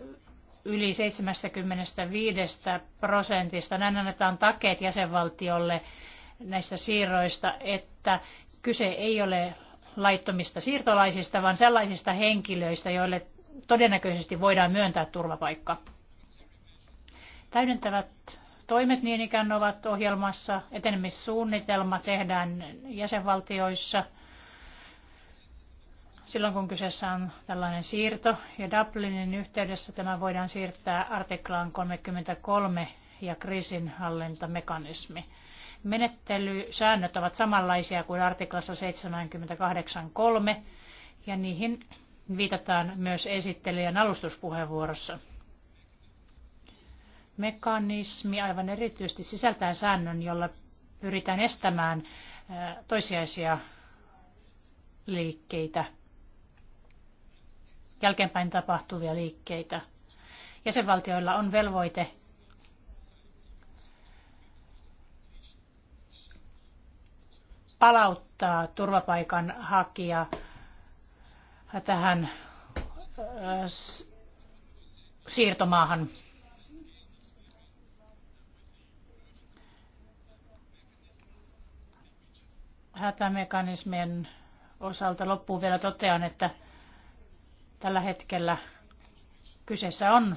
yli 75 prosentista. Näin annetaan takeet jäsenvaltiolle näistä siirroista, että kyse ei ole laittomista siirtolaisista, vaan sellaisista henkilöistä, joille todennäköisesti voidaan myöntää turvapaikka. Täydentävät toimet niin ikään ovat ohjelmassa, etenemissuunnitelma tehdään jäsenvaltioissa – silloin kun kyseessä on tällainen siirto ja Dublinin yhteydessä tämä voidaan siirtää artiklaan 33 ja kriisinhallintamekanismi. Menettelysäännöt ovat samanlaisia kuin artiklassa 78.3 ja niihin viitataan myös esittelijän alustuspuheenvuorossa. Mekanismi aivan erityisesti sisältää säännön, jolla pyritään estämään toisiaisia liikkeitä jälkeenpäin tapahtuvia liikkeitä. Jäsenvaltioilla on velvoite palauttaa turvapaikan hakija tähän äh, siirtomaahan. Hätämekanismien osalta loppuun vielä totean, että Tällä hetkellä kyseessä on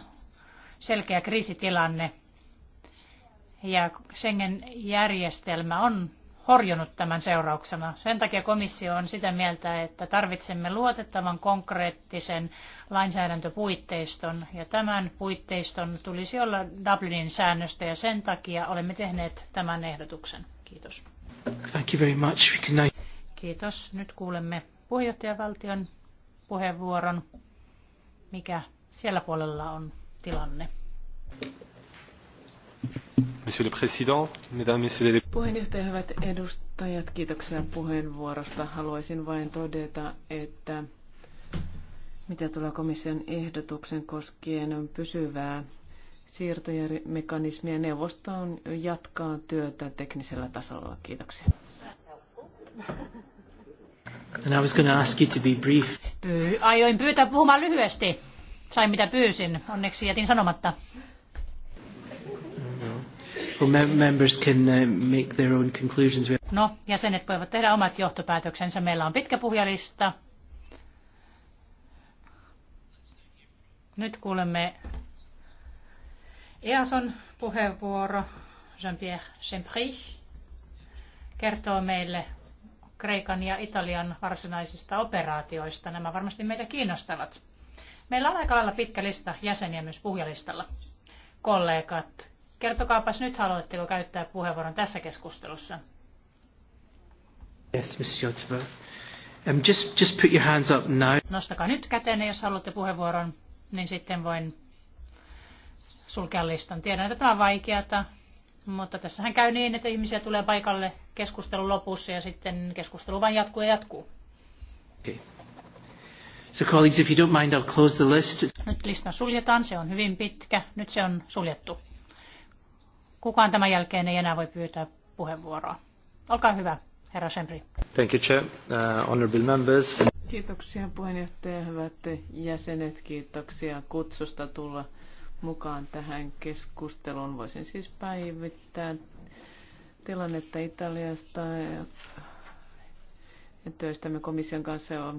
selkeä kriisitilanne ja Schengen-järjestelmä on horjunut tämän seurauksena. Sen takia komissio on sitä mieltä, että tarvitsemme luotettavan konkreettisen lainsäädäntöpuitteiston ja tämän puitteiston tulisi olla Dublinin säännöstä ja sen takia olemme tehneet tämän ehdotuksen. Kiitos. Thank you very much. Kiitos. Nyt kuulemme puheenjohtajavaltion puheenvuoron. Mikä siellä puolella on tilanne? Monsieur le Président, Mesdames, Messieurs les Puheenjohtaja, hyvät edustajat, kiitoksia puheenvuorosta. Haluaisin vain todeta, että mitä tulee komission ehdotuksen koskien pysyvää siirtojärjestelmämekanismia. Neuvosto on jatkaa työtä teknisellä tasolla. Kiitoksia. And I was going to ask you to be brief. Py- Aioin pyytää puhumaan lyhyesti. Sain mitä pyysin. Onneksi jätin sanomatta. No, jäsenet voivat tehdä omat johtopäätöksensä. Meillä on pitkä puhujalista. Nyt kuulemme EASON puheenvuoro. Jean-Pierre Semprich kertoo meille Kreikan ja Italian varsinaisista operaatioista. Nämä varmasti meitä kiinnostavat. Meillä on aika lailla pitkä lista jäseniä myös puhujalistalla. Kollegat, kertokaapas nyt, haluatteko käyttää puheenvuoron tässä keskustelussa? Yes, Um, just, just put your hands up now. Nostakaa nyt käteen, jos haluatte puheenvuoron, niin sitten voin sulkea listan. Tiedän, että tämä on vaikeata mutta tässähän käy niin, että ihmisiä tulee paikalle keskustelun lopussa ja sitten keskustelu vain jatkuu ja jatkuu. Okay. So colleagues, if you don't mind, I'll close the list. Nyt lista suljetaan, se on hyvin pitkä. Nyt se on suljettu. Kukaan tämän jälkeen ei enää voi pyytää puheenvuoroa. Olkaa hyvä, herra Sembri. Thank you, Chair. Uh, honorable members. Kiitoksia puheenjohtaja, hyvät jäsenet. Kiitoksia kutsusta tulla mukaan tähän keskusteluun. Voisin siis päivittää tilannetta Italiasta ja työstämme komission kanssa ja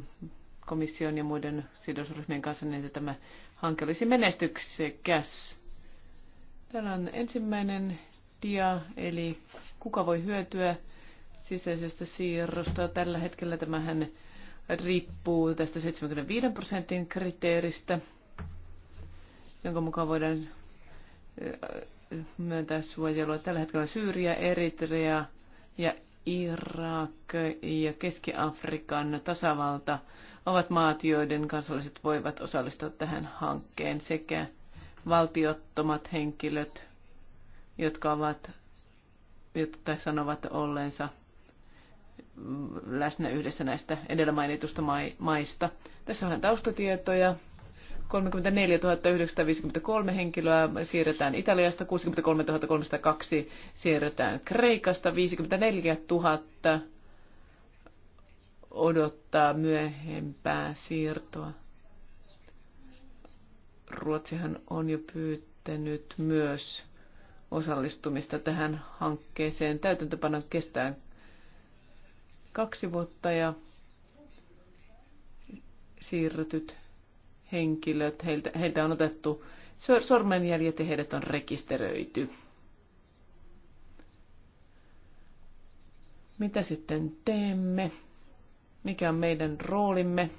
komission ja muiden sidosryhmien kanssa, niin se tämä hanke olisi menestyksekäs. Täällä on ensimmäinen dia, eli kuka voi hyötyä sisäisestä siirrosta. Tällä hetkellä tämähän riippuu tästä 75 prosentin kriteeristä jonka mukaan voidaan myöntää suojelua. Tällä hetkellä Syyria, Eritrea ja Irak ja Keski-Afrikan tasavalta ovat maat, joiden kansalaiset voivat osallistua tähän hankkeen sekä valtiottomat henkilöt, jotka ovat jotka sanovat olleensa läsnä yhdessä näistä edellä mainitusta maista. Tässä on vähän taustatietoja 34 953 henkilöä siirretään Italiasta, 63 302 siirretään Kreikasta, 54 000 odottaa myöhempää siirtoa. Ruotsihan on jo pyytänyt myös osallistumista tähän hankkeeseen. Täytäntöpanon kestää kaksi vuotta ja siirretyt henkilöt, heiltä, heiltä on otettu sormenjäljet ja heidät on rekisteröity. Mitä sitten teemme? Mikä on meidän roolimme?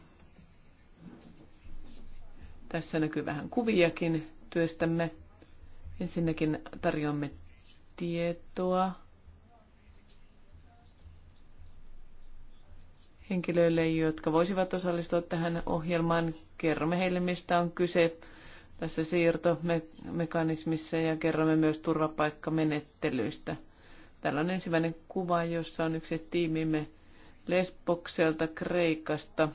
Tässä näkyy vähän kuviakin työstämme. Ensinnäkin tarjoamme tietoa henkilöille, jotka voisivat osallistua tähän ohjelmaan. Kerromme heille, mistä on kyse tässä siirtomekanismissa ja kerromme myös turvapaikkamenettelyistä. Täällä on ensimmäinen kuva, jossa on yksi tiimimme Lesbokselta, Kreikasta.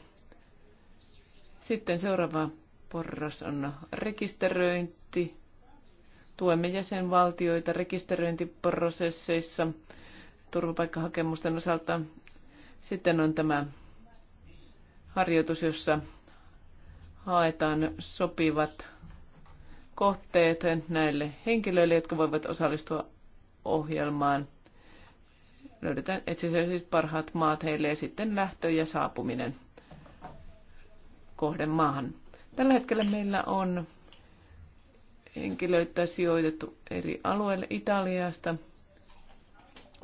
Sitten seuraava porras on rekisteröinti. Tuemme jäsenvaltioita rekisteröintiprosesseissa turvapaikkahakemusten osalta sitten on tämä harjoitus, jossa haetaan sopivat kohteet näille henkilöille, jotka voivat osallistua ohjelmaan. Löydetään etsitään siis parhaat maat heille ja sitten lähtö ja saapuminen kohden maahan. Tällä hetkellä meillä on henkilöitä sijoitettu eri alueille Italiasta –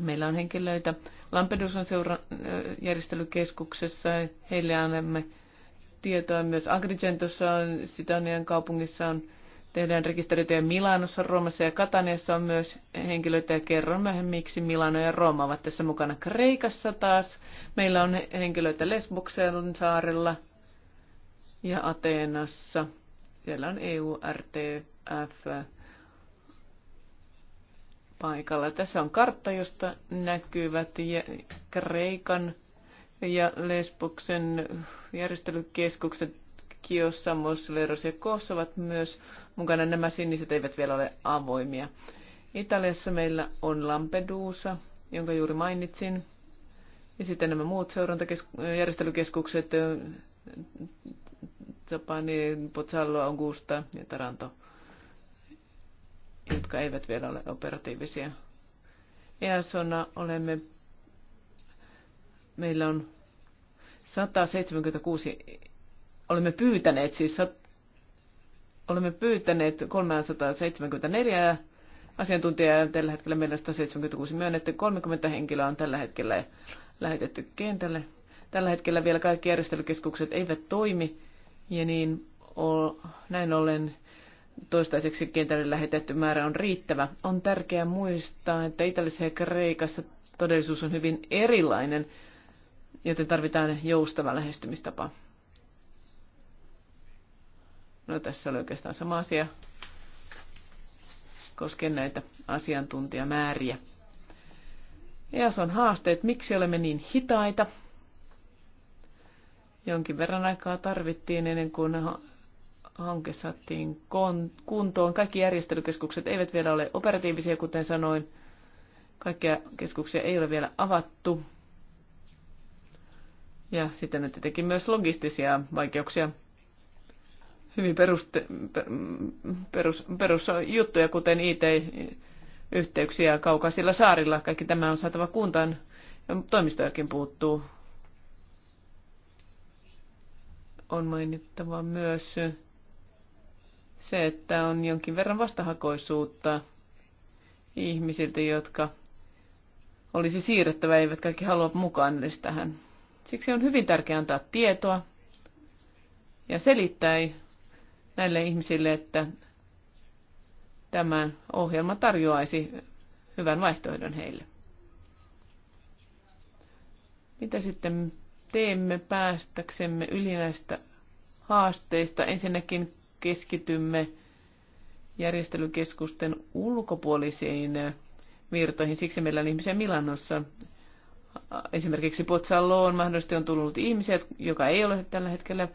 Meillä on henkilöitä Lampedusan seuran järjestelykeskuksessa. Heille annamme tietoa myös Agrigentossa, Sitanian kaupungissa on Tehdään rekisterityö Milanossa, Roomassa ja Kataniassa on myös henkilöitä ja kerron myöhemmin, miksi Milano ja Rooma ovat tässä mukana. Kreikassa taas meillä on henkilöitä Lesboksen saarella ja Ateenassa. Siellä on EURTF paikalla. Tässä on kartta, josta näkyvät Kreikan ja Lesboksen järjestelykeskukset Kiossa, Mosleros ja Kos ovat myös mukana. Nämä siniset eivät vielä ole avoimia. Italiassa meillä on Lampedusa, jonka juuri mainitsin. Ja sitten nämä muut seurantajärjestelykeskukset, Zapani, Pozzallo, Augusta ja Taranto jotka eivät vielä ole operatiivisia. EASona olemme, meillä on 176, olemme pyytäneet siis, olemme pyytäneet 374 asiantuntijaa ja tällä hetkellä meillä on 176 myönnetty. 30 henkilöä on tällä hetkellä lähetetty kentälle. Tällä hetkellä vielä kaikki järjestelykeskukset eivät toimi ja niin näin ollen toistaiseksi kentälle lähetetty määrä on riittävä. On tärkeää muistaa, että Italiassa ja Kreikassa todellisuus on hyvin erilainen, joten tarvitaan joustava lähestymistapa. No tässä oli oikeastaan sama asia koskien näitä asiantuntijamääriä. se on haasteet, miksi olemme niin hitaita. Jonkin verran aikaa tarvittiin ennen kuin hanke saatiin kuntoon. Kaikki järjestelykeskukset eivät vielä ole operatiivisia, kuten sanoin. Kaikkia keskuksia ei ole vielä avattu. Ja sitten on tietenkin myös logistisia vaikeuksia. Hyvin peruste, perus, perusjuttuja, kuten IT-yhteyksiä kaukaisilla saarilla. Kaikki tämä on saatava kuntaan. Toimistojakin puuttuu. On mainittava myös se, että on jonkin verran vastahakoisuutta ihmisiltä, jotka olisi siirrettävä, eivät kaikki halua mukaan edes tähän. Siksi on hyvin tärkeää antaa tietoa ja selittää näille ihmisille, että tämä ohjelma tarjoaisi hyvän vaihtoehdon heille. Mitä sitten teemme päästäksemme yli näistä haasteista? Ensinnäkin keskitymme järjestelykeskusten ulkopuolisiin virtoihin. Siksi meillä on ihmisiä Milanossa. Esimerkiksi Potsaloon mahdollisesti on tullut ihmisiä, joka ei ole tällä hetkellä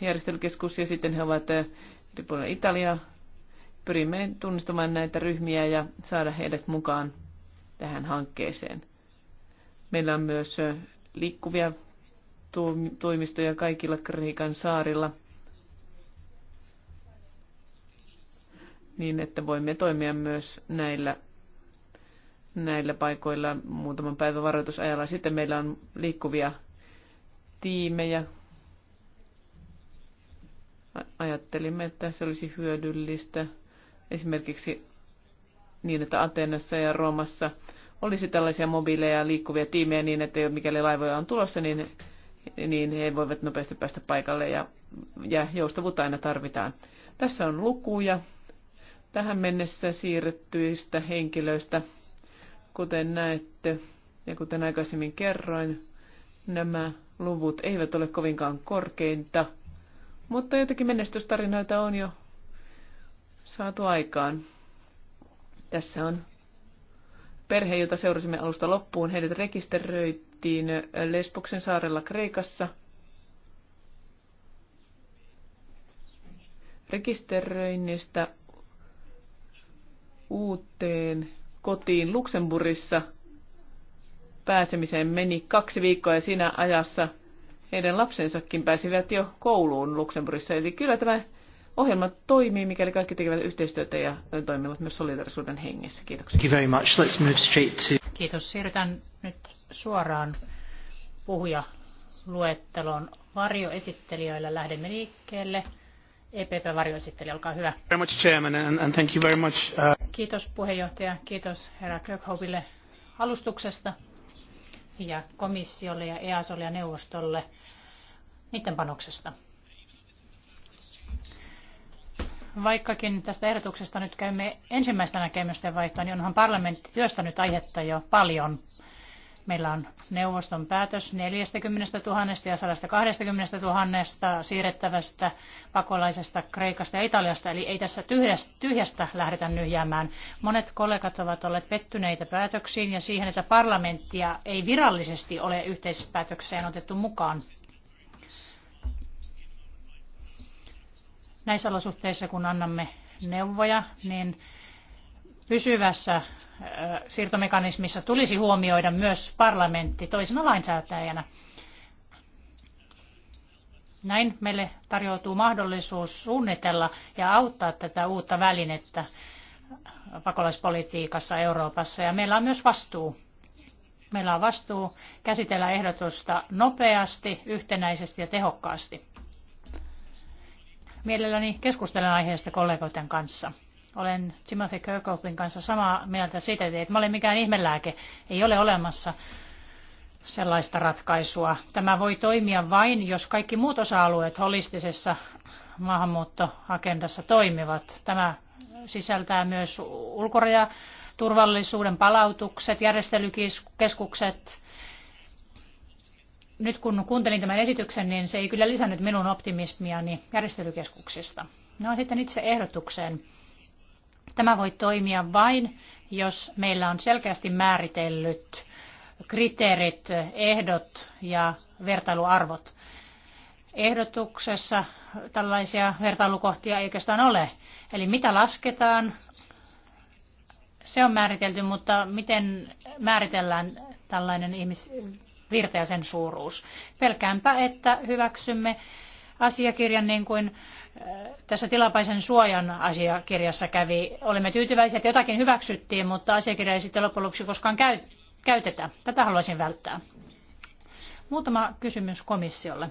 järjestelykeskus, ja sitten he ovat eri puolilla Italiaa. Pyrimme tunnistamaan näitä ryhmiä ja saada heidät mukaan tähän hankkeeseen. Meillä on myös liikkuvia toimistoja kaikilla Kreikan saarilla – niin, että voimme toimia myös näillä, näillä paikoilla muutaman päivän varoitusajalla. Sitten meillä on liikkuvia tiimejä. Ajattelimme, että se olisi hyödyllistä esimerkiksi niin, että Atenassa ja Roomassa olisi tällaisia mobiileja liikkuvia tiimejä niin, että mikäli laivoja on tulossa, niin, niin he voivat nopeasti päästä paikalle ja, ja joustavuutta aina tarvitaan. Tässä on lukuja tähän mennessä siirrettyistä henkilöistä. Kuten näette ja kuten aikaisemmin kerroin, nämä luvut eivät ole kovinkaan korkeinta, mutta jotakin menestystarinoita on jo saatu aikaan. Tässä on perhe, jota seurasimme alusta loppuun. Heidät rekisteröitiin Lesboksen saarella Kreikassa. Rekisteröinnistä uuteen kotiin Luxemburissa pääsemiseen meni kaksi viikkoa ja siinä ajassa heidän lapsensakin pääsivät jo kouluun Luxemburissa. Eli kyllä tämä ohjelma toimii, mikäli kaikki tekevät yhteistyötä ja toimivat myös solidarisuuden hengessä. Kiitoksia. Thank you very much. Let's move straight to... Kiitos. Siirrytään nyt suoraan puhuja luetteloon varjoesittelijöillä. Lähdemme liikkeelle EPP-varjoesittelijä, olkaa hyvä. Very much chairman and, thank you very much, uh, Kiitos puheenjohtaja, kiitos herra Kirkhoville alustuksesta ja komissiolle ja EASOlle ja neuvostolle niiden panoksesta. Vaikkakin tästä ehdotuksesta nyt käymme ensimmäistä näkemysten vaihtoa, niin onhan parlamentti työstänyt aihetta jo paljon Meillä on neuvoston päätös 40 000 ja 120 000 siirrettävästä pakolaisesta Kreikasta ja Italiasta, eli ei tässä tyhjästä, tyhjästä lähdetä nyhjäämään. Monet kollegat ovat olleet pettyneitä päätöksiin ja siihen, että parlamenttia ei virallisesti ole yhteispäätökseen otettu mukaan. Näissä olosuhteissa, kun annamme neuvoja, niin pysyvässä siirtomekanismissa tulisi huomioida myös parlamentti toisena lainsäätäjänä. Näin meille tarjoutuu mahdollisuus suunnitella ja auttaa tätä uutta välinettä pakolaispolitiikassa Euroopassa. Ja meillä on myös vastuu. Meillä on vastuu käsitellä ehdotusta nopeasti, yhtenäisesti ja tehokkaasti. Mielelläni keskustelen aiheesta kollegoiden kanssa. Olen Timothy Kirkopin kanssa samaa mieltä siitä, että ei ole mikään ihmelääke. Ei ole olemassa sellaista ratkaisua. Tämä voi toimia vain, jos kaikki muut osa-alueet holistisessa maahanmuuttoagendassa toimivat. Tämä sisältää myös ulkoraja, turvallisuuden palautukset, järjestelykeskukset. Nyt kun kuuntelin tämän esityksen, niin se ei kyllä lisännyt minun optimismiani järjestelykeskuksista. No sitten itse ehdotukseen. Tämä voi toimia vain, jos meillä on selkeästi määritellyt kriteerit, ehdot ja vertailuarvot. Ehdotuksessa tällaisia vertailukohtia ei oikeastaan ole. Eli mitä lasketaan, se on määritelty, mutta miten määritellään tällainen ihmisvirta ja sen suuruus? Pelkäänpä, että hyväksymme asiakirjan niin kuin äh, tässä tilapäisen suojan asiakirjassa kävi. Olemme tyytyväisiä, että jotakin hyväksyttiin, mutta asiakirja ei sitten loppujen lopuksi koskaan käy, käytetä. Tätä haluaisin välttää. Muutama kysymys komissiolle.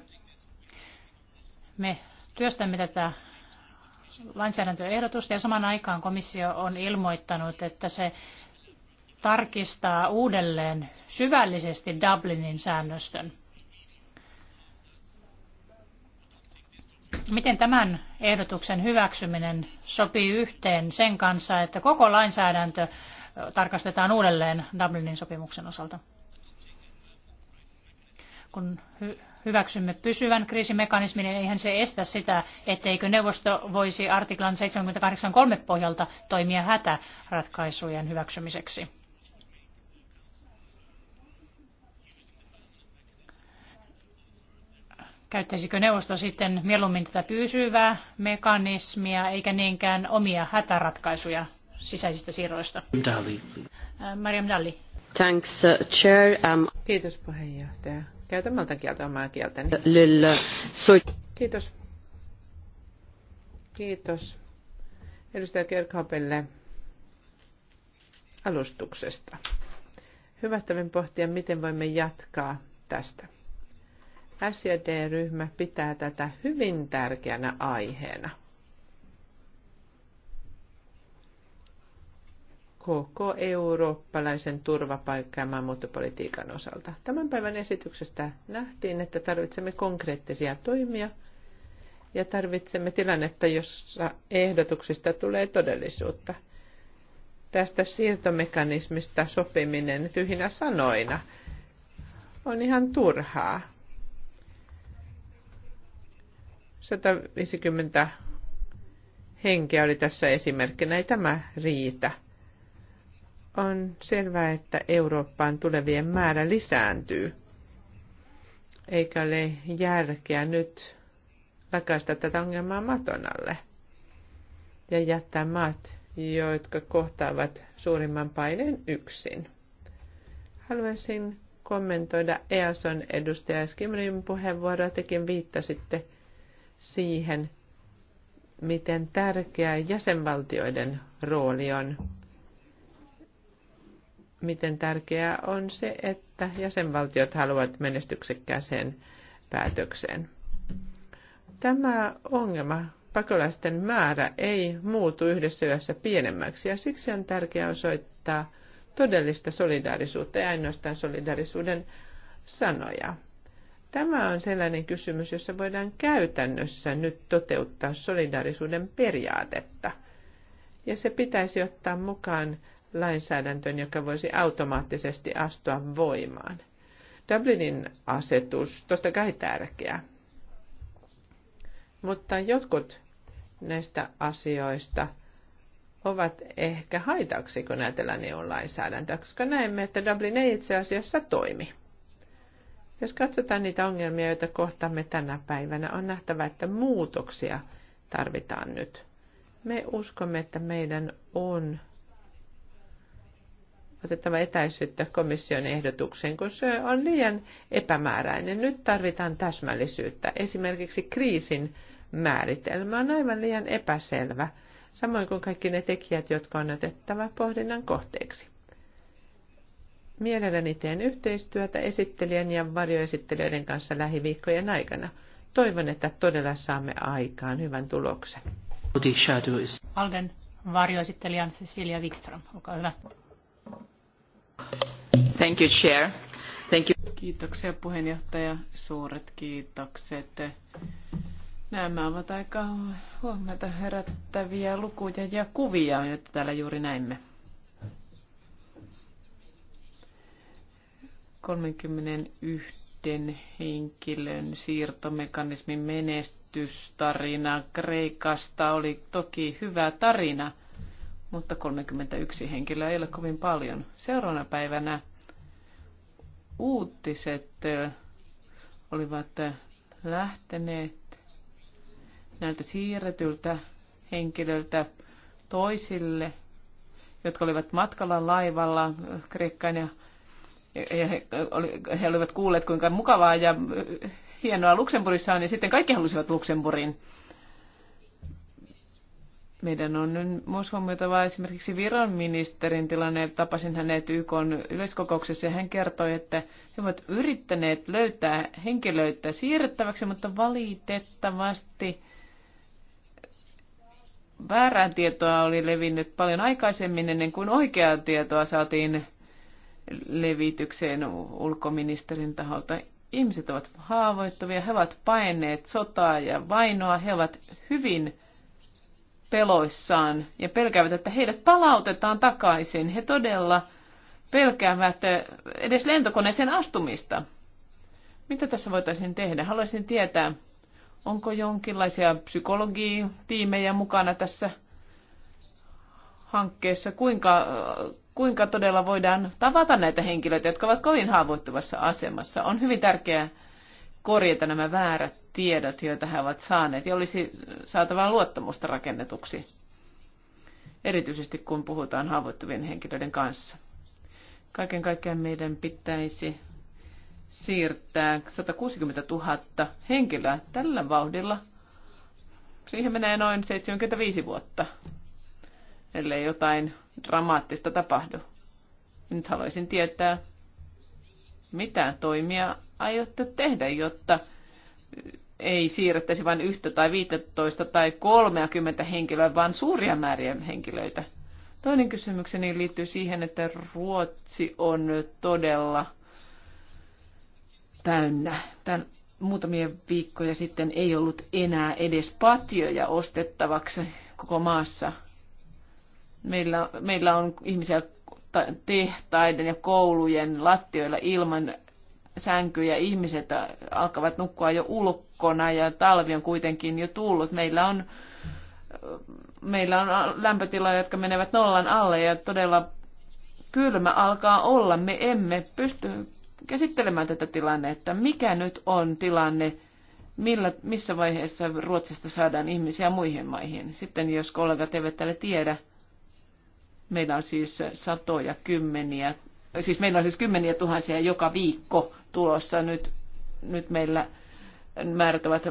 Me työstämme tätä lainsäädäntöehdotusta ja saman aikaan komissio on ilmoittanut, että se tarkistaa uudelleen syvällisesti Dublinin säännöstön. Miten tämän ehdotuksen hyväksyminen sopii yhteen sen kanssa, että koko lainsäädäntö tarkastetaan uudelleen Dublinin sopimuksen osalta? Kun hy- hyväksymme pysyvän kriisimekanismin, niin eihän se estä sitä, etteikö neuvosto voisi artiklan 78.3 pohjalta toimia hätäratkaisujen hyväksymiseksi. Käyttäisikö neuvosto sitten mieluummin tätä pysyvää mekanismia eikä niinkään omia hätäratkaisuja sisäisistä siirroista? Dali. Äh, Mariam Dalli. Thanks, uh, chair. Um... Kiitos puheenjohtaja. Käytän malta kieltä omaa kieltäni. Lille, So... Kiitos. Kiitos edustaja Kerkhapelle alustuksesta. Hyvä, että pohtia, miten voimme jatkaa tästä. SJD-ryhmä pitää tätä hyvin tärkeänä aiheena. koko eurooppalaisen turvapaikka- ja maahanmuuttopolitiikan osalta. Tämän päivän esityksestä nähtiin, että tarvitsemme konkreettisia toimia ja tarvitsemme tilannetta, jossa ehdotuksista tulee todellisuutta. Tästä siirtomekanismista sopiminen tyhinä sanoina on ihan turhaa. 150 henkeä oli tässä esimerkkinä. Ei tämä riitä. On selvää, että Eurooppaan tulevien määrä lisääntyy. Eikä ole järkeä nyt lakaista tätä ongelmaa maton alle ja jättää maat, jotka kohtaavat suurimman paineen yksin. Haluaisin kommentoida EASON edustaja Skimmerin puheenvuoroa. Tekin viittasitte siihen, miten tärkeä jäsenvaltioiden rooli on. Miten tärkeää on se, että jäsenvaltiot haluavat menestyksekkääseen päätökseen. Tämä ongelma, pakolaisten määrä, ei muutu yhdessä yössä pienemmäksi ja siksi on tärkeää osoittaa todellista solidaarisuutta ja ainoastaan solidaarisuuden sanoja. Tämä on sellainen kysymys, jossa voidaan käytännössä nyt toteuttaa solidaarisuuden periaatetta. Ja se pitäisi ottaa mukaan lainsäädäntöön, joka voisi automaattisesti astua voimaan. Dublinin asetus, totta kai tärkeä. Mutta jotkut näistä asioista ovat ehkä haitaksi, kun ajatellaan EU-lainsäädäntöä, koska näemme, että Dublin ei itse asiassa toimi. Jos katsotaan niitä ongelmia, joita kohtaamme tänä päivänä, on nähtävä, että muutoksia tarvitaan nyt. Me uskomme, että meidän on otettava etäisyyttä komission ehdotukseen, kun se on liian epämääräinen. Nyt tarvitaan täsmällisyyttä. Esimerkiksi kriisin määritelmä on aivan liian epäselvä, samoin kuin kaikki ne tekijät, jotka on otettava pohdinnan kohteeksi. Mielelläni teen yhteistyötä esittelijän ja varjoesittelijöiden kanssa lähiviikkojen aikana. Toivon, että todella saamme aikaan hyvän tuloksen. Alden varjoesittelijän Cecilia Wikström, olkaa hyvä. Thank you, Chair. Thank you. Kiitoksia puheenjohtaja. Suuret kiitokset. Nämä ovat aika Huomata herättäviä lukuja ja kuvia, joita täällä juuri näimme. 31 henkilön siirtomekanismin menestystarina Kreikasta oli toki hyvä tarina, mutta 31 henkilöä ei ole kovin paljon. Seuraavana päivänä uutiset eh, olivat eh, lähteneet näiltä siirretyltä henkilöltä toisille, jotka olivat matkalla laivalla eh, Kreikkaan ja ja he, oli, he olivat kuulleet, kuinka mukavaa ja hienoa Luxemburgissa on, ja sitten kaikki halusivat Luxemburgin. Meidän on nyt myös huomioitava esimerkiksi Viron ministerin tilanne. Tapasin hänet YK yleiskokouksessa ja hän kertoi, että he ovat yrittäneet löytää henkilöitä siirrettäväksi, mutta valitettavasti väärää tietoa oli levinnyt paljon aikaisemmin ennen kuin oikeaa tietoa saatiin levitykseen ulkoministerin taholta. Ihmiset ovat haavoittuvia, he ovat paineet sotaa ja vainoa, he ovat hyvin peloissaan ja pelkäävät, että heidät palautetaan takaisin. He todella pelkäävät edes lentokoneeseen astumista. Mitä tässä voitaisiin tehdä? Haluaisin tietää, onko jonkinlaisia psykologitiimejä mukana tässä – hankkeessa, kuinka, kuinka todella voidaan tavata näitä henkilöitä, jotka ovat kovin haavoittuvassa asemassa. On hyvin tärkeää korjata nämä väärät tiedot, joita he ovat saaneet, ja olisi saatava luottamusta rakennetuksi, erityisesti kun puhutaan haavoittuvien henkilöiden kanssa. Kaiken kaikkiaan meidän pitäisi siirtää 160 000 henkilöä tällä vauhdilla. Siihen menee noin 75 vuotta ellei jotain dramaattista tapahdu. Nyt haluaisin tietää, mitä toimia aiotte tehdä, jotta ei siirrettäisi vain yhtä tai 15 tai 30 henkilöä, vaan suuria määriä henkilöitä. Toinen kysymykseni liittyy siihen, että Ruotsi on todella täynnä. Tän muutamia viikkoja sitten ei ollut enää edes patioja ostettavaksi koko maassa. Meillä, meillä on ihmisiä tehtaiden ja koulujen lattioilla ilman sänkyjä. Ihmiset alkavat nukkua jo ulkona ja talvi on kuitenkin jo tullut. Meillä on, meillä on lämpötiloja, jotka menevät nollan alle ja todella kylmä alkaa olla. Me emme pysty käsittelemään tätä tilannetta. Mikä nyt on tilanne? Millä, missä vaiheessa Ruotsista saadaan ihmisiä muihin maihin? Sitten jos kollegat eivät tälle tiedä, Meillä on siis satoja kymmeniä, siis meillä on siis kymmeniä tuhansia joka viikko tulossa. Nyt, nyt meillä määrät ovat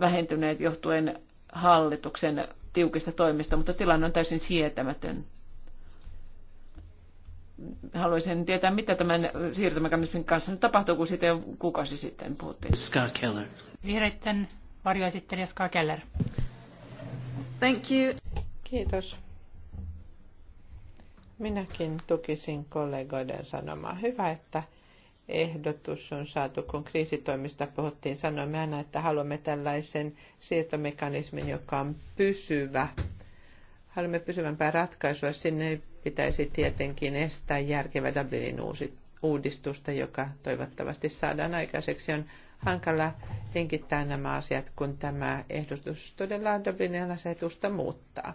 vähentyneet johtuen hallituksen tiukista toimista, mutta tilanne on täysin sietämätön. Haluaisin tietää, mitä tämän siirtomekanismin kanssa nyt tapahtuu, kun siitä jo kuukausi sitten puhuttiin. Ska Keller. Vihreitten varjoesittelijä Ska Keller. Thank you. Kiitos Minäkin tukisin kollegoiden sanomaa. Hyvä, että ehdotus on saatu, kun kriisitoimista puhuttiin. Sanoimme aina, että haluamme tällaisen siirtomekanismin, joka on pysyvä. Haluamme pysyvämpää ratkaisua. Sinne pitäisi tietenkin estää järkevä Dublinin uusi, uudistusta, joka toivottavasti saadaan aikaiseksi. On hankala linkittää nämä asiat, kun tämä ehdotus todella Dublinin asetusta muuttaa.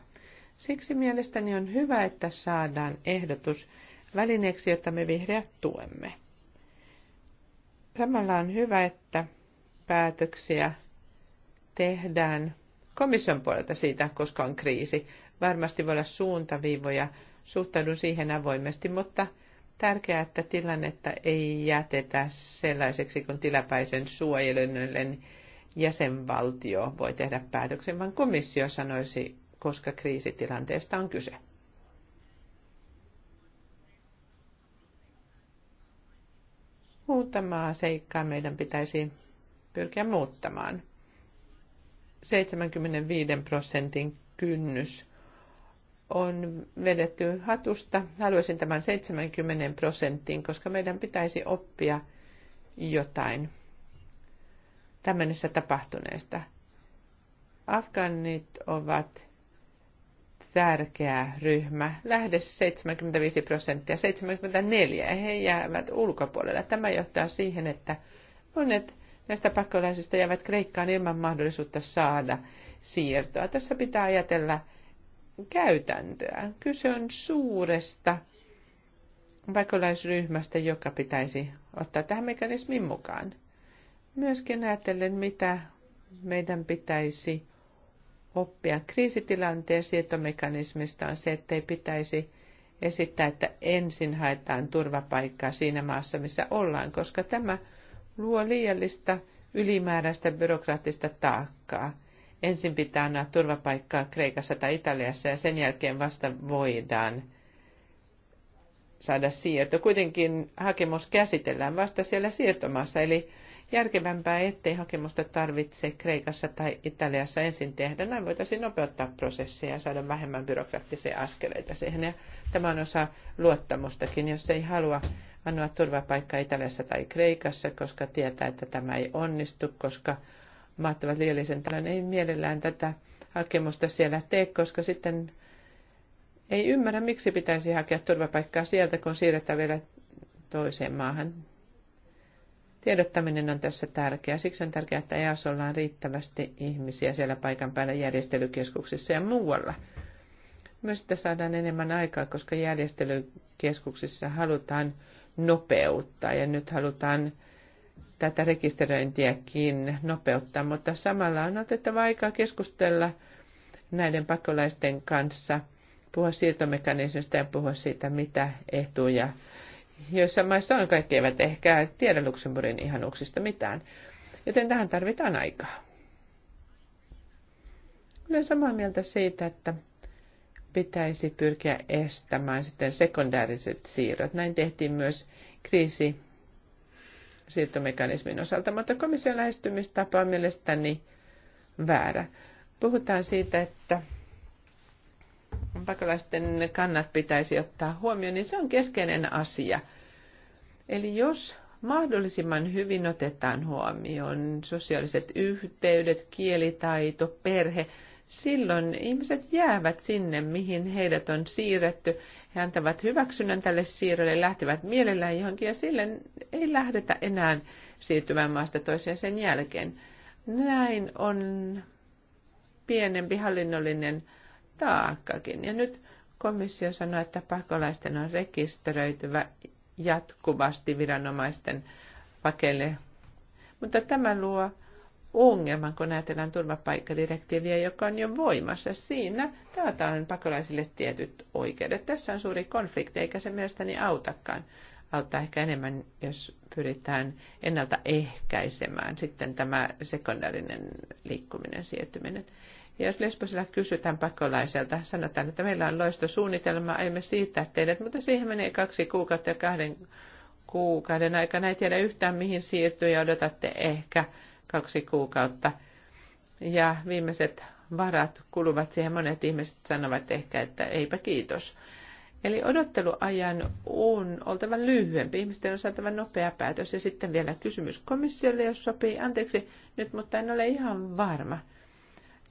Siksi mielestäni on hyvä, että saadaan ehdotus välineeksi, jota me vihreät tuemme. Samalla on hyvä, että päätöksiä tehdään komission puolelta siitä, koska on kriisi. Varmasti voi olla suuntaviivoja, suhtaudun siihen avoimesti, mutta tärkeää, että tilannetta ei jätetä sellaiseksi, kun tilapäisen suojelun jäsenvaltio voi tehdä päätöksen, vaan komissio sanoisi koska kriisitilanteesta on kyse. Muutamaa seikkaa meidän pitäisi pyrkiä muuttamaan. 75 prosentin kynnys on vedetty hatusta. Haluaisin tämän 70 prosenttiin, koska meidän pitäisi oppia jotain tämmöisessä tapahtuneesta. Afgaanit ovat tärkeä ryhmä, lähde 75 prosenttia, 74, he jäävät ulkopuolelle. Tämä johtaa siihen, että monet näistä pakolaisista jäävät Kreikkaan ilman mahdollisuutta saada siirtoa. Tässä pitää ajatella käytäntöä. Kyse on suuresta pakolaisryhmästä, joka pitäisi ottaa tähän mekanismin mukaan. Myöskin ajatellen, mitä meidän pitäisi oppia kriisitilanteen siirtomekanismista on se, ettei pitäisi esittää, että ensin haetaan turvapaikkaa siinä maassa, missä ollaan, koska tämä luo liiallista ylimääräistä byrokraattista taakkaa. Ensin pitää antaa turvapaikkaa Kreikassa tai Italiassa ja sen jälkeen vasta voidaan saada siirto. Kuitenkin hakemus käsitellään vasta siellä siirtomaassa, eli järkevämpää, ettei hakemusta tarvitse Kreikassa tai Italiassa ensin tehdä. Näin voitaisiin nopeuttaa prosessia ja saada vähemmän byrokraattisia askeleita siihen. Ja tämä on osa luottamustakin, jos ei halua annua turvapaikkaa Italiassa tai Kreikassa, koska tietää, että tämä ei onnistu, koska maat ovat liiallisen talon, ei mielellään tätä hakemusta siellä tee, koska sitten ei ymmärrä, miksi pitäisi hakea turvapaikkaa sieltä, kun siirretään vielä toiseen maahan. Tiedottaminen on tässä tärkeää. Siksi on tärkeää, että EAS on riittävästi ihmisiä siellä paikan päällä järjestelykeskuksissa ja muualla. Myös sitä saadaan enemmän aikaa, koska järjestelykeskuksissa halutaan nopeuttaa ja nyt halutaan tätä rekisteröintiäkin nopeuttaa, mutta samalla on otettava aikaa keskustella näiden pakolaisten kanssa, puhua siirtomekanismista ja puhua siitä, mitä ehtuja joissa maissa on kaikki eivät ehkä tiedä Luxemburgin ihanuksista mitään. Joten tähän tarvitaan aikaa. Olen samaa mieltä siitä, että pitäisi pyrkiä estämään sitten sekundääriset siirrot. Näin tehtiin myös kriisi siirtomekanismin osalta, mutta komission lähestymistapa on mielestäni väärä. Puhutaan siitä, että pakolaisten kannat pitäisi ottaa huomioon, niin se on keskeinen asia. Eli jos mahdollisimman hyvin otetaan huomioon sosiaaliset yhteydet, kielitaito, perhe, silloin ihmiset jäävät sinne, mihin heidät on siirretty. He antavat hyväksynnän tälle siirrolle, lähtevät mielellään johonkin ja sille ei lähdetä enää siirtymään maasta toiseen sen jälkeen. Näin on pienempi hallinnollinen taakkakin. Ja nyt komissio sanoi, että pakolaisten on rekisteröityvä jatkuvasti viranomaisten pakelle. Mutta tämä luo ongelman, kun ajatellaan turvapaikkadirektiiviä, joka on jo voimassa. Siinä taataan pakolaisille tietyt oikeudet. Tässä on suuri konflikti, eikä se mielestäni autakaan. Auttaa ehkä enemmän, jos pyritään ennaltaehkäisemään sitten tämä sekundaarinen liikkuminen, siirtyminen. Ja jos Lesbosilla kysytään pakolaiselta, sanotaan, että meillä on suunnitelma, emme siitä teidät, mutta siihen menee kaksi kuukautta ja kahden kuukauden aikana. Ei tiedä yhtään, mihin siirtyy ja odotatte ehkä kaksi kuukautta. Ja viimeiset varat kuluvat siihen. Monet ihmiset sanovat ehkä, että eipä kiitos. Eli odotteluajan on oltava lyhyempi, ihmisten on saatava nopea päätös. Ja sitten vielä kysymys komissiolle, jos sopii. Anteeksi nyt, mutta en ole ihan varma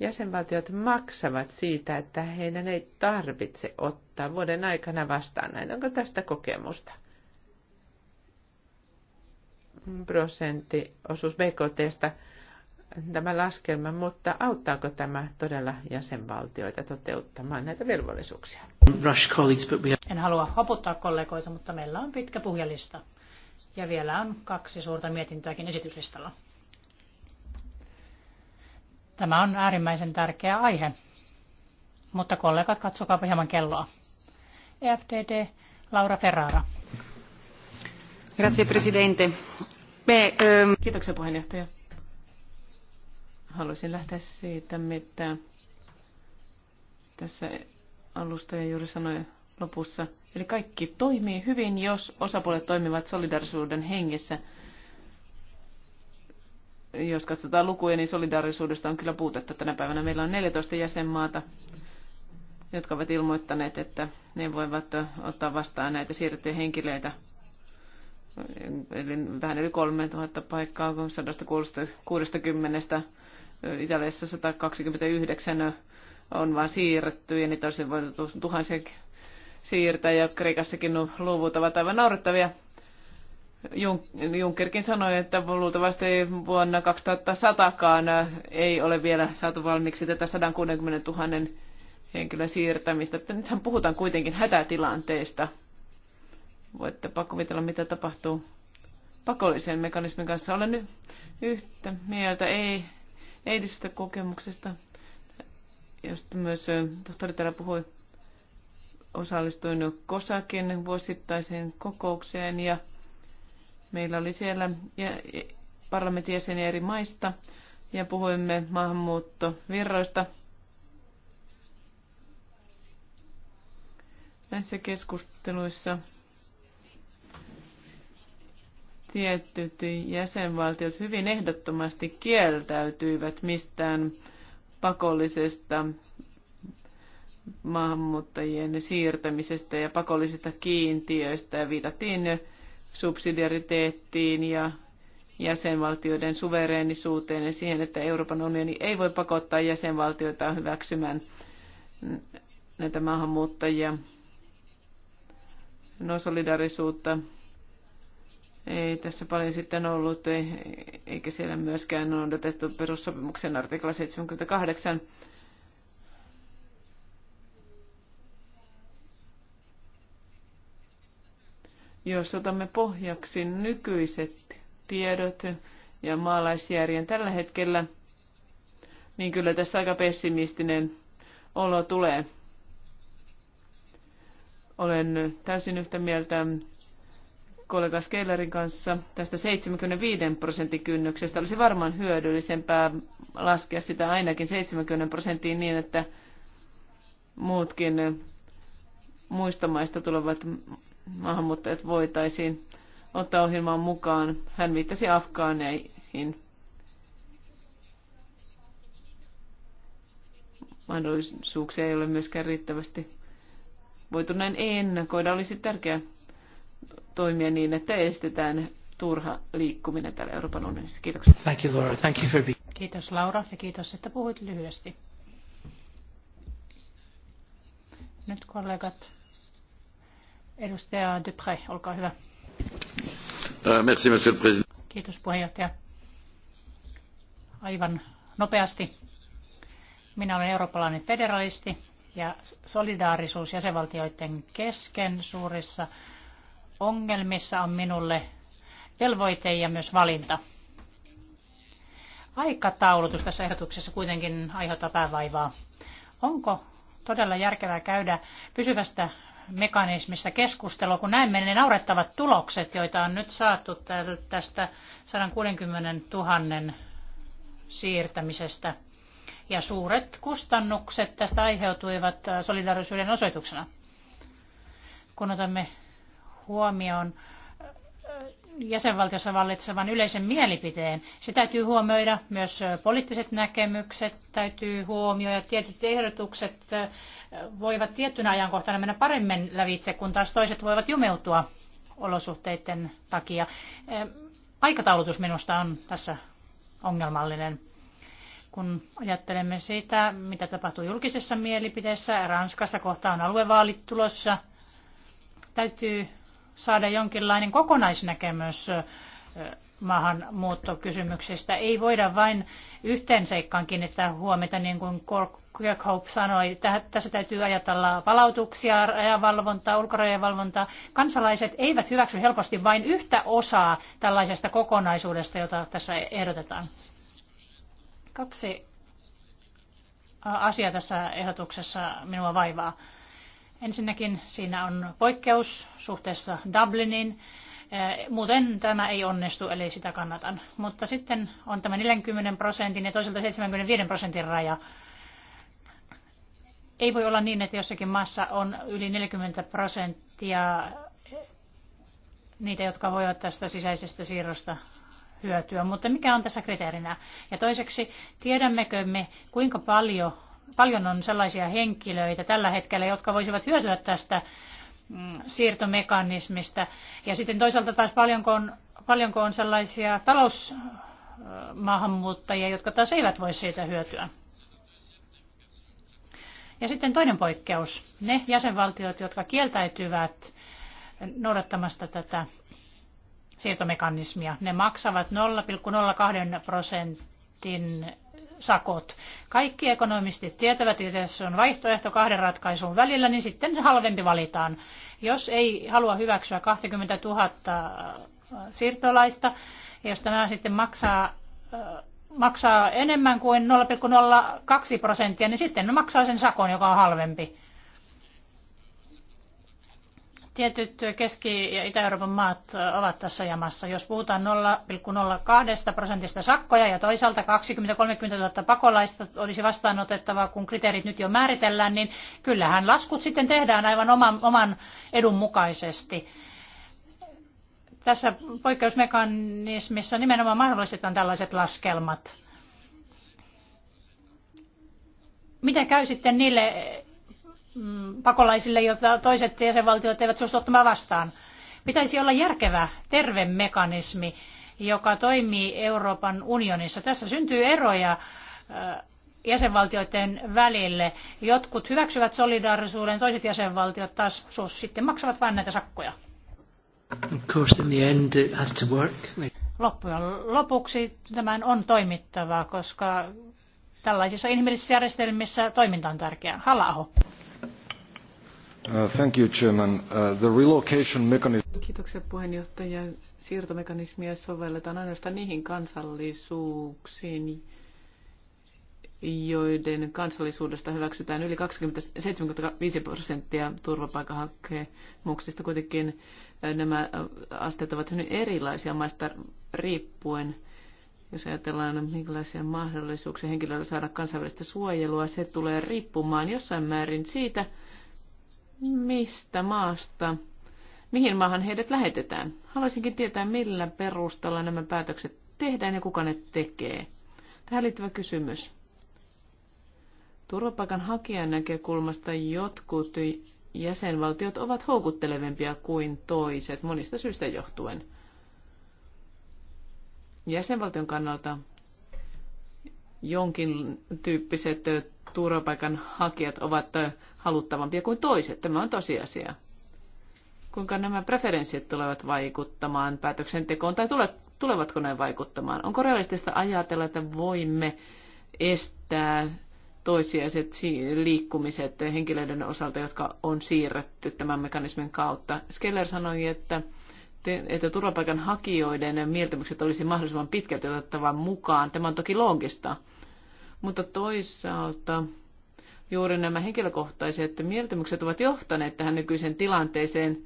jäsenvaltiot maksavat siitä, että heidän ei tarvitse ottaa vuoden aikana vastaan näin. Onko tästä kokemusta? osuus BKTstä tämä laskelma, mutta auttaako tämä todella jäsenvaltioita toteuttamaan näitä velvollisuuksia? En halua hoputtaa kollegoita, mutta meillä on pitkä puhjalista. Ja vielä on kaksi suurta mietintöäkin esityslistalla. Tämä on äärimmäisen tärkeä aihe. Mutta kollegat, katsokaa hieman kelloa. EFDD, Laura Ferrara. Grazie Presidente. Me, ähm... Kiitoksia puheenjohtaja. Haluaisin lähteä siitä, mitä tässä alustaja juuri sanoi lopussa. Eli kaikki toimii hyvin, jos osapuolet toimivat solidarisuuden hengessä jos katsotaan lukuja, niin solidaarisuudesta on kyllä puutetta. Tänä päivänä meillä on 14 jäsenmaata, jotka ovat ilmoittaneet, että ne voivat ottaa vastaan näitä siirrettyjä henkilöitä. Eli vähän yli 3000 paikkaa, 160, Italiassa 129 on vain siirretty, ja niitä olisi voinut tuhansia siirtää, ja Kreikassakin luvut ovat aivan naurettavia. Junckerkin sanoi, että luultavasti vuonna 2100kaan ei ole vielä saatu valmiiksi tätä 160 000 henkilön siirtämistä. Että nythän puhutaan kuitenkin hätätilanteesta. Voitte kuvitella, mitä tapahtuu pakollisen mekanismin kanssa. Olen nyt yhtä mieltä, ei eilisestä kokemuksesta, josta myös tohtori täällä puhui. Osallistuin Kosakin vuosittaiseen kokoukseen ja Meillä oli siellä parlamentin jäseniä eri maista ja puhuimme maahanmuuttovirroista. Näissä keskusteluissa tietyt jäsenvaltiot hyvin ehdottomasti kieltäytyivät mistään pakollisesta maahanmuuttajien siirtämisestä ja pakollisista kiintiöistä ja viitattiin subsidiariteettiin ja jäsenvaltioiden suvereenisuuteen ja siihen, että Euroopan unioni ei voi pakottaa jäsenvaltioita hyväksymään näitä maahanmuuttajia. No solidarisuutta ei tässä paljon sitten ollut, e- eikä siellä myöskään noudatettu perussopimuksen artikla 78 Jos otamme pohjaksi nykyiset tiedot ja maalaisjärjen tällä hetkellä, niin kyllä tässä aika pessimistinen olo tulee. Olen täysin yhtä mieltä kollega Skellerin kanssa tästä 75 prosentin kynnyksestä. Olisi varmaan hyödyllisempää laskea sitä ainakin 70 prosenttiin niin, että muutkin muista maista tulevat maahanmuuttajat voitaisiin ottaa ohjelmaan mukaan. Hän viittasi afgaaneihin. Mahdollisuuksia ei ole myöskään riittävästi voitu näin ennakoida. Olisi tärkeää toimia niin, että estetään turha liikkuminen täällä Euroopan unionissa. Kiitoksia. Thank you, Laura. Thank you for being... Kiitos Laura ja kiitos, että puhuit lyhyesti. Nyt kollegat Edustaja Dupré, olkaa hyvä. Äh, merci, monsieur le président. Kiitos puheenjohtaja. Aivan nopeasti. Minä olen eurooppalainen federalisti ja solidaarisuus jäsenvaltioiden kesken suurissa ongelmissa on minulle velvoite ja myös valinta. Aikataulutus tässä ehdotuksessa kuitenkin aiheuttaa päävaivaa. Onko todella järkevää käydä pysyvästä mekanismista keskustelua, kun näemme ne naurettavat tulokset, joita on nyt saatu tästä 160 000 siirtämisestä. Ja suuret kustannukset tästä aiheutuivat äh, solidaarisuuden osoituksena. Kun otamme huomioon jäsenvaltiossa vallitsevan yleisen mielipiteen. Se täytyy huomioida myös poliittiset näkemykset, täytyy huomioida tietyt ehdotukset voivat tiettynä ajankohtana mennä paremmin lävitse, kun taas toiset voivat jumeutua olosuhteiden takia. Aikataulutus minusta on tässä ongelmallinen. Kun ajattelemme sitä, mitä tapahtuu julkisessa mielipiteessä, Ranskassa kohta on aluevaalit tulossa, täytyy saada jonkinlainen kokonaisnäkemys maahanmuuttokysymyksistä. Ei voida vain yhteen seikkaan kiinnittää huomiota, niin kuin Kirkhope sanoi. Tässä täytyy ajatella palautuksia, rajavalvontaa, ulkorajojen valvontaa. Kansalaiset eivät hyväksy helposti vain yhtä osaa tällaisesta kokonaisuudesta, jota tässä ehdotetaan. Kaksi asiaa tässä ehdotuksessa minua vaivaa. Ensinnäkin siinä on poikkeus suhteessa Dublinin. Eh, muuten tämä ei onnistu, eli sitä kannatan. Mutta sitten on tämä 40 prosentin ja toisaalta 75 prosentin raja. Ei voi olla niin, että jossakin maassa on yli 40 prosenttia niitä, jotka voivat tästä sisäisestä siirrosta hyötyä. Mutta mikä on tässä kriteerinä? Ja toiseksi, tiedämmekö me, kuinka paljon paljon on sellaisia henkilöitä tällä hetkellä, jotka voisivat hyötyä tästä mm, siirtomekanismista. Ja sitten toisaalta taas paljonko on, paljonko on sellaisia talousmaahanmuuttajia, jotka taas eivät voi siitä hyötyä. Ja sitten toinen poikkeus. Ne jäsenvaltiot, jotka kieltäytyvät noudattamasta tätä siirtomekanismia, ne maksavat 0,02 prosentin sakot. Kaikki ekonomistit tietävät, että jos on vaihtoehto kahden ratkaisun välillä, niin sitten halvempi valitaan. Jos ei halua hyväksyä 20 000 äh, siirtolaista, ja jos tämä sitten maksaa, äh, maksaa enemmän kuin 0,02 prosenttia, niin sitten maksaa sen sakon, joka on halvempi tietyt Keski- ja Itä-Euroopan maat ovat tässä jamassa. Jos puhutaan 0,02 prosentista sakkoja ja toisaalta 20-30 000 pakolaista olisi vastaanotettavaa, kun kriteerit nyt jo määritellään, niin kyllähän laskut sitten tehdään aivan oman, oman edun mukaisesti. Tässä poikkeusmekanismissa nimenomaan mahdollistetaan tällaiset laskelmat. Miten käy sitten niille Mm, pakolaisille, joita toiset jäsenvaltiot eivät suostu ottamaan vastaan. Pitäisi olla järkevä, terve mekanismi, joka toimii Euroopan unionissa. Tässä syntyy eroja äh, jäsenvaltioiden välille. Jotkut hyväksyvät solidaarisuuden, toiset jäsenvaltiot taas sitten maksavat vain näitä sakkoja. Loppujen lopuksi tämän on toimittava, koska tällaisissa inhimillisissä järjestelmissä toiminta on tärkeää. halla -aho. Uh, thank you, uh, Kiitoksia puheenjohtaja. Siirtomekanismia sovelletaan ainoastaan niihin kansallisuuksiin, joiden kansallisuudesta hyväksytään yli 20, 75 prosenttia turvapaikanhakemuksista. Kuitenkin uh, nämä asteet ovat hyvin erilaisia maista riippuen. Jos ajatellaan, minkälaisia mahdollisuuksia henkilöllä saada kansainvälistä suojelua, se tulee riippumaan jossain määrin siitä, mistä maasta, mihin maahan heidät lähetetään. Haluaisinkin tietää, millä perustalla nämä päätökset tehdään ja kuka ne tekee. Tähän liittyvä kysymys. Turvapaikanhakijan näkökulmasta jotkut jäsenvaltiot ovat houkuttelevempia kuin toiset monista syistä johtuen. Jäsenvaltion kannalta jonkin tyyppiset turvapaikanhakijat ovat haluttavampia kuin toiset. Tämä on tosiasia. Kuinka nämä preferenssit tulevat vaikuttamaan päätöksentekoon tai tulevatko ne vaikuttamaan? Onko realistista ajatella, että voimme estää toisiaiset liikkumiset henkilöiden osalta, jotka on siirretty tämän mekanismin kautta? Skeller sanoi, että että turvapaikanhakijoiden mieltymykset olisi mahdollisimman pitkälti otettava mukaan. Tämä on toki loogista, mutta toisaalta juuri nämä henkilökohtaiset mieltymykset ovat johtaneet tähän nykyiseen tilanteeseen,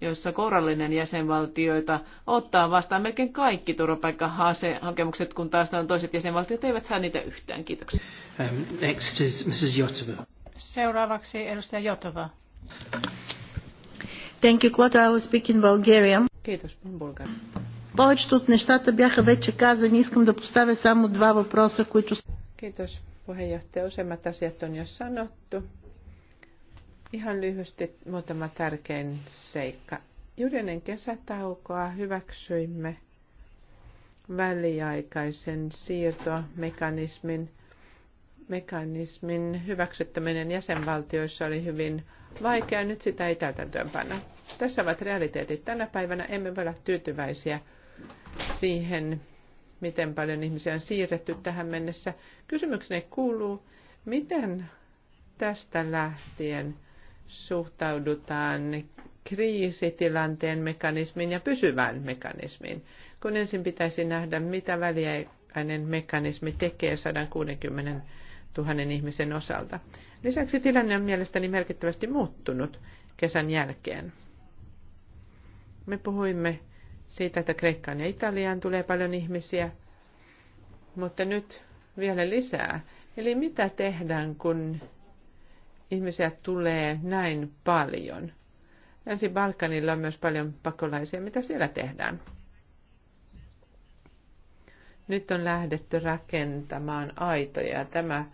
jossa kourallinen jäsenvaltioita ottaa vastaan melkein kaikki turvapaikkahakemukset, kun taas toiset jäsenvaltiot eivät saa niitä yhtään. Kiitoksia. Um, next is Mrs. Jotova. Seuraavaksi edustaja Jotova. Thank you, Claude. I will speak Bulgarian. Kiitos, Bulgaria. Повечето от нещата бяха вече казани. Искам да поставя само два въпроса, които... Kiitos puheenjohtaja. Useimmat asiat on jo sanottu. Ihan lyhyesti muutama tärkein seikka. Juuri kesätaukoa hyväksyimme väliaikaisen siirtomekanismin. Mekanismin hyväksyttäminen jäsenvaltioissa oli hyvin vaikea, nyt sitä ei täytäntöönpanna. Tässä ovat realiteetit tänä päivänä, emme voi olla tyytyväisiä siihen, miten paljon ihmisiä on siirretty tähän mennessä. Kysymykseni kuuluu, miten tästä lähtien suhtaudutaan kriisitilanteen mekanismiin ja pysyvään mekanismiin, kun ensin pitäisi nähdä, mitä väliaikainen mekanismi tekee 160 000 ihmisen osalta. Lisäksi tilanne on mielestäni merkittävästi muuttunut kesän jälkeen. Me puhuimme siitä, että Kreikkaan ja Italiaan tulee paljon ihmisiä, mutta nyt vielä lisää. Eli mitä tehdään, kun ihmisiä tulee näin paljon? Länsi-Balkanilla on myös paljon pakolaisia. Mitä siellä tehdään? Nyt on lähdetty rakentamaan aitoja tämä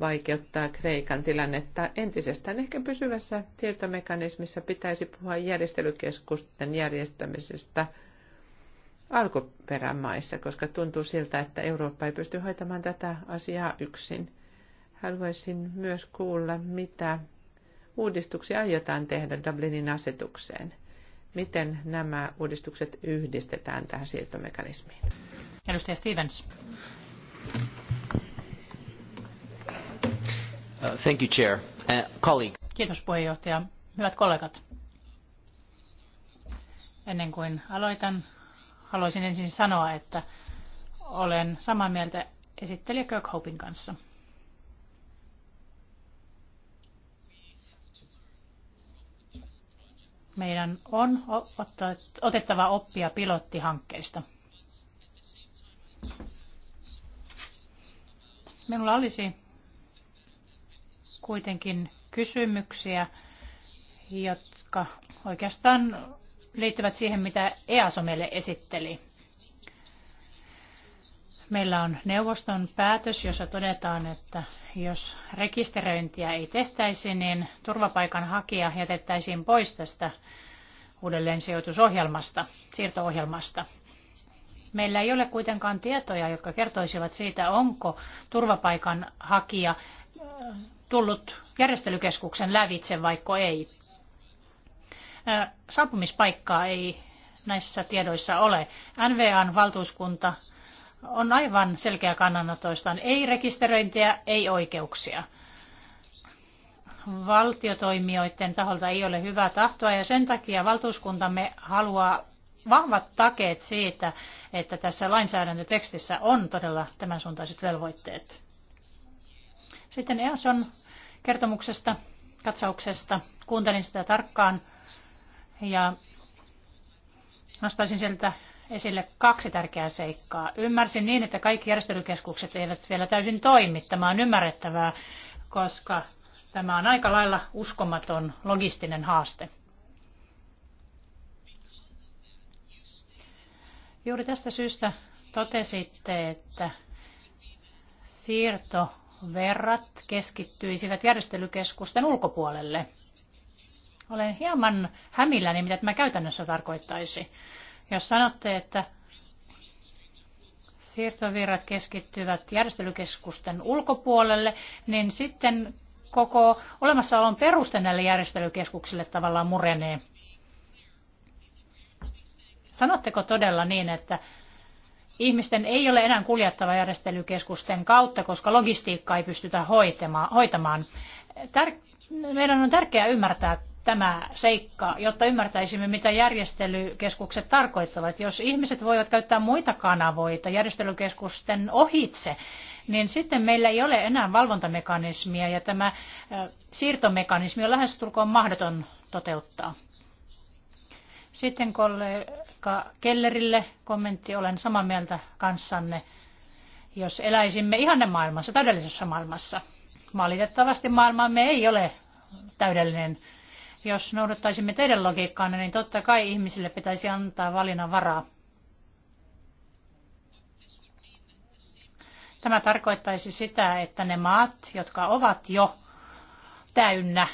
vaikeuttaa Kreikan tilannetta entisestään. Ehkä pysyvässä tietomekanismissa pitäisi puhua järjestelykeskusten järjestämisestä – alkuperämaissa, koska tuntuu siltä, että Eurooppa ei pysty hoitamaan tätä asiaa yksin. Haluaisin myös kuulla, mitä uudistuksia aiotaan tehdä Dublinin asetukseen. Miten nämä uudistukset yhdistetään tähän siirtomekanismiin? Edustaja Stevens. Uh, thank you, Chair. Uh, colleague. Kiitos puheenjohtaja. Hyvät kollegat. Ennen kuin aloitan, Haluaisin ensin sanoa, että olen samaa mieltä esittelijä Kirkhopin kanssa. Meidän on otettava oppia pilottihankkeista. Minulla olisi kuitenkin kysymyksiä, jotka oikeastaan liittyvät siihen, mitä EASO meille esitteli. Meillä on neuvoston päätös, jossa todetaan, että jos rekisteröintiä ei tehtäisi, niin turvapaikanhakija jätettäisiin pois tästä uudelleen sijoitusohjelmasta, siirtoohjelmasta. Meillä ei ole kuitenkaan tietoja, jotka kertoisivat siitä, onko turvapaikanhakija äh, tullut järjestelykeskuksen lävitse, vaikka ei saapumispaikkaa ei näissä tiedoissa ole. NVAn valtuuskunta on aivan selkeä kannanotoistaan. Ei rekisteröintiä, ei oikeuksia. Valtiotoimijoiden taholta ei ole hyvää tahtoa ja sen takia valtuuskuntamme haluaa vahvat takeet siitä, että tässä lainsäädäntötekstissä on todella tämän suuntaiset velvoitteet. Sitten EASON kertomuksesta, katsauksesta. Kuuntelin sitä tarkkaan. Ja nostaisin sieltä esille kaksi tärkeää seikkaa. Ymmärsin niin, että kaikki järjestelykeskukset eivät vielä täysin toimi. Tämä on ymmärrettävää, koska tämä on aika lailla uskomaton logistinen haaste. Juuri tästä syystä totesitte, että siirtoverrat keskittyisivät järjestelykeskusten ulkopuolelle – olen hieman hämilläni, mitä tämä käytännössä tarkoittaisi. Jos sanotte, että siirtovirrat keskittyvät järjestelykeskusten ulkopuolelle, niin sitten koko olemassaolon peruste näille järjestelykeskuksille tavallaan murenee. Sanotteko todella niin, että ihmisten ei ole enää kuljettava järjestelykeskusten kautta, koska logistiikkaa ei pystytä hoitamaan? meidän on tärkeää ymmärtää tämä seikka, jotta ymmärtäisimme, mitä järjestelykeskukset tarkoittavat. Jos ihmiset voivat käyttää muita kanavoita järjestelykeskusten ohitse, niin sitten meillä ei ole enää valvontamekanismia ja tämä siirtomekanismi on lähestulkoon mahdoton toteuttaa. Sitten kollega Kellerille kommentti, olen samaa mieltä kanssanne, jos eläisimme ihanne maailmassa, täydellisessä maailmassa. Valitettavasti maailmamme ei ole täydellinen jos noudattaisimme teidän logiikkaanne, niin totta kai ihmisille pitäisi antaa valinnan varaa. Tämä tarkoittaisi sitä, että ne maat, jotka ovat jo täynnä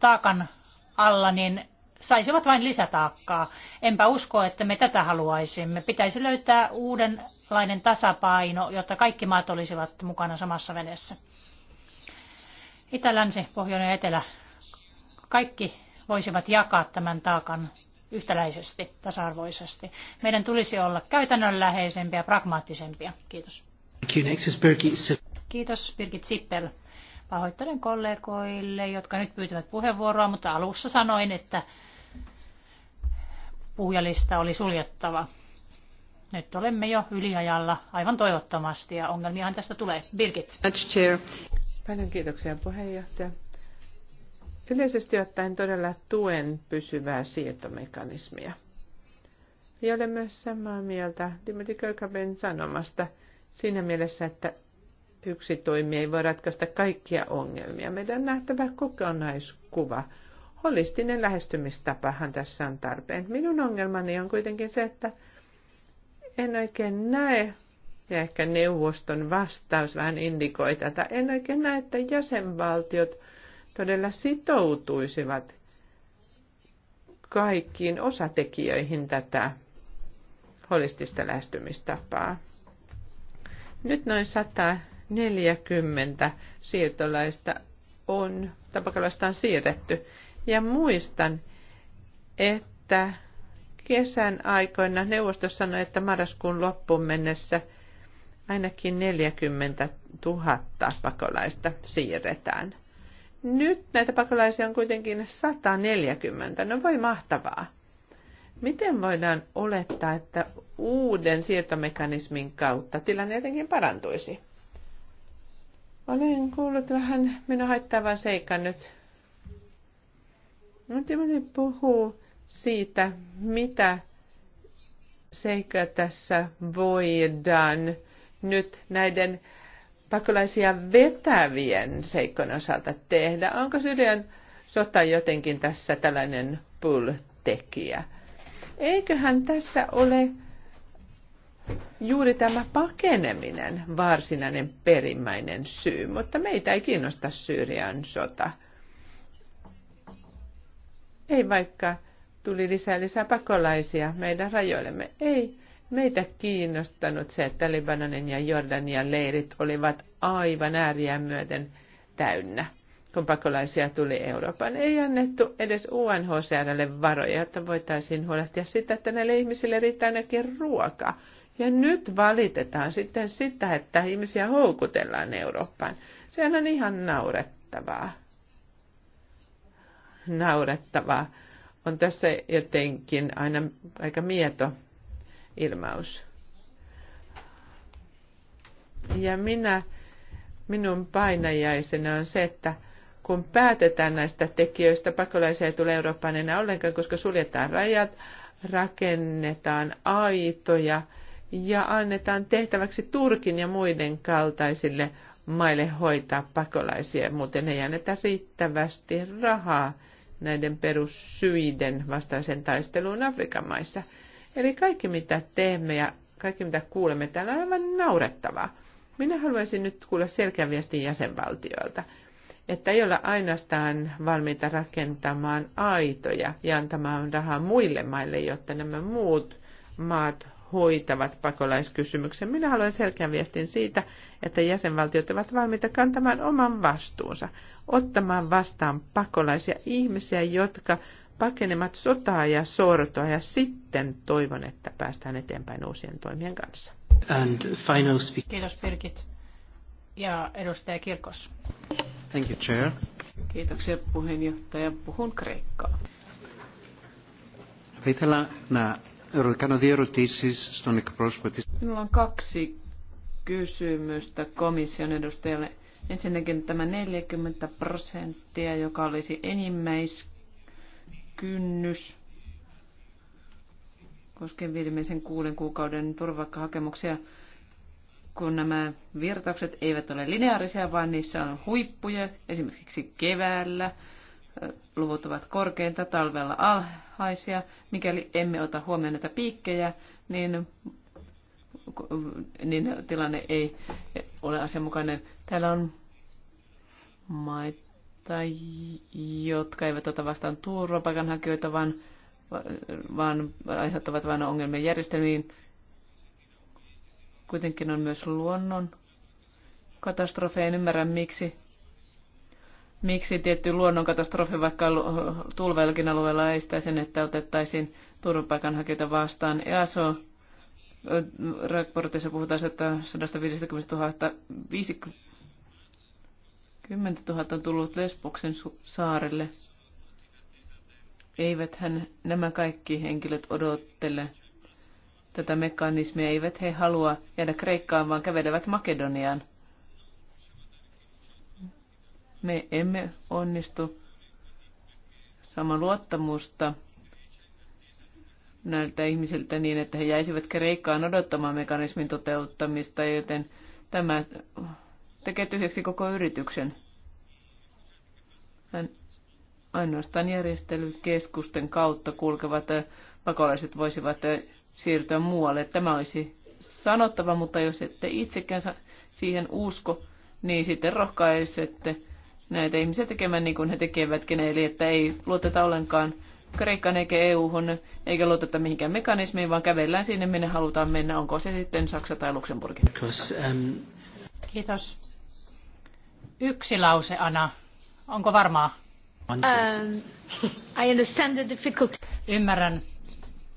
taakan alla, niin saisivat vain lisätaakkaa. Enpä usko, että me tätä haluaisimme. Pitäisi löytää uudenlainen tasapaino, jotta kaikki maat olisivat mukana samassa veneessä. Itä, Länsi, Pohjoinen ja Etelä, kaikki voisivat jakaa tämän taakan yhtäläisesti, tasa-arvoisesti. Meidän tulisi olla käytännönläheisempiä, pragmaattisempia. Kiitos. Kiitos Birgit Sippel. Pahoittelen kollegoille, jotka nyt pyytävät puheenvuoroa, mutta alussa sanoin, että puhujalista oli suljettava. Nyt olemme jo yliajalla aivan toivottomasti ja ongelmiahan tästä tulee. Birgit. Paljon kiitoksia puheenjohtaja. Yleisesti ottaen todella tuen pysyvää siirtomekanismia. Ja olen myös samaa mieltä Timothy Kirkabin sanomasta siinä mielessä, että yksi toimi ei voi ratkaista kaikkia ongelmia. Meidän nähtävä kokonaiskuva. Holistinen lähestymistapahan tässä on tarpeen. Minun ongelmani on kuitenkin se, että en oikein näe ja ehkä neuvoston vastaus vähän indikoi tätä. En oikein näe, että jäsenvaltiot todella sitoutuisivat kaikkiin osatekijöihin tätä holistista lähestymistapaa. Nyt noin 140 siirtolaista on, tapakalaista on siirretty. Ja muistan, että kesän aikoina neuvosto sanoi, että marraskuun loppuun mennessä – ainakin 40 000 pakolaista siirretään. Nyt näitä pakolaisia on kuitenkin 140. No voi mahtavaa. Miten voidaan olettaa, että uuden siirtomekanismin kautta tilanne jotenkin parantuisi? Olen kuullut vähän minun haittaavan seikan nyt. Timothy puhuu siitä, mitä seikka tässä voidaan nyt näiden pakolaisia vetävien seikkojen osalta tehdä? Onko Syrian sota jotenkin tässä tällainen pull-tekijä? Eiköhän tässä ole juuri tämä pakeneminen varsinainen perimmäinen syy, mutta meitä ei kiinnosta Syyrian sota. Ei vaikka tuli lisää lisää pakolaisia meidän rajoillemme. Ei Meitä kiinnostanut se, että Libanonin ja Jordanian leirit olivat aivan ääriä myöten täynnä. Kun pakolaisia tuli Euroopan, ei annettu edes UNHCRlle varoja, että voitaisiin huolehtia sitä, että näille ihmisille riittää ainakin ruokaa. Ja nyt valitetaan sitten sitä, että ihmisiä houkutellaan Eurooppaan. Sehän on ihan naurettavaa. Naurettavaa on tässä jotenkin aina aika mieto ilmaus. Ja minä, minun painajaisena on se, että kun päätetään näistä tekijöistä, pakolaisia ei tule Eurooppaan enää ollenkaan, koska suljetaan rajat, rakennetaan aitoja ja annetaan tehtäväksi Turkin ja muiden kaltaisille maille hoitaa pakolaisia, muuten ei anneta riittävästi rahaa näiden perussyiden vastaisen taisteluun Afrikan maissa. Eli kaikki mitä teemme ja kaikki mitä kuulemme täällä on aivan naurettavaa. Minä haluaisin nyt kuulla selkeän viestin jäsenvaltioilta, että ei olla ainoastaan valmiita rakentamaan aitoja ja antamaan rahaa muille maille, jotta nämä muut maat hoitavat pakolaiskysymyksen. Minä haluan selkeän viestin siitä, että jäsenvaltiot ovat valmiita kantamaan oman vastuunsa, ottamaan vastaan pakolaisia ihmisiä, jotka pakenemat sotaa ja sortoa ja sitten toivon, että päästään eteenpäin uusien toimien kanssa. And final speaker. Kiitos Birgit. Ja edustaja Kirkos. Thank you, Chair. Kiitoksia puheenjohtaja. Puhun kreikkaa. Minulla on kaksi kysymystä komission edustajalle. Ensinnäkin tämä 40 prosenttia, joka olisi enimmäis kynnys koskien viimeisen kuuden kuukauden turvapaikkahakemuksia, kun nämä virtaukset eivät ole lineaarisia, vaan niissä on huippuja, esimerkiksi keväällä, luvut ovat korkeinta, talvella alhaisia. Mikäli emme ota huomioon näitä piikkejä, niin, niin tilanne ei ole asianmukainen. Täällä on maita tai jotka eivät ota vastaan turvapaikanhakijoita, vaan, vaan aiheuttavat vain ongelmia järjestelmiin. Kuitenkin on myös luonnon katastrofeja. En ymmärrä, miksi, miksi tietty luonnonkatastrofi vaikka tulvelkin alueella estää sen, että otettaisiin turvapaikanhakijoita vastaan. EASO raportissa puhutaan 150 000, 50 Kymmentä tuhat on tullut Lesboksen saarelle. Eiväthän nämä kaikki henkilöt odottele tätä mekanismia. Eivät he halua jäädä Kreikkaan, vaan kävelevät Makedoniaan. Me emme onnistu sama luottamusta näiltä ihmisiltä niin, että he jäisivät Kreikkaan odottamaan mekanismin toteuttamista, joten tämä tekee tyhjäksi koko yrityksen. Hän ainoastaan järjestelykeskusten kautta kulkevat pakolaiset voisivat siirtyä muualle. Tämä olisi sanottava, mutta jos ette itsekään siihen usko, niin sitten rohkaisette näitä ihmisiä tekemään niin kuin he tekevätkin, eli että ei luoteta ollenkaan Kreikkaan eikä EU-hun, eikä luoteta mihinkään mekanismiin, vaan kävellään sinne, minne halutaan mennä, onko se sitten Saksa tai Luxemburgin? Um, Kiitos. Yksi lause, Anna. Onko varmaa? Um, I understand the difficulty. Ymmärrän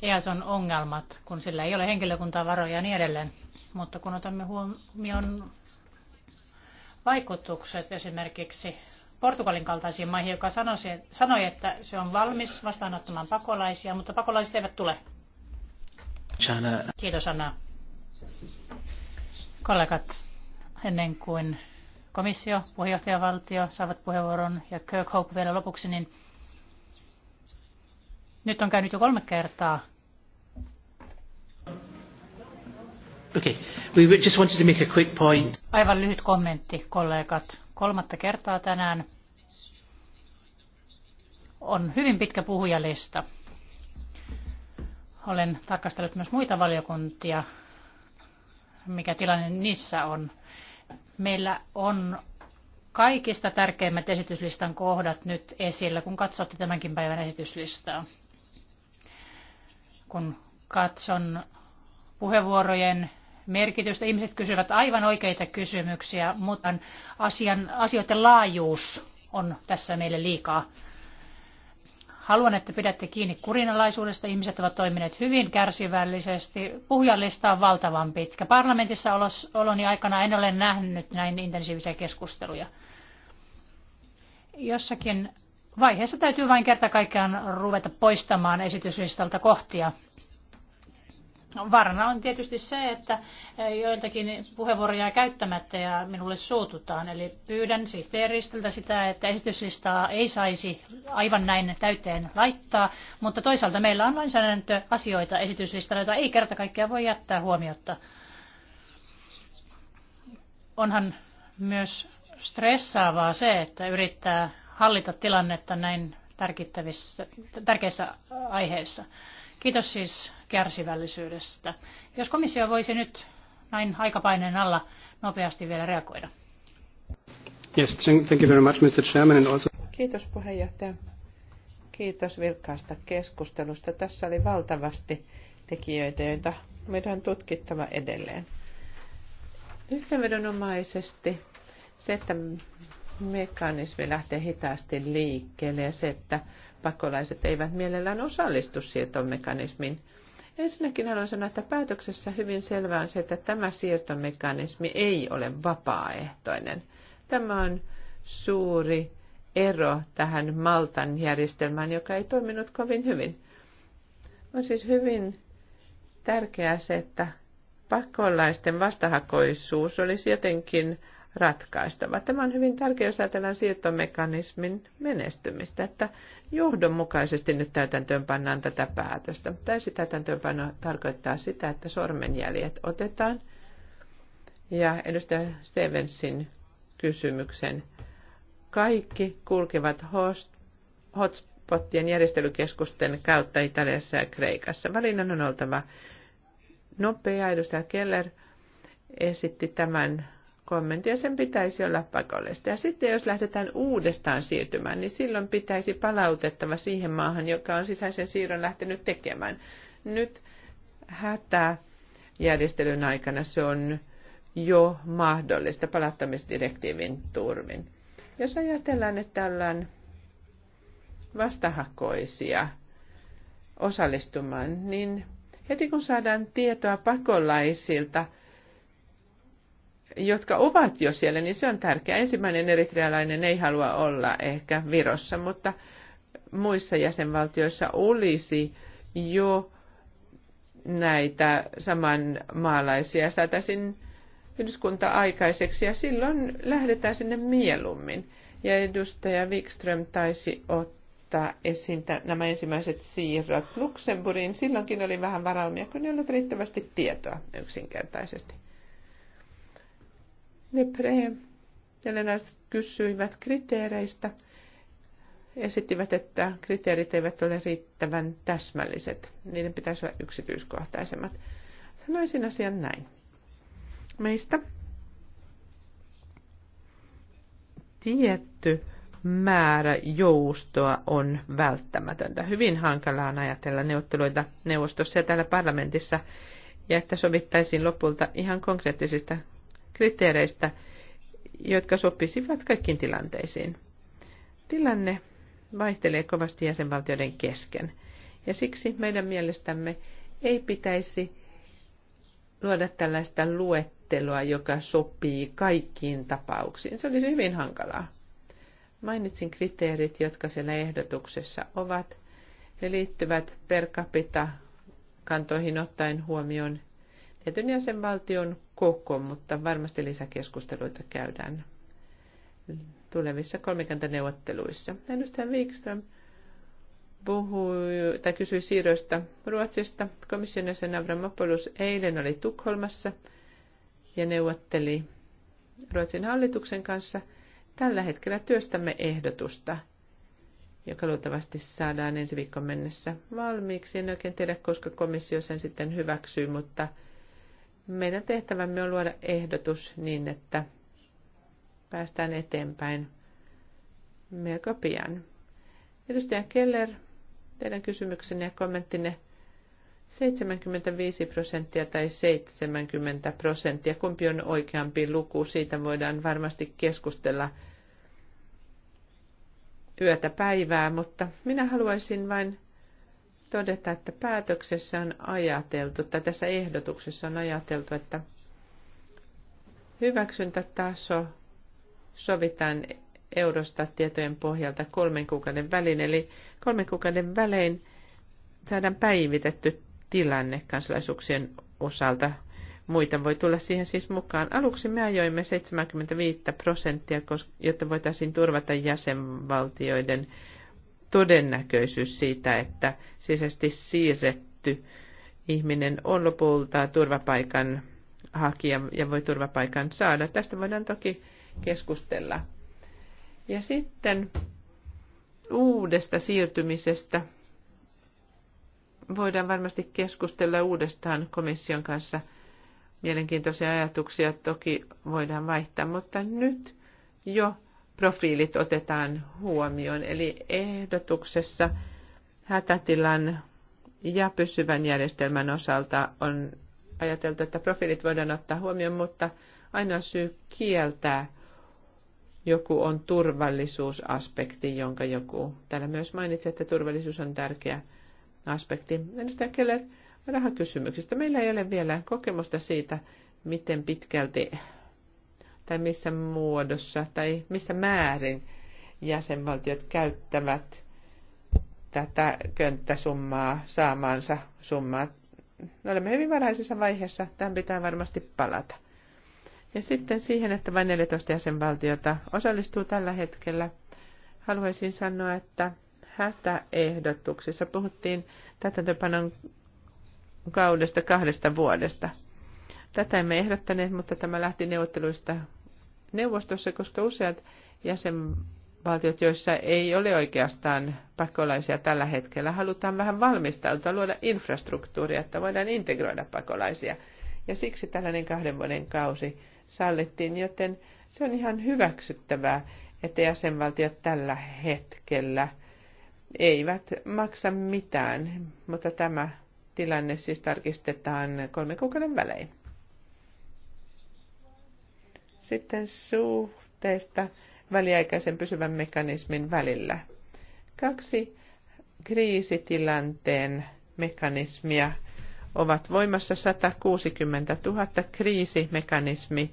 EASON ongelmat, kun sillä ei ole henkilökuntaa, varoja ja niin edelleen. Mutta kun otamme huomioon vaikutukset esimerkiksi Portugalin kaltaisiin maihin, joka sanoi, että se on valmis vastaanottamaan pakolaisia, mutta pakolaiset eivät tule. Kiitos Anna. Kollegat, ennen kuin komissio, puheenjohtajavaltio saavat puheenvuoron ja Hope vielä lopuksi, niin nyt on käynyt jo kolme kertaa. Okay. We just wanted to make a quick point. Aivan lyhyt kommentti, kollegat. Kolmatta kertaa tänään on hyvin pitkä puhujalista. Olen tarkastellut myös muita valiokuntia, mikä tilanne niissä on. Meillä on kaikista tärkeimmät esityslistan kohdat nyt esillä, kun katsotte tämänkin päivän esityslistaa. Kun katson puheenvuorojen merkitystä, ihmiset kysyvät aivan oikeita kysymyksiä, mutta asian, asioiden laajuus on tässä meille liikaa. Haluan, että pidätte kiinni kurinalaisuudesta. Ihmiset ovat toimineet hyvin kärsivällisesti. Puhujalista on valtavan pitkä. Parlamentissa oloni aikana en ole nähnyt näin intensiivisiä keskusteluja. Jossakin vaiheessa täytyy vain kerta kaikkiaan ruveta poistamaan esityslistalta kohtia. Varna on tietysti se, että eh, joiltakin puheenvuoroja käyttämättä ja minulle suututaan. Eli pyydän sihteeristöltä sitä, että esityslistaa ei saisi aivan näin täyteen laittaa, mutta toisaalta meillä on lainsäädäntöasioita esityslistalla, joita ei kerta kaikkea voi jättää huomiotta. Onhan myös stressaavaa se, että yrittää hallita tilannetta näin tärkeissä aiheissa. Kiitos siis kärsivällisyydestä. Jos komissio voisi nyt näin aikapaineen alla nopeasti vielä reagoida. Yes, thank you very much, Mr. Chairman, and also... Kiitos puheenjohtaja. Kiitos vilkkaasta keskustelusta. Tässä oli valtavasti tekijöitä, joita meidän on tutkittava edelleen. Yhteenvedonomaisesti se, että mekanismi lähtee hitaasti liikkeelle ja se, että pakolaiset eivät mielellään osallistu sietomekanismin Ensinnäkin haluan sanoa, että päätöksessä hyvin selvää on se, että tämä siirtomekanismi ei ole vapaaehtoinen. Tämä on suuri ero tähän Maltan järjestelmään, joka ei toiminut kovin hyvin. On siis hyvin tärkeää se, että pakolaisten vastahakoisuus olisi jotenkin ratkaistava. Tämä on hyvin tärkeä jos ajatellaan siirtomekanismin menestymistä, että johdonmukaisesti nyt täytäntöön pannaan tätä päätöstä. Täysi täytäntöönpano tarkoittaa sitä, että sormenjäljet otetaan. Ja edustaja Stevensin kysymyksen. Kaikki kulkevat host, hotspotien järjestelykeskusten kautta Italiassa ja Kreikassa. Valinnan on oltava nopea. Edustaja Keller esitti tämän kommentti ja sen pitäisi olla pakollista. Ja sitten jos lähdetään uudestaan siirtymään, niin silloin pitäisi palautettava siihen maahan, joka on sisäisen siirron lähtenyt tekemään. Nyt hätäjärjestelyn aikana se on jo mahdollista palauttamisdirektiivin turvin. Jos ajatellaan, että ollaan vastahakoisia osallistumaan, niin heti kun saadaan tietoa pakolaisilta – jotka ovat jo siellä, niin se on tärkeää. Ensimmäinen eritrealainen ei halua olla ehkä Virossa, mutta muissa jäsenvaltioissa olisi jo näitä samanmaalaisia. Saataisiin yhdyskunta aikaiseksi ja silloin lähdetään sinne mieluummin. Ja edustaja Wikström taisi ottaa esiin nämä ensimmäiset siirrot Luxemburgiin. Silloinkin oli vähän varaumia, kun ei ollut riittävästi tietoa yksinkertaisesti. Lepre ja näistä kysyivät kriteereistä. Esittivät, että kriteerit eivät ole riittävän täsmälliset. Niiden pitäisi olla yksityiskohtaisemmat. Sanoisin asian näin. Meistä tietty määrä joustoa on välttämätöntä. Hyvin hankalaa on ajatella neuvotteluita neuvostossa ja täällä parlamentissa, ja että sovittaisiin lopulta ihan konkreettisista kriteereistä, jotka sopisivat kaikkiin tilanteisiin. Tilanne vaihtelee kovasti jäsenvaltioiden kesken, ja siksi meidän mielestämme ei pitäisi luoda tällaista luettelua, joka sopii kaikkiin tapauksiin. Se olisi hyvin hankalaa. Mainitsin kriteerit, jotka siellä ehdotuksessa ovat. Ne liittyvät per capita kantoihin ottaen huomioon tietyn jäsenvaltion koko, mutta varmasti lisäkeskusteluita käydään tulevissa kolmikantaneuvotteluissa. Edustaja Wikström puhui, tai kysyi siirroista Ruotsista. Komission jäsen Avramopoulos eilen oli Tukholmassa ja neuvotteli Ruotsin hallituksen kanssa. Tällä hetkellä työstämme ehdotusta, joka luultavasti saadaan ensi viikon mennessä valmiiksi. En oikein tiedä, koska komissio sen sitten hyväksyy, mutta – meidän tehtävämme on luoda ehdotus niin, että päästään eteenpäin melko pian. Edustaja Keller, teidän kysymyksenne ja kommenttinne 75 prosenttia tai 70 prosenttia, kumpi on oikeampi luku, siitä voidaan varmasti keskustella yötä päivää, mutta minä haluaisin vain todeta, että päätöksessä on ajateltu, tai tässä ehdotuksessa on ajateltu, että hyväksyntätaso sovitaan Eurostat-tietojen pohjalta kolmen kuukauden välin, eli kolmen kuukauden välein saadaan päivitetty tilanne kansalaisuuksien osalta. Muita voi tulla siihen siis mukaan. Aluksi me ajoimme 75 prosenttia, jotta voitaisiin turvata jäsenvaltioiden todennäköisyys siitä, että sisäisesti siirretty ihminen on lopulta turvapaikan hakija ja voi turvapaikan saada. Tästä voidaan toki keskustella. Ja sitten uudesta siirtymisestä voidaan varmasti keskustella uudestaan komission kanssa. Mielenkiintoisia ajatuksia toki voidaan vaihtaa, mutta nyt jo profiilit otetaan huomioon. Eli ehdotuksessa hätätilan ja pysyvän järjestelmän osalta on ajateltu, että profiilit voidaan ottaa huomioon, mutta ainoa syy kieltää joku on turvallisuusaspekti, jonka joku täällä myös mainitsi, että turvallisuus on tärkeä aspekti. Edustaja Keller, rahakysymyksistä. Meillä ei ole vielä kokemusta siitä, miten pitkälti tai missä muodossa tai missä määrin jäsenvaltiot käyttävät tätä könttäsummaa, saamaansa summaa. Me olemme hyvin varhaisessa vaiheessa, tämän pitää varmasti palata. Ja sitten siihen, että vain 14 jäsenvaltiota osallistuu tällä hetkellä, haluaisin sanoa, että hätäehdotuksessa puhuttiin täytäntöpanon kaudesta kahdesta vuodesta. Tätä emme ehdottaneet, mutta tämä lähti neuvotteluista neuvostossa, koska useat jäsenvaltiot, joissa ei ole oikeastaan pakolaisia tällä hetkellä, halutaan vähän valmistautua, luoda infrastruktuuria, että voidaan integroida pakolaisia. Ja siksi tällainen kahden vuoden kausi sallittiin, joten se on ihan hyväksyttävää, että jäsenvaltiot tällä hetkellä eivät maksa mitään, mutta tämä tilanne siis tarkistetaan kolmen kuukauden välein. Sitten suhteesta väliaikaisen pysyvän mekanismin välillä. Kaksi kriisitilanteen mekanismia ovat voimassa 160 000 kriisimekanismi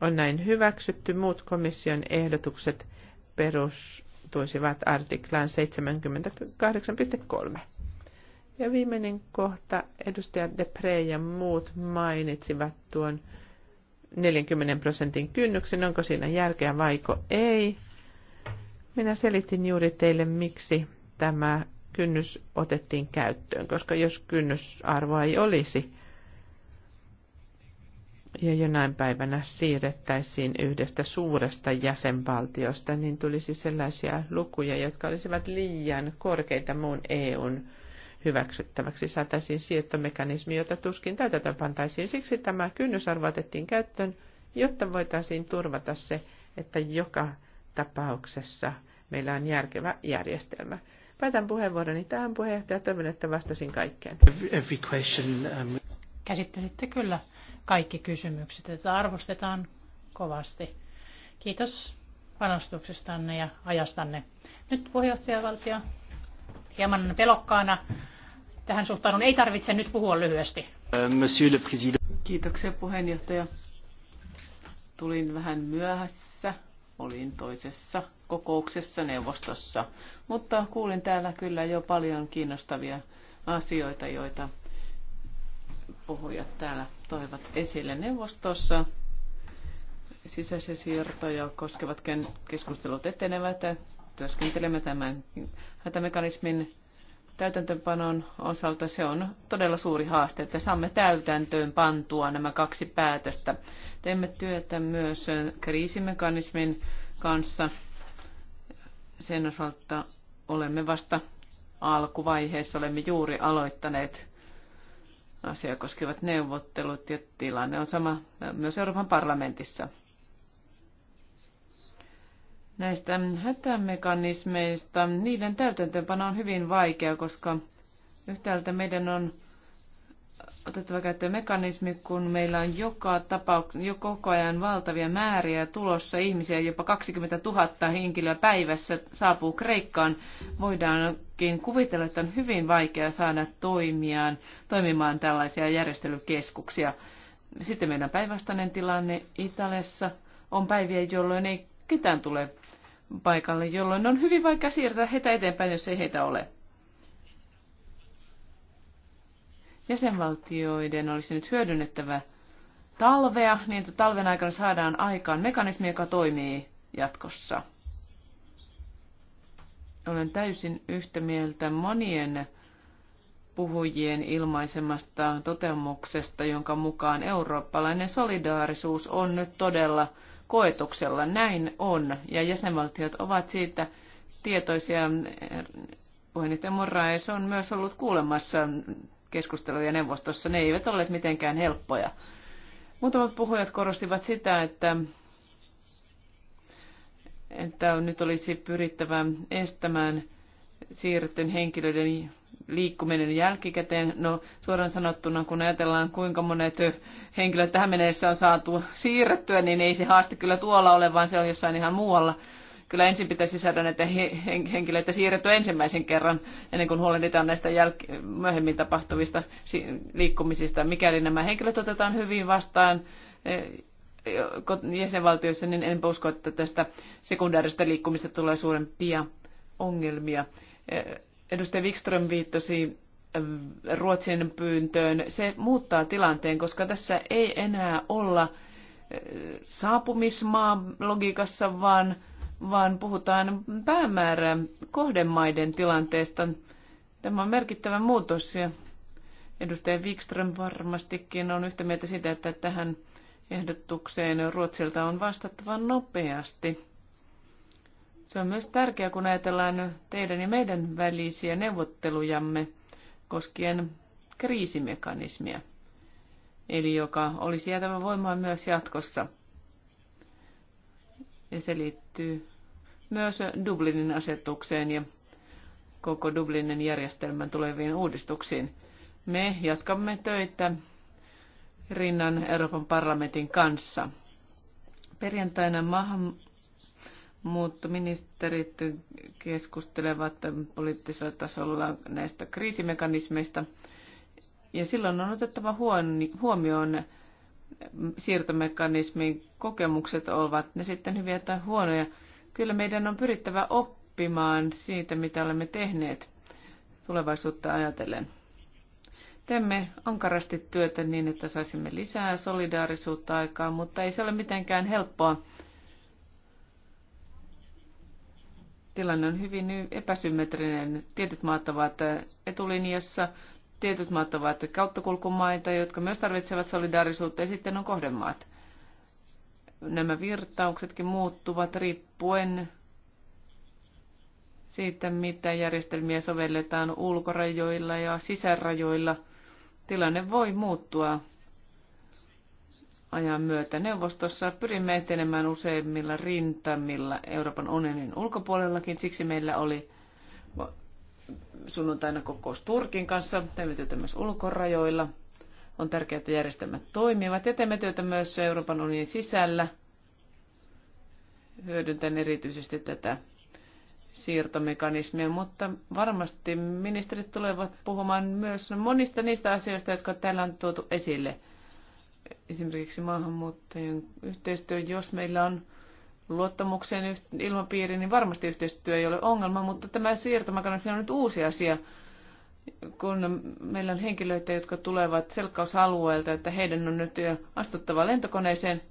on näin hyväksytty. Muut komission ehdotukset perustuisivat artiklaan 78.3. Ja viimeinen kohta, edustaja Depre ja muut mainitsivat tuon 40 prosentin kynnyksen, onko siinä järkeä vaiko ei. Minä selitin juuri teille, miksi tämä kynnys otettiin käyttöön, koska jos kynnysarvoa ei olisi, ja jonain päivänä siirrettäisiin yhdestä suuresta jäsenvaltiosta, niin tulisi sellaisia lukuja, jotka olisivat liian korkeita muun EUn hyväksyttäväksi saataisiin siirtomekanismi, jota tuskin täytäntöön pantaisiin. Siksi tämä kynnysarvo otettiin käyttöön, jotta voitaisiin turvata se, että joka tapauksessa meillä on järkevä järjestelmä. Päätän puheenvuoroni tähän puheenjohtaja. Toivon, että vastasin kaikkeen. Um, Käsittelitte kyllä kaikki kysymykset. Tätä arvostetaan kovasti. Kiitos panostuksestanne ja ajastanne. Nyt puheenjohtajavaltio hieman pelokkaana tähän suhtaudun. Ei tarvitse nyt puhua lyhyesti. Monsieur le Président. Kiitoksia puheenjohtaja. Tulin vähän myöhässä. Olin toisessa kokouksessa neuvostossa, mutta kuulin täällä kyllä jo paljon kiinnostavia asioita, joita puhujat täällä toivat esille neuvostossa. Sisäisiä siirtoja koskevat keskustelut etenevät. Työskentelemme tämän hätämekanismin täytäntöönpanon osalta se on todella suuri haaste, että saamme täytäntöön pantua nämä kaksi päätöstä. Teemme työtä myös kriisimekanismin kanssa. Sen osalta olemme vasta alkuvaiheessa, olemme juuri aloittaneet asiaa koskevat neuvottelut ja tilanne on sama myös Euroopan parlamentissa näistä hätämekanismeista. Niiden täytäntöönpano on hyvin vaikea, koska yhtäältä meidän on otettava käyttöön mekanismi, kun meillä on joka tapauks- jo koko ajan valtavia määriä tulossa ihmisiä, jopa 20 000 henkilöä päivässä saapuu Kreikkaan. Voidaankin kuvitella, että on hyvin vaikea saada toimiaan, toimimaan tällaisia järjestelykeskuksia. Sitten meidän päinvastainen tilanne Italiassa on päiviä, jolloin ei ketään tule paikalle, jolloin on hyvin vaikea siirtää heitä eteenpäin, jos ei heitä ole. Jäsenvaltioiden olisi nyt hyödynnettävä talvea, niin että talven aikana saadaan aikaan mekanismi, joka toimii jatkossa. Olen täysin yhtä mieltä monien puhujien ilmaisemasta toteamuksesta, jonka mukaan eurooppalainen solidaarisuus on nyt todella koetuksella. Näin on, ja jäsenvaltiot ovat siitä tietoisia. Puheenjohtaja Morraes on myös ollut kuulemassa keskusteluja neuvostossa. Ne eivät olleet mitenkään helppoja. Muutamat puhujat korostivat sitä, että, että nyt olisi pyrittävä estämään siirrettyjen henkilöiden liikkuminen jälkikäteen. No suoraan sanottuna, kun ajatellaan kuinka monet henkilöt tähän mennessä on saatu siirrettyä, niin ei se haaste kyllä tuolla ole, vaan se on jossain ihan muualla. Kyllä ensin pitäisi saada näitä henkilöitä siirrettyä ensimmäisen kerran, ennen kuin huolehditaan näistä jälki- myöhemmin tapahtuvista liikkumisista. Mikäli nämä henkilöt otetaan hyvin vastaan, e, jäsenvaltioissa, niin en usko, että tästä sekundaarista liikkumista tulee suurempia ongelmia. E, Edustaja Wikström viittasi äh, Ruotsin pyyntöön. Se muuttaa tilanteen, koska tässä ei enää olla äh, saapumismaa logiikassa, vaan, vaan puhutaan päämäärän kohdemaiden tilanteesta. Tämä on merkittävä muutos ja edustaja Wikström varmastikin on yhtä mieltä sitä, että tähän ehdotukseen Ruotsilta on vastattava nopeasti. Se on myös tärkeää, kun ajatellaan teidän ja meidän välisiä neuvottelujamme koskien kriisimekanismia, eli joka olisi jäätävä voimaan myös jatkossa. Ja se liittyy myös Dublinin asetukseen ja koko Dublinin järjestelmän tuleviin uudistuksiin. Me jatkamme töitä rinnan Euroopan parlamentin kanssa. Perjantaina mutta ministerit keskustelevat poliittisella tasolla näistä kriisimekanismeista. Ja silloin on otettava huomioon siirtomekanismin kokemukset, ovat ne sitten hyviä tai huonoja. Kyllä meidän on pyrittävä oppimaan siitä, mitä olemme tehneet tulevaisuutta ajatellen. Teemme ankarasti työtä niin, että saisimme lisää solidaarisuutta aikaa, mutta ei se ole mitenkään helppoa tilanne on hyvin epäsymmetrinen. Tietyt maat ovat etulinjassa, tietyt maat ovat kauttakulkumaita, jotka myös tarvitsevat solidaarisuutta, ja sitten on kohdemaat. Nämä virtauksetkin muuttuvat riippuen siitä, mitä järjestelmiä sovelletaan ulkorajoilla ja sisärajoilla. Tilanne voi muuttua ajan myötä neuvostossa. Pyrimme etenemään useimmilla rintamilla Euroopan unionin ulkopuolellakin. Siksi meillä oli sunnuntaina kokous Turkin kanssa. Teemme työtä myös ulkorajoilla. On tärkeää, että järjestelmät toimivat. Ja teemme työtä myös Euroopan unionin sisällä. Hyödyntän erityisesti tätä siirtomekanismia, mutta varmasti ministerit tulevat puhumaan myös monista niistä asioista, jotka täällä on tuotu esille – esimerkiksi maahanmuuttajien yhteistyö, jos meillä on luottamuksen ilmapiiri, niin varmasti yhteistyö ei ole ongelma, mutta tämä siirtymäkannus on nyt uusi asia, kun meillä on henkilöitä, jotka tulevat selkkausalueelta, että heidän on nyt jo astuttava lentokoneeseen,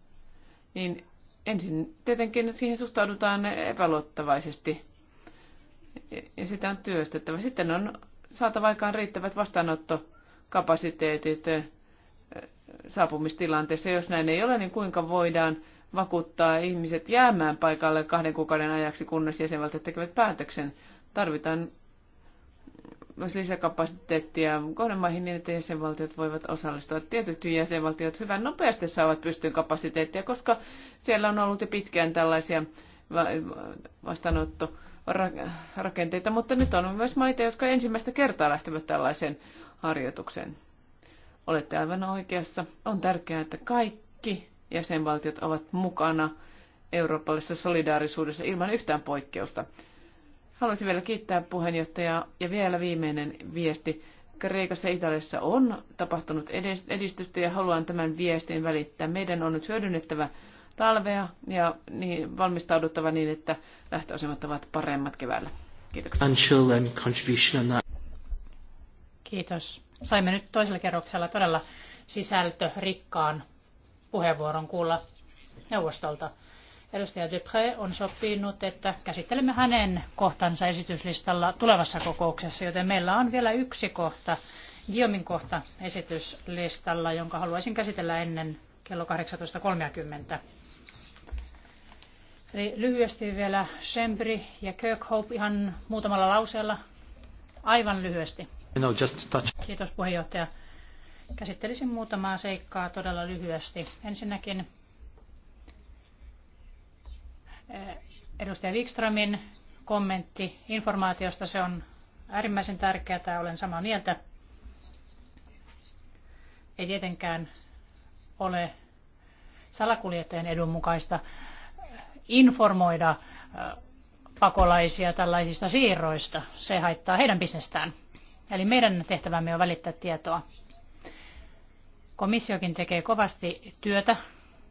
niin ensin tietenkin siihen suhtaudutaan epäluottavaisesti ja sitä on työstettävä. Sitten on saatava aikaan riittävät vastaanottokapasiteetit, saapumistilanteessa. Jos näin ei ole, niin kuinka voidaan vakuuttaa ihmiset jäämään paikalle kahden kuukauden ajaksi, kunnes jäsenvaltiot tekevät päätöksen? Tarvitaan myös lisäkapasiteettia kohdemaihin niin, että jäsenvaltiot voivat osallistua. Tietyt jäsenvaltiot hyvän nopeasti saavat pystyyn kapasiteettia, koska siellä on ollut jo pitkään tällaisia vastaanottorakenteita, mutta nyt on myös maita, jotka ensimmäistä kertaa lähtevät tällaiseen harjoitukseen. Olette aivan oikeassa. On tärkeää, että kaikki jäsenvaltiot ovat mukana eurooppalaisessa solidaarisuudessa ilman yhtään poikkeusta. Haluaisin vielä kiittää puheenjohtajaa ja vielä viimeinen viesti. Kreikassa ja Italiassa on tapahtunut edistystä ja haluan tämän viestin välittää. Meidän on nyt hyödynnettävä talvea ja niin, valmistauduttava niin, että lähtöasemat ovat paremmat keväällä. Kiitoksia. Kiitos Saimme nyt toisella kerroksella todella sisältörikkaan puheenvuoron kuulla neuvostolta. Edustaja Dupré on sopinut, että käsittelemme hänen kohtansa esityslistalla tulevassa kokouksessa, joten meillä on vielä yksi kohta, Guillaumin kohta esityslistalla, jonka haluaisin käsitellä ennen kello 18.30. Eli lyhyesti vielä Sembri ja Kirkhope ihan muutamalla lauseella, aivan lyhyesti. No, just Kiitos puheenjohtaja. Käsittelisin muutamaa seikkaa todella lyhyesti. Ensinnäkin eh, edustaja Wikströmin kommentti informaatiosta, se on äärimmäisen tärkeää, olen samaa mieltä. Ei tietenkään ole salakuljettajan edun mukaista eh, informoida eh, pakolaisia tällaisista siirroista. Se haittaa heidän bisnestään. Eli meidän tehtävämme on välittää tietoa. Komissiokin tekee kovasti työtä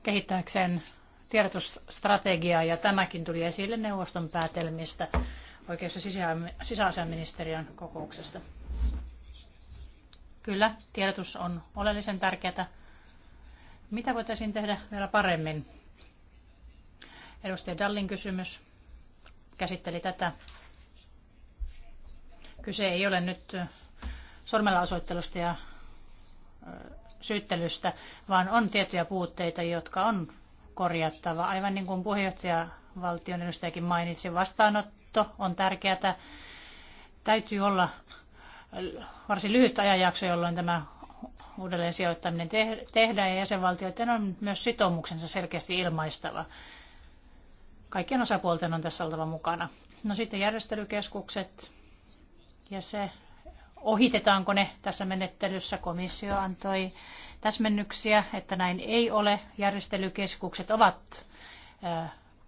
kehittääkseen tiedotusstrategiaa ja tämäkin tuli esille neuvoston päätelmistä oikeus- ja sisäasiaministeriön kokouksesta. Kyllä, tiedotus on oleellisen tärkeää. Mitä voitaisiin tehdä vielä paremmin? Edustaja Dallin kysymys käsitteli tätä. Kyse ei ole nyt sormella osoittelusta ja syyttelystä, vaan on tiettyjä puutteita, jotka on korjattava. Aivan niin kuin puheenjohtaja valtion edustajakin mainitsi, vastaanotto on tärkeää. Täytyy olla varsin lyhyt ajanjakso, jolloin tämä uudelleen sijoittaminen tehdään ja jäsenvaltioiden on myös sitoumuksensa selkeästi ilmaistava. Kaikkien osapuolten on tässä oltava mukana. No sitten järjestelykeskukset ja se, ohitetaanko ne tässä menettelyssä. Komissio antoi täsmennyksiä, että näin ei ole. Järjestelykeskukset ovat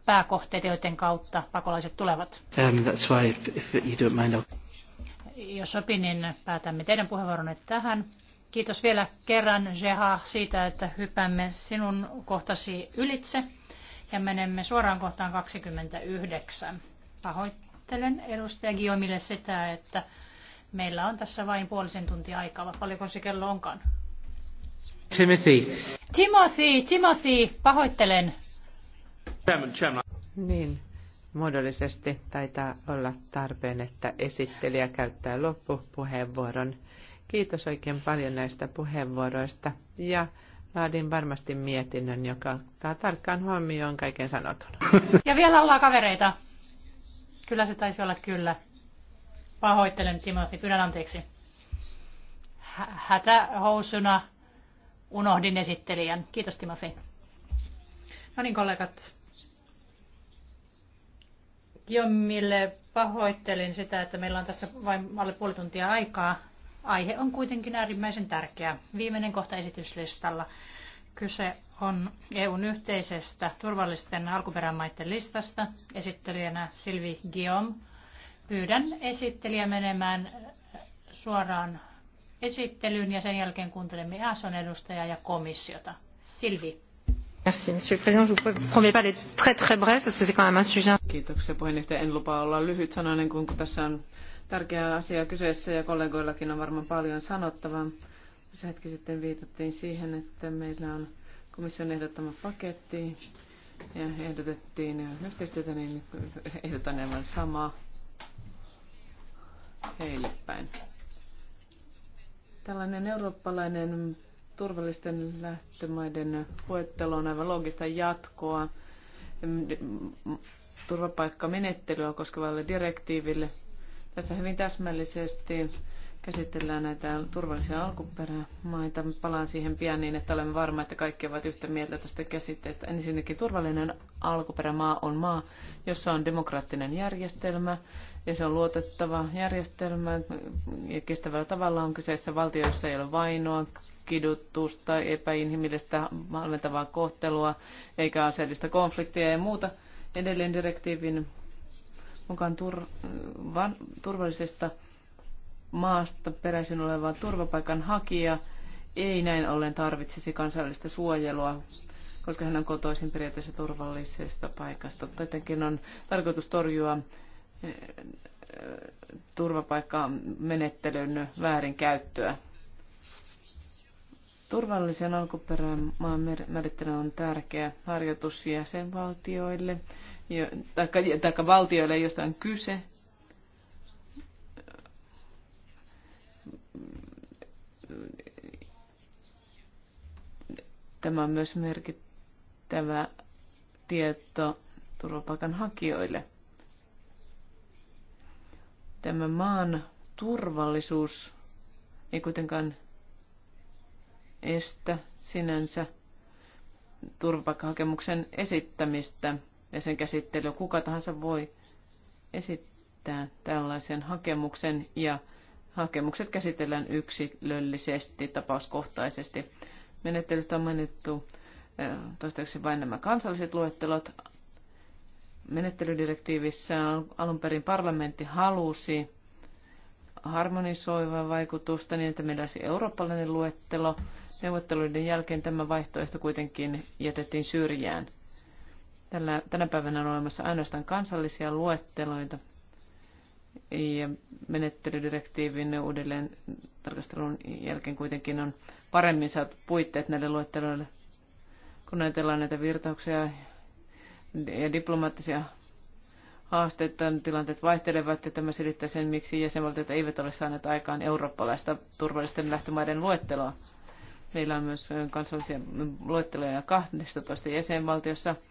pääkohteita, joiden kautta pakolaiset tulevat. Um, that's why if, if you don't mind, Jos sopii, niin päätämme teidän puheenvuoronne tähän. Kiitos vielä kerran, Jeha, siitä, että hypämme sinun kohtasi ylitse ja menemme suoraan kohtaan 29. Pahoittelut Pahoittelen edustaja Giomille sitä, että meillä on tässä vain puolisen tuntia aikaa, vai paljonko se kello onkaan? Timothy. Timothy, Timothy, pahoittelen. Chairman, chairman. Niin, muodollisesti taitaa olla tarpeen, että esittelijä käyttää loppupuheenvuoron. Kiitos oikein paljon näistä puheenvuoroista ja laadin varmasti mietinnön, joka ottaa tarkkaan huomioon kaiken sanotun. Ja vielä ollaan kavereita. Kyllä se taisi olla kyllä. Pahoittelen Timosi, pyydän anteeksi. Hätähousuna unohdin esittelijän. Kiitos Timosi. No niin kollegat. Jommille pahoittelin sitä, että meillä on tässä vain alle puoli tuntia aikaa. Aihe on kuitenkin äärimmäisen tärkeä. Viimeinen kohta esityslistalla. Kyse on EUn yhteisestä turvallisten alkuperämaiden listasta. Esittelijänä Silvi Guillaume. Pyydän esittelijä menemään suoraan esittelyyn ja sen jälkeen kuuntelemme ASOn edustajaa ja komissiota. Silvi. Merci, monsieur le président. Je vous promets pas d'être très très bref, parce que c'est quand même un sujet. Kiitoksia puheenjohtaja. En lupaa olla lyhyt sanoinen kun tässä on tärkeä asia kyseessä ja kollegoillakin on varmaan paljon sanottavaa. Tässä hetki sitten viitattiin siihen, että meillä on komission ehdottama paketti ja ehdotettiin yhteistyötä, niin ehdotan aivan samaa heille päin. Tällainen eurooppalainen turvallisten lähtömaiden luettelo on aivan loogista jatkoa turvapaikkamenettelyä koskevalle direktiiville. Tässä hyvin täsmällisesti käsitellään näitä turvallisia alkuperämaita. Palaan siihen pian niin, että olemme varma, että kaikki ovat yhtä mieltä tästä käsitteestä. Ensinnäkin turvallinen alkuperämaa on maa, jossa on demokraattinen järjestelmä ja se on luotettava järjestelmä ja kestävällä tavalla on kyseessä valtio, jossa ei ole vainoa, kidutusta, epäinhimillistä valmentavaa kohtelua eikä aseellista konfliktia ja muuta. Edelleen direktiivin mukaan tur- van- turvallisesta maasta peräisin oleva turvapaikanhakija ei näin ollen tarvitsisi kansallista suojelua, koska hän on kotoisin periaatteessa turvallisesta paikasta. Tietenkin on tarkoitus torjua eh, turvapaikkamenettelyn väärinkäyttöä. Turvallisen alkuperän maan määrittely on tärkeä harjoitus jäsenvaltioille, tai valtioille, joista on kyse, Tämä on myös merkittävä tieto turvapaikanhakijoille. Tämä maan turvallisuus ei kuitenkaan estä sinänsä turvapaikkahakemuksen esittämistä ja sen käsittelyä. Kuka tahansa voi esittää tällaisen hakemuksen ja hakemukset käsitellään yksilöllisesti, tapauskohtaisesti menettelystä on mainittu toistaiseksi vain nämä kansalliset luettelot. Menettelydirektiivissä alun perin parlamentti halusi harmonisoivaa vaikutusta niin, että meillä olisi eurooppalainen luettelo. Neuvotteluiden jälkeen tämä vaihtoehto kuitenkin jätettiin syrjään. Tällä, tänä päivänä on olemassa ainoastaan kansallisia luetteloita ja menettelydirektiivin uudelleen tarkastelun jälkeen kuitenkin on paremmin saatu puitteet näille luetteloille. Kun ajatellaan näitä virtauksia ja diplomaattisia haasteita, niin tilanteet vaihtelevat ja tämä selittää sen, miksi jäsenvaltiot eivät ole saaneet aikaan eurooppalaista turvallisten lähtömaiden luetteloa. Meillä on myös kansallisia luetteloja 12 jäsenvaltiossa –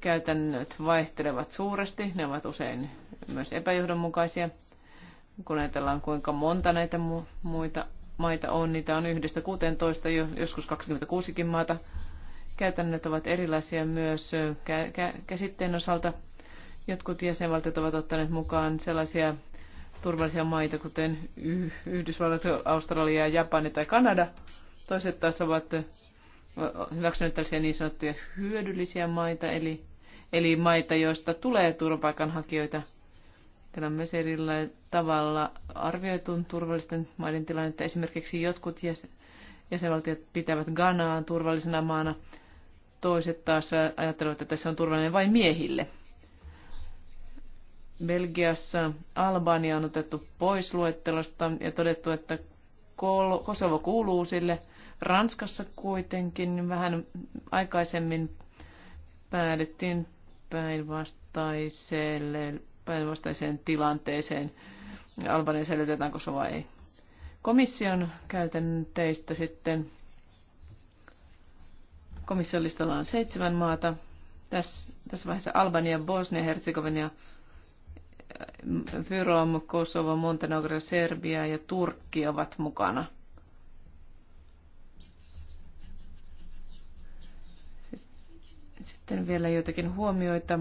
käytännöt vaihtelevat suuresti, ne ovat usein myös epäjohdonmukaisia. Kun ajatellaan, kuinka monta näitä muita maita on, niitä on yhdestä 16, joskus 26kin maata. Käytännöt ovat erilaisia myös käsitteen osalta. Jotkut jäsenvaltiot ovat ottaneet mukaan sellaisia turvallisia maita, kuten Yhdysvallat, Australia, Japani tai Kanada. Toiset taas ovat hyväksyneet tällaisia niin sanottuja hyödyllisiä maita, eli eli maita, joista tulee turvapaikanhakijoita. Täällä on myös erilainen tavalla arvioitun turvallisten maiden tilannetta. Esimerkiksi jotkut jäsenvaltiot pitävät Ghanaa turvallisena maana, toiset taas ajattelevat, että se on turvallinen vain miehille. Belgiassa Albania on otettu pois luettelosta ja todettu, että Kosovo kuuluu sille. Ranskassa kuitenkin vähän aikaisemmin päädyttiin päinvastaiselle, päinvastaiseen tilanteeseen. Albanian selvitetään Kosovo ei. Komission käytänteistä sitten. Komission listalla on seitsemän maata. Tässä, tässä vaiheessa Albania, Bosnia, Herzegovina, Fyrom, Kosovo, Montenegro, Serbia ja Turkki ovat mukana – Sitten vielä joitakin huomioita.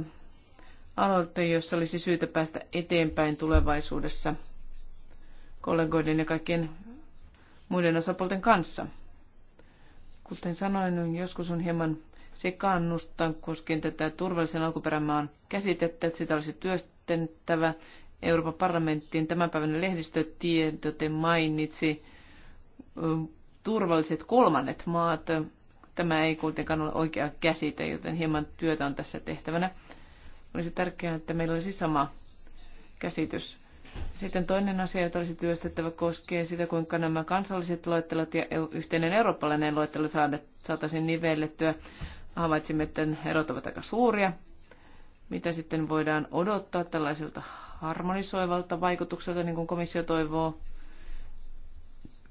Aloitte, jossa olisi syytä päästä eteenpäin tulevaisuudessa kollegoiden ja kaikkien muiden osapuolten kanssa. Kuten sanoin, joskus on hieman sekannusta koskien tätä turvallisen alkuperämaan käsitettä, että sitä olisi työstettävä. Euroopan parlamenttiin tämän päivän lehdistötiedote mainitsi turvalliset kolmannet maat Tämä ei kuitenkaan ole oikea käsite, joten hieman työtä on tässä tehtävänä. Olisi tärkeää, että meillä olisi sama käsitys. Sitten toinen asia, jota olisi työstettävä, koskee sitä, kuinka nämä kansalliset luettelot ja yhteinen eurooppalainen luettelo saataisiin nivellettyä. Havaitsimme, että erot ovat aika suuria. Mitä sitten voidaan odottaa tällaisilta harmonisoivalta vaikutukselta, niin kuin komissio toivoo?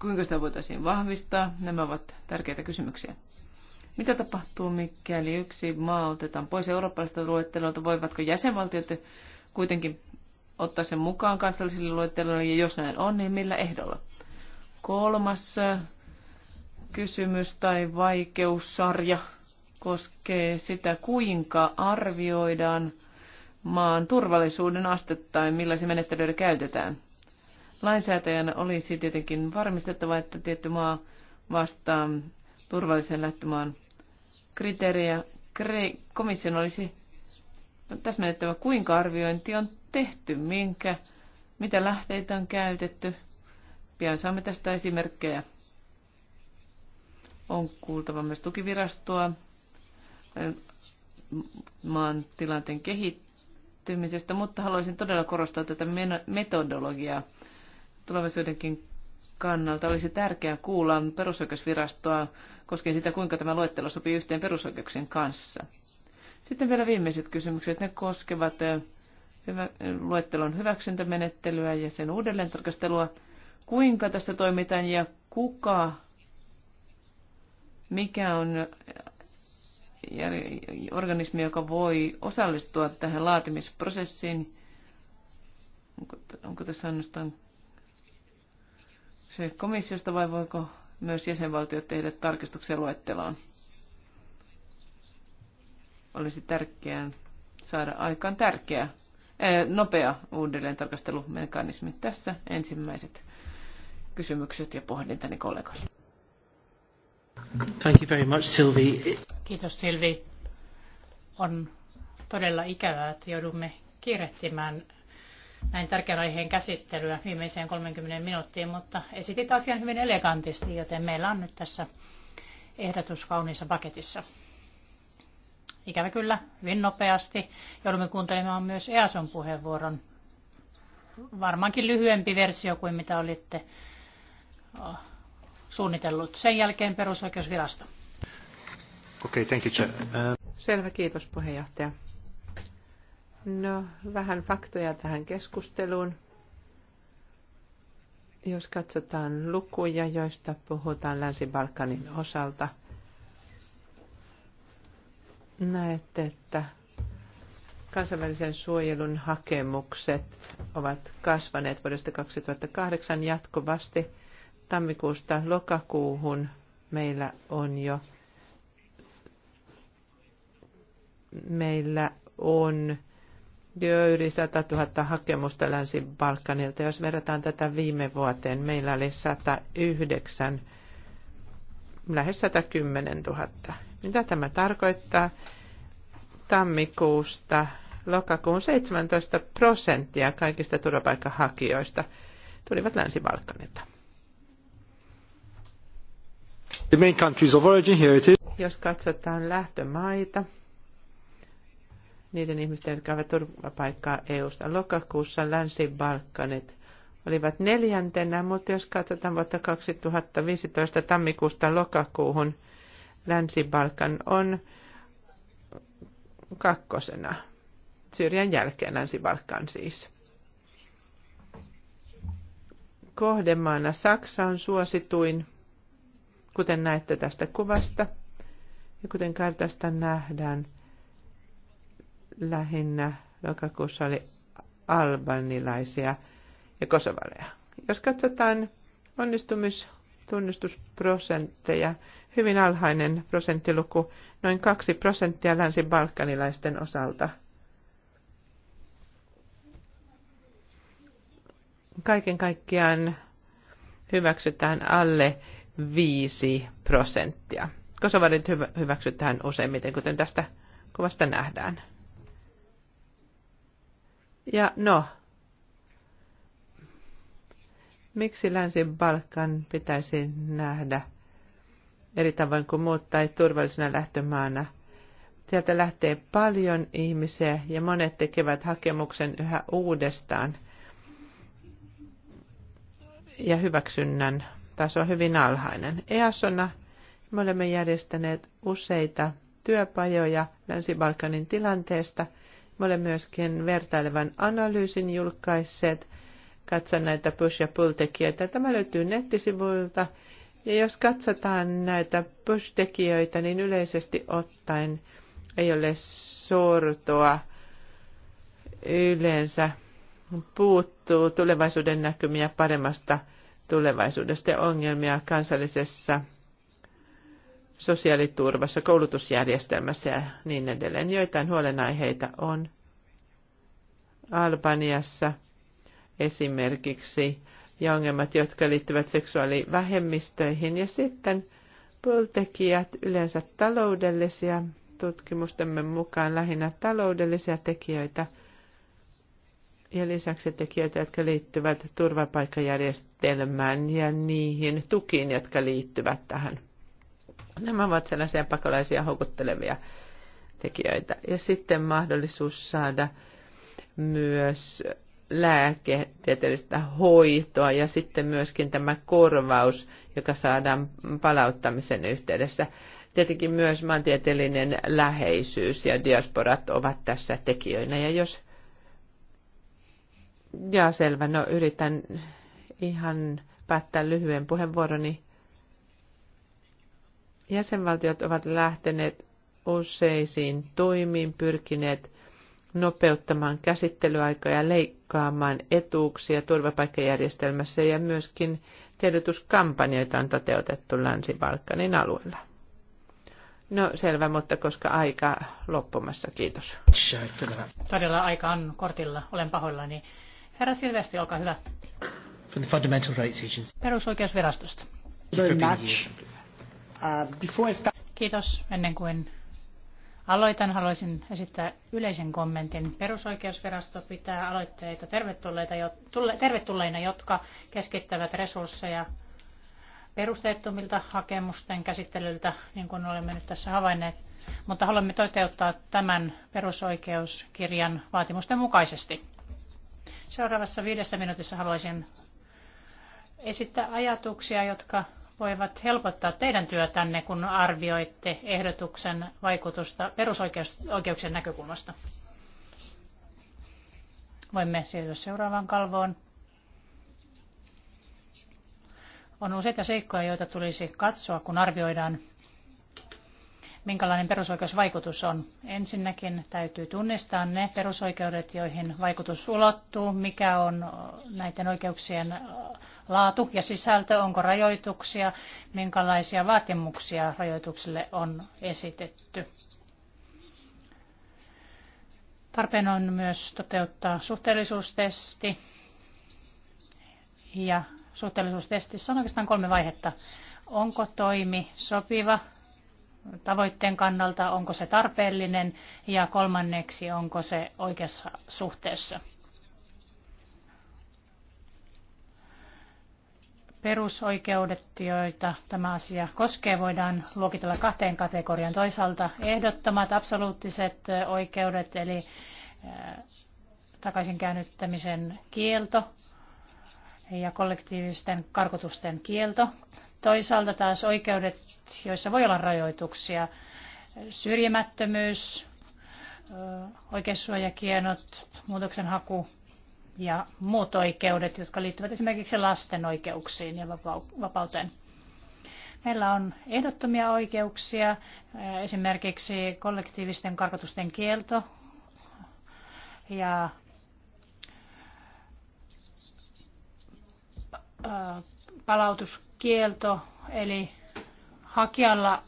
Kuinka sitä voitaisiin vahvistaa? Nämä ovat tärkeitä kysymyksiä. Mitä tapahtuu, mikäli yksi maa otetaan pois eurooppalaisesta luettelolta? Voivatko jäsenvaltiot kuitenkin ottaa sen mukaan kansallisille luettelolle, ja jos näin on, niin millä ehdolla? Kolmas äh, kysymys tai vaikeussarja koskee sitä, kuinka arvioidaan maan turvallisuuden astetta ja millaisia menettelyitä käytetään. Lainsäätäjänä olisi tietenkin varmistettava, että tietty maa vastaa turvallisen lähtömaan kriteerejä komission olisi täsmennettävä, kuinka arviointi on tehty, minkä, mitä lähteitä on käytetty. Pian saamme tästä esimerkkejä. On kuultava myös tukivirastoa maan tilanteen kehittymisestä, mutta haluaisin todella korostaa tätä metodologiaa tulevaisuudenkin kannalta olisi tärkeää kuulla perusoikeusvirastoa koskien sitä, kuinka tämä luettelo sopii yhteen perusoikeuksien kanssa. Sitten vielä viimeiset kysymykset. Ne koskevat hyvä, luettelon hyväksyntämenettelyä ja sen uudelleentarkastelua. Kuinka tässä toimitaan ja kuka, mikä on organismi, joka voi osallistua tähän laatimisprosessiin? Onko, onko tässä ainoastaan se komissiosta vai voiko myös jäsenvaltiot tehdä tarkistuksia luetteloon? Olisi tärkeää saada aikaan tärkeä, eh, nopea uudelleen tarkastelumekanismi. Tässä ensimmäiset kysymykset ja pohdintani kollegoille. Thank you very much, Sylvie. Kiitos Silvi. On todella ikävää, että joudumme kiirehtimään näin tärkeän aiheen käsittelyä viimeiseen 30 minuuttiin, mutta esitit asian hyvin elegantisti, joten meillä on nyt tässä ehdotus kauniissa paketissa. Ikävä kyllä, hyvin nopeasti. Joudumme kuuntelemaan myös EASON puheenvuoron. Varmaankin lyhyempi versio kuin mitä olitte äh, suunnitellut. Sen jälkeen perusoikeusvirasto. Okay, thank you, Selvä, kiitos puheenjohtaja. No, vähän faktoja tähän keskusteluun. Jos katsotaan lukuja, joista puhutaan Länsi-Balkanin osalta, näette, että kansainvälisen suojelun hakemukset ovat kasvaneet vuodesta 2008 jatkuvasti. Tammikuusta lokakuuhun meillä on jo meillä on jo yli 100 000 hakemusta Länsi-Balkanilta. Jos verrataan tätä viime vuoteen, meillä oli 109, lähes 110 000. Mitä tämä tarkoittaa? Tammikuusta lokakuun 17 prosenttia kaikista turvapaikanhakijoista tulivat Länsi-Balkanilta. Jos katsotaan lähtömaita, niiden ihmisten, jotka ovat turvapaikkaa EU-sta. Lokakuussa Länsi-Balkanit olivat neljäntenä, mutta jos katsotaan vuotta 2015 tammikuusta lokakuuhun, Länsi-Balkan on kakkosena. Syyrian jälkeen Länsi-Balkan siis. Kohdemaana Saksa on suosituin, kuten näette tästä kuvasta. Ja kuten kartasta nähdään, lähinnä lokakuussa oli albanilaisia ja kosovaleja. Jos katsotaan onnistumistunnistusprosentteja, hyvin alhainen prosenttiluku, noin 2 prosenttia länsi-balkanilaisten osalta. Kaiken kaikkiaan hyväksytään alle 5 prosenttia. Kosovarit hyväksytään useimmiten, kuten tästä kuvasta nähdään. Ja no, miksi Länsi-Balkan pitäisi nähdä eri tavoin kuin muut tai turvallisena lähtömaana? Sieltä lähtee paljon ihmisiä ja monet tekevät hakemuksen yhä uudestaan. Ja hyväksynnän taso on hyvin alhainen. EASona me olemme järjestäneet useita työpajoja Länsi-Balkanin tilanteesta – me olemme myöskin vertailevan analyysin julkaisseet. Katson näitä push- ja pull-tekijöitä. Tämä löytyy nettisivuilta. Ja jos katsotaan näitä push-tekijöitä, niin yleisesti ottaen ei ole sortoa yleensä puuttuu tulevaisuuden näkymiä paremmasta tulevaisuudesta ja ongelmia kansallisessa sosiaaliturvassa, koulutusjärjestelmässä ja niin edelleen. Joitain huolenaiheita on Albaniassa esimerkiksi ja ongelmat, jotka liittyvät seksuaalivähemmistöihin ja sitten pultekijät, yleensä taloudellisia, tutkimustemme mukaan lähinnä taloudellisia tekijöitä ja lisäksi tekijöitä, jotka liittyvät turvapaikkajärjestelmään ja niihin tukiin, jotka liittyvät tähän. Nämä ovat sellaisia pakolaisia houkuttelevia tekijöitä. Ja sitten mahdollisuus saada myös lääketieteellistä hoitoa ja sitten myöskin tämä korvaus, joka saadaan palauttamisen yhteydessä. Tietenkin myös maantieteellinen läheisyys ja diasporat ovat tässä tekijöinä. Ja jos... Ja selvä, no yritän ihan päättää lyhyen puheenvuoroni. Jäsenvaltiot ovat lähteneet useisiin toimiin, pyrkineet nopeuttamaan käsittelyaikoja, leikkaamaan etuuksia turvapaikkajärjestelmässä ja myöskin tiedotuskampanjoita on toteutettu Länsi-Balkanin alueella. No selvä, mutta koska aika loppumassa, kiitos. Todella aika on kortilla, olen pahoillani. Herra Silvesti, olkaa hyvä. Perusoikeusvirastosta. Very much. Uh, Kiitos. Ennen kuin aloitan, haluaisin esittää yleisen kommentin. Perusoikeusvirasto pitää aloitteita tervetulleita, tervetulleina, jotka keskittävät resursseja perusteettomilta hakemusten käsittelyltä, niin kuin olemme nyt tässä havainneet, mutta haluamme toteuttaa tämän perusoikeuskirjan vaatimusten mukaisesti. Seuraavassa viidessä minuutissa haluaisin esittää ajatuksia, jotka voivat helpottaa teidän työtänne, kun arvioitte ehdotuksen vaikutusta perusoikeuksien näkökulmasta? Voimme siirtyä seuraavaan kalvoon. On useita seikkoja, joita tulisi katsoa, kun arvioidaan minkälainen perusoikeusvaikutus on. Ensinnäkin täytyy tunnistaa ne perusoikeudet, joihin vaikutus ulottuu, mikä on näiden oikeuksien äh, laatu ja sisältö, onko rajoituksia, minkälaisia vaatimuksia rajoituksille on esitetty. Tarpeen on myös toteuttaa suhteellisuustesti. Ja suhteellisuustestissä on oikeastaan kolme vaihetta. Onko toimi sopiva tavoitteen kannalta, onko se tarpeellinen ja kolmanneksi, onko se oikeassa suhteessa. Perusoikeudet, joita tämä asia koskee, voidaan luokitella kahteen kategoriaan. Toisaalta ehdottomat absoluuttiset oikeudet, eli eh, takaisinkäännyttämisen kielto ja kollektiivisten karkotusten kielto. Toisaalta taas oikeudet, joissa voi olla rajoituksia, syrjimättömyys, oikeussuojakienot, muutoksenhaku ja muut oikeudet, jotka liittyvät esimerkiksi lasten oikeuksiin ja vapauteen. Meillä on ehdottomia oikeuksia, esimerkiksi kollektiivisten karkotusten kielto ja palautus kielto, eli hakijalla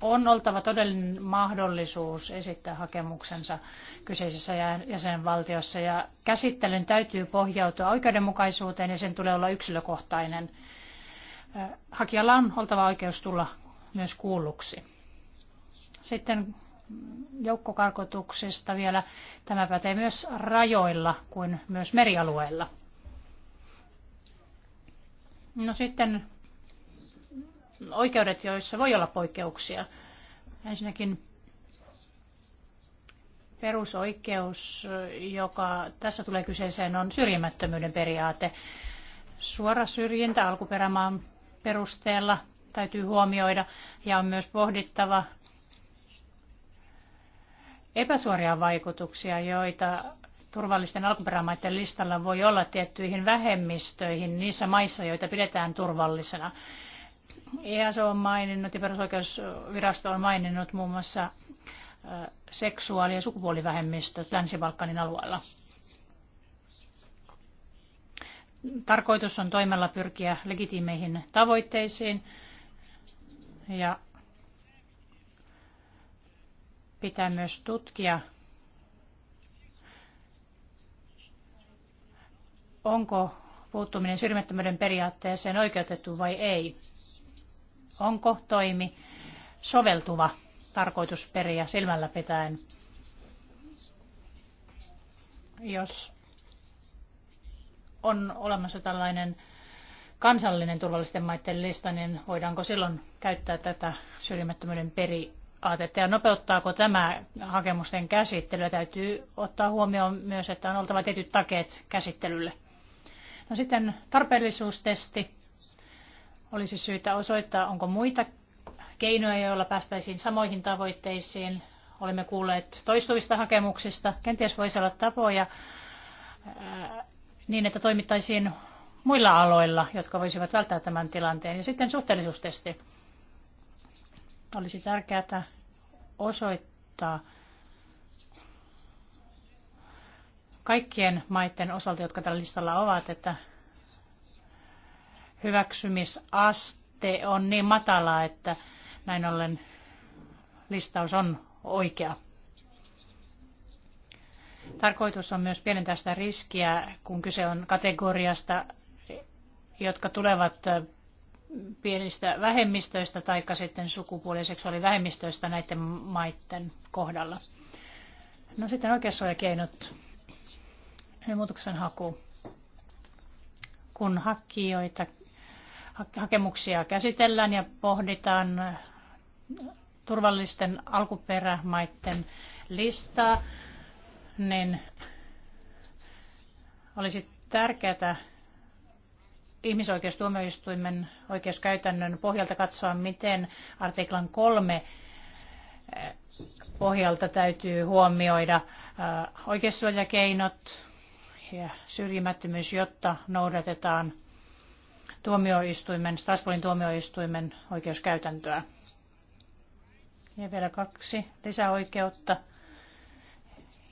on oltava todellinen mahdollisuus esittää hakemuksensa kyseisessä jäsenvaltiossa ja käsittelyn täytyy pohjautua oikeudenmukaisuuteen ja sen tulee olla yksilökohtainen. Hakijalla on oltava oikeus tulla myös kuulluksi. Sitten joukkokarkotuksesta vielä. Tämä pätee myös rajoilla kuin myös merialueilla. No sitten oikeudet, joissa voi olla poikkeuksia. Ensinnäkin perusoikeus, joka tässä tulee kyseeseen, on syrjimättömyyden periaate. Suora syrjintä alkuperämaan perusteella täytyy huomioida ja on myös pohdittava epäsuoria vaikutuksia, joita turvallisten alkuperämaiden listalla voi olla tiettyihin vähemmistöihin niissä maissa, joita pidetään turvallisena. EASO on maininnut ja perusoikeusvirasto on maininnut muun muassa seksuaali- ja sukupuolivähemmistöt Länsi-Balkanin alueella. Tarkoitus on toimella pyrkiä legitiimeihin tavoitteisiin ja pitää myös tutkia onko puuttuminen syrjimättömyyden periaatteeseen oikeutettu vai ei. Onko toimi soveltuva tarkoitusperiä silmällä pitäen, jos on olemassa tällainen kansallinen turvallisten maiden lista, niin voidaanko silloin käyttää tätä syrjimättömyyden periaatetta ja nopeuttaako tämä hakemusten käsittelyä? Täytyy ottaa huomioon myös, että on oltava tietyt takeet käsittelylle. No sitten tarpeellisuustesti. Olisi syytä osoittaa, onko muita keinoja, joilla päästäisiin samoihin tavoitteisiin. Olemme kuulleet toistuvista hakemuksista. Kenties voisi olla tapoja äh, niin, että toimittaisiin muilla aloilla, jotka voisivat välttää tämän tilanteen. Ja sitten suhteellisuustesti. Olisi tärkeää osoittaa, kaikkien maiden osalta, jotka tällä listalla ovat, että hyväksymisaste on niin matala, että näin ollen listaus on oikea. Tarkoitus on myös pienentää sitä riskiä, kun kyse on kategoriasta, jotka tulevat pienistä vähemmistöistä tai sitten sukupuoli- ja seksuaalivähemmistöistä näiden maiden kohdalla. No sitten keinot muutoksen haku. Kun hakijoita, hakemuksia käsitellään ja pohditaan turvallisten alkuperämaiden listaa, niin olisi tärkeää ihmisoikeustuomioistuimen oikeuskäytännön pohjalta katsoa, miten artiklan kolme eh, pohjalta täytyy huomioida eh, oikeussuojakeinot, ja syrjimättömyys, jotta noudatetaan tuomioistuimen, Strasbourgin tuomioistuimen oikeuskäytäntöä. Ja vielä kaksi lisäoikeutta,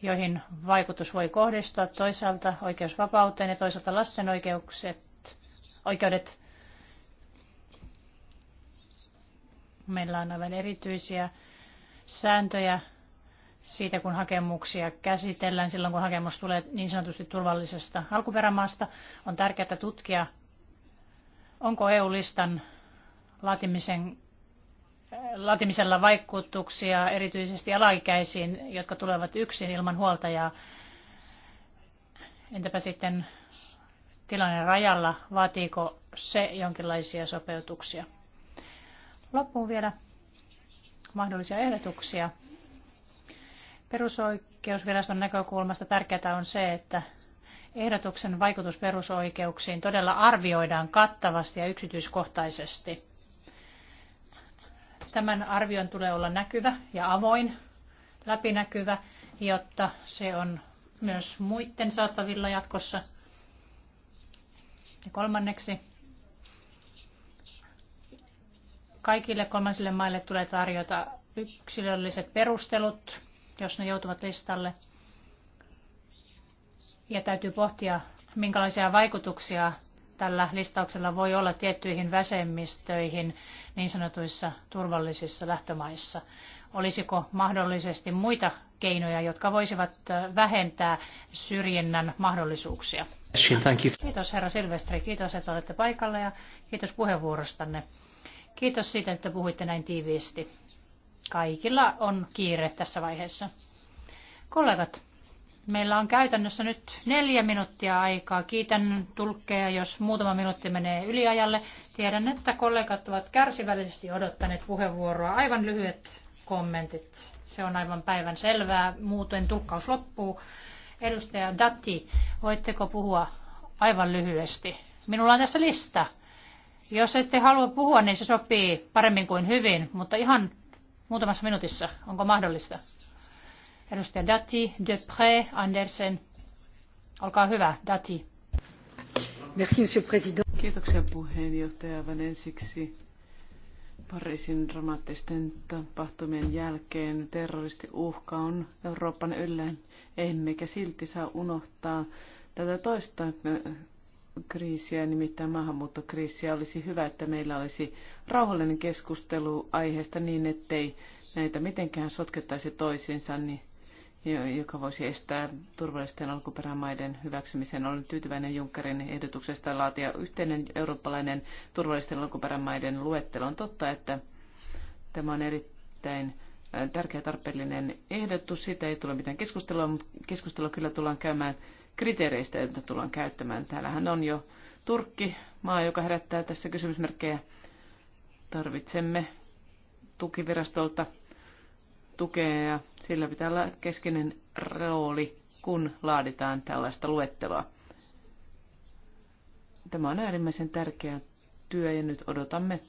joihin vaikutus voi kohdistua. Toisaalta oikeusvapauteen ja toisaalta lasten oikeukset, oikeudet. Meillä on aivan erityisiä sääntöjä siitä, kun hakemuksia käsitellään silloin, kun hakemus tulee niin sanotusti turvallisesta alkuperämaasta. On tärkeää tutkia, onko EU-listan laatimisen, laatimisella vaikutuksia erityisesti alaikäisiin, jotka tulevat yksin ilman huoltajaa. Entäpä sitten tilanne rajalla, vaatiiko se jonkinlaisia sopeutuksia? Loppuun vielä mahdollisia ehdotuksia Perusoikeusviraston näkökulmasta tärkeää on se, että ehdotuksen vaikutus perusoikeuksiin todella arvioidaan kattavasti ja yksityiskohtaisesti. Tämän arvion tulee olla näkyvä ja avoin, läpinäkyvä, jotta se on myös muiden saatavilla jatkossa. Ja kolmanneksi, kaikille kolmansille maille tulee tarjota yksilölliset perustelut jos ne joutuvat listalle. Ja täytyy pohtia, minkälaisia vaikutuksia tällä listauksella voi olla tiettyihin väsemmistöihin niin sanotuissa turvallisissa lähtömaissa. Olisiko mahdollisesti muita keinoja, jotka voisivat vähentää syrjinnän mahdollisuuksia? Kiitos herra Silvestri, kiitos, että olette paikalla ja kiitos puheenvuorostanne. Kiitos siitä, että puhuitte näin tiiviisti. Kaikilla on kiire tässä vaiheessa. Kollegat, meillä on käytännössä nyt neljä minuuttia aikaa. Kiitän tulkkeja, jos muutama minuutti menee yliajalle. Tiedän, että kollegat ovat kärsivällisesti odottaneet puheenvuoroa. Aivan lyhyet kommentit. Se on aivan päivän selvää. Muuten tulkkaus loppuu. Edustaja Datti, voitteko puhua aivan lyhyesti? Minulla on tässä lista. Jos ette halua puhua, niin se sopii paremmin kuin hyvin, mutta ihan Muutamassa minuutissa. Onko mahdollista? Edustaja Dati, Depré, Andersen. Olkaa hyvä, Dati. Merci, monsieur président. Kiitoksia puheenjohtaja. Aivan ensiksi Pariisin dramaattisten tapahtumien jälkeen terroristi uhka on Euroopan yllä, emmekä silti saa unohtaa tätä toista kriisiä, nimittäin maahanmuuttokriisiä. Olisi hyvä, että meillä olisi rauhallinen keskustelu aiheesta niin, ettei näitä mitenkään sotkettaisi toisiinsa, niin, joka voisi estää turvallisten alkuperämaiden hyväksymisen. Olen tyytyväinen Junckerin ehdotuksesta laatia yhteinen eurooppalainen turvallisten alkuperämaiden luettelo. On totta, että tämä on erittäin äh, tärkeä tarpeellinen ehdotus. Siitä ei tule mitään keskustelua, mutta keskustelua kyllä tullaan käymään kriteereistä, joita tullaan käyttämään. Täällähän on jo Turkki, maa, joka herättää tässä kysymysmerkkejä. Tarvitsemme tukivirastolta tukea ja sillä pitää olla keskeinen rooli, kun laaditaan tällaista luetteloa. Tämä on äärimmäisen tärkeä työ ja nyt odotamme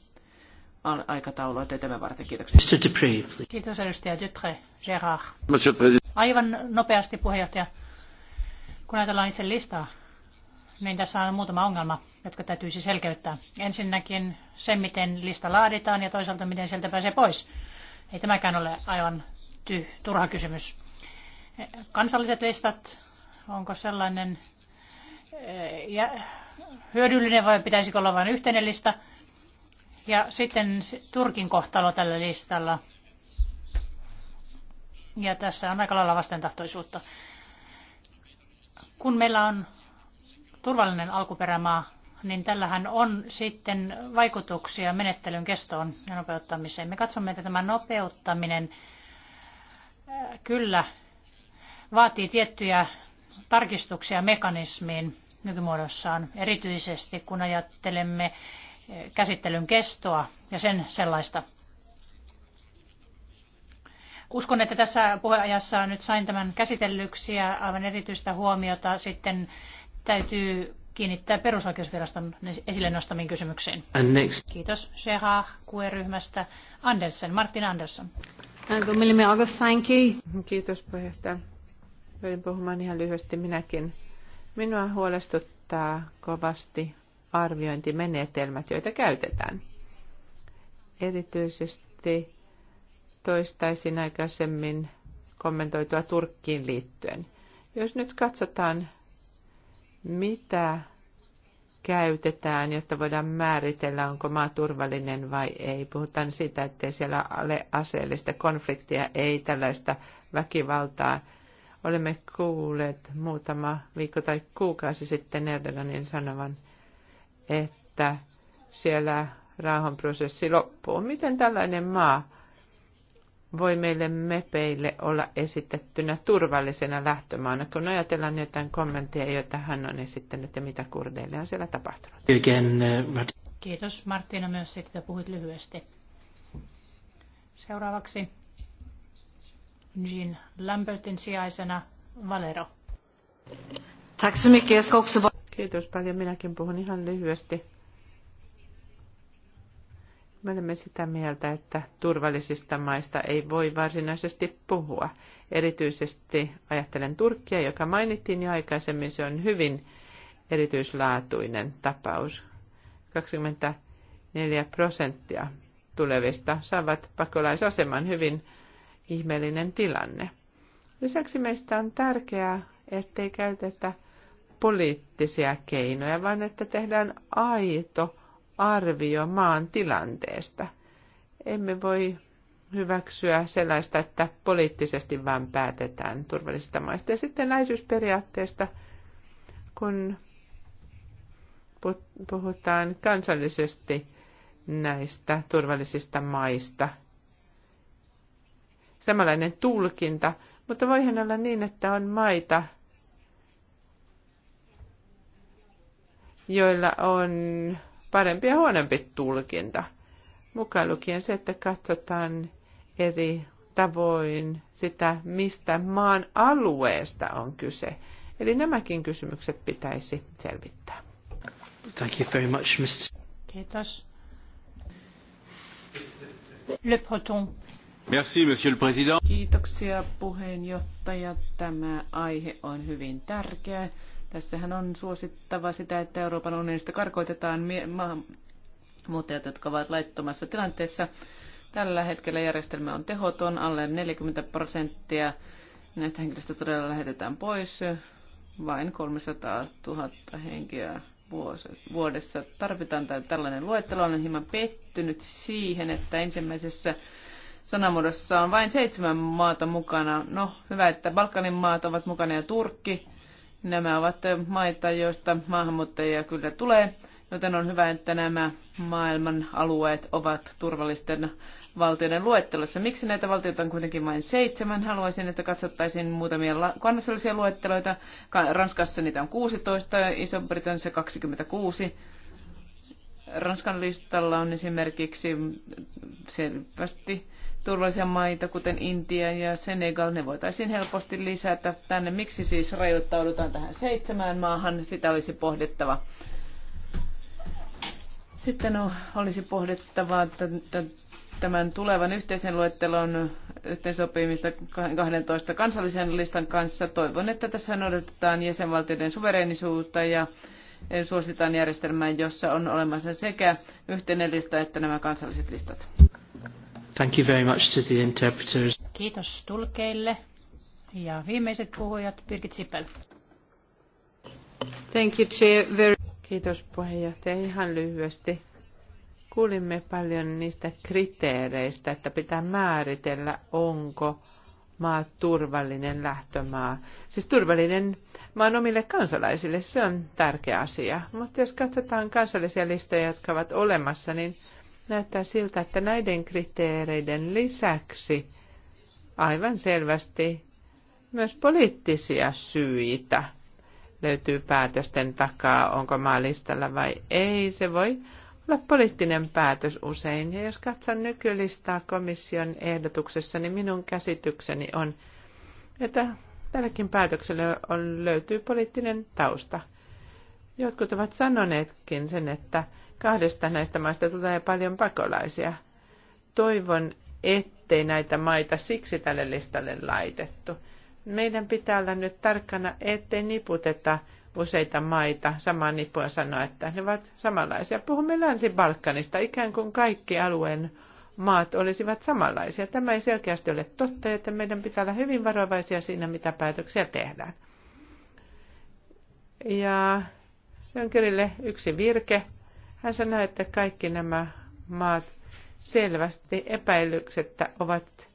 aikataulua työtämme varten. Kiitoksia. Kiitos edustaja Dupré, Gerard. Aivan nopeasti puheenjohtaja. Kun ajatellaan itse listaa, niin tässä on muutama ongelma, jotka täytyisi siis selkeyttää. Ensinnäkin se, miten lista laaditaan ja toisaalta miten sieltä pääsee pois. Ei tämäkään ole aivan ty- turha kysymys. Kansalliset listat, onko sellainen eh, ja hyödyllinen vai pitäisikö olla vain yhteinen lista? Ja sitten Turkin kohtalo tällä listalla. Ja tässä on aika lailla vastentahtoisuutta. Kun meillä on turvallinen alkuperämaa, niin tällähän on sitten vaikutuksia menettelyn kestoon ja nopeuttamiseen. Me katsomme, että tämä nopeuttaminen äh, kyllä vaatii tiettyjä tarkistuksia mekanismiin nykymuodossaan, erityisesti kun ajattelemme äh, käsittelyn kestoa ja sen sellaista. Uskon, että tässä puheajassa nyt sain tämän käsitellyksi ja aivan erityistä huomiota sitten täytyy kiinnittää perusoikeusviraston esille nostamiin kysymyksiin. Kiitos Sheha QE-ryhmästä. Andersen, Martin Andersson. Äh, thank you. Kiitos puheenjohtaja. Voin puhumaan ihan lyhyesti minäkin. Minua huolestuttaa kovasti arviointimenetelmät, joita käytetään. Erityisesti toistaisin aikaisemmin kommentoitua Turkkiin liittyen. Jos nyt katsotaan, mitä käytetään, jotta voidaan määritellä, onko maa turvallinen vai ei. Puhutaan siitä, ettei siellä ole aseellista konfliktia, ei tällaista väkivaltaa. Olemme kuulleet muutama viikko tai kuukausi sitten Erdoganin sanovan, että siellä rauhanprosessi loppuu. Miten tällainen maa voi meille mepeille olla esitettynä turvallisena lähtömaana, kun ajatellaan jotain kommentteja, joita hän on esittänyt ja mitä kurdeille on siellä tapahtunut. Uh, Kiitos Martina myös siitä, että puhuit lyhyesti. Seuraavaksi Jean Lambertin sijaisena Valero. Kiitos paljon. Minäkin puhun ihan lyhyesti. Me olemme sitä mieltä, että turvallisista maista ei voi varsinaisesti puhua. Erityisesti ajattelen Turkkia, joka mainittiin jo aikaisemmin. Se on hyvin erityislaatuinen tapaus. 24 prosenttia tulevista saavat pakolaisaseman hyvin ihmeellinen tilanne. Lisäksi meistä on tärkeää, ettei käytetä poliittisia keinoja, vaan että tehdään aito arvio maan tilanteesta. Emme voi hyväksyä sellaista, että poliittisesti vain päätetään turvallisista maista. Ja sitten läisyysperiaatteesta, kun puhutaan kansallisesti näistä turvallisista maista. Samanlainen tulkinta, mutta voihan olla niin, että on maita, joilla on parempi ja huonompi tulkinta. Mukaan lukien se, että katsotaan eri tavoin sitä, mistä maan alueesta on kyse. Eli nämäkin kysymykset pitäisi selvittää. Thank you very much, Mr. Kiitos. Le Breton. Merci, Monsieur le Président. Kiitoksia puheenjohtaja. Tämä aihe on hyvin tärkeä. Tässähän on suosittava sitä, että Euroopan unionista karkoitetaan maahanmuuttajat, jotka ovat laittomassa tilanteessa. Tällä hetkellä järjestelmä on tehoton, alle 40 prosenttia näistä henkilöistä todella lähetetään pois. Vain 300 000 henkeä vuodessa tarvitaan tällainen luettelo. Olen hieman pettynyt siihen, että ensimmäisessä sanamuodossa on vain seitsemän maata mukana. No, hyvä, että Balkanin maat ovat mukana ja Turkki Nämä ovat maita, joista maahanmuuttajia kyllä tulee, joten on hyvä, että nämä maailman alueet ovat turvallisten valtioiden luettelossa. Miksi näitä valtioita on kuitenkin vain seitsemän? Haluaisin, että katsottaisiin muutamia kansallisia luetteloita. Ranskassa niitä on 16, Iso-Britanniassa 26. Ranskan listalla on esimerkiksi selvästi turvallisia maita, kuten Intia ja Senegal, ne voitaisiin helposti lisätä tänne. Miksi siis rajoittaudutaan tähän seitsemään maahan? Sitä olisi pohdittava. Sitten no, olisi pohdittava tämän tulevan yhteisen luettelon yhteensopimista 12 kansallisen listan kanssa. Toivon, että tässä noudatetaan jäsenvaltioiden suvereenisuutta ja suositaan järjestelmään, jossa on olemassa sekä yhteinen lista että nämä kansalliset listat. Thank you very much to the interpreters. Kiitos tulkeille. Ja viimeiset puhujat, Birgit Sipel. Thank you, Chair. Very... Kiitos puheenjohtaja. Ihan lyhyesti. Kuulimme paljon niistä kriteereistä, että pitää määritellä, onko maa turvallinen lähtömaa. Siis turvallinen maan omille kansalaisille, se on tärkeä asia. Mutta jos katsotaan kansallisia listoja, jotka ovat olemassa, niin näyttää siltä, että näiden kriteereiden lisäksi aivan selvästi myös poliittisia syitä löytyy päätösten takaa, onko maa listalla vai ei. Se voi olla poliittinen päätös usein. Ja jos katson nykylistaa komission ehdotuksessa, niin minun käsitykseni on, että tälläkin päätöksellä on, löytyy poliittinen tausta. Jotkut ovat sanoneetkin sen, että Kahdesta näistä maista tulee paljon pakolaisia. Toivon, ettei näitä maita siksi tälle listalle laitettu. Meidän pitää olla nyt tarkkana, ettei niputeta useita maita samaan nippuun sanoa, että ne ovat samanlaisia. Puhumme Länsi-Balkanista, ikään kuin kaikki alueen maat olisivat samanlaisia. Tämä ei selkeästi ole totta, että meidän pitää olla hyvin varovaisia siinä, mitä päätöksiä tehdään. Ja Jönkerille yksi virke. Hän sanoi, että kaikki nämä maat selvästi epäilyksettä ovat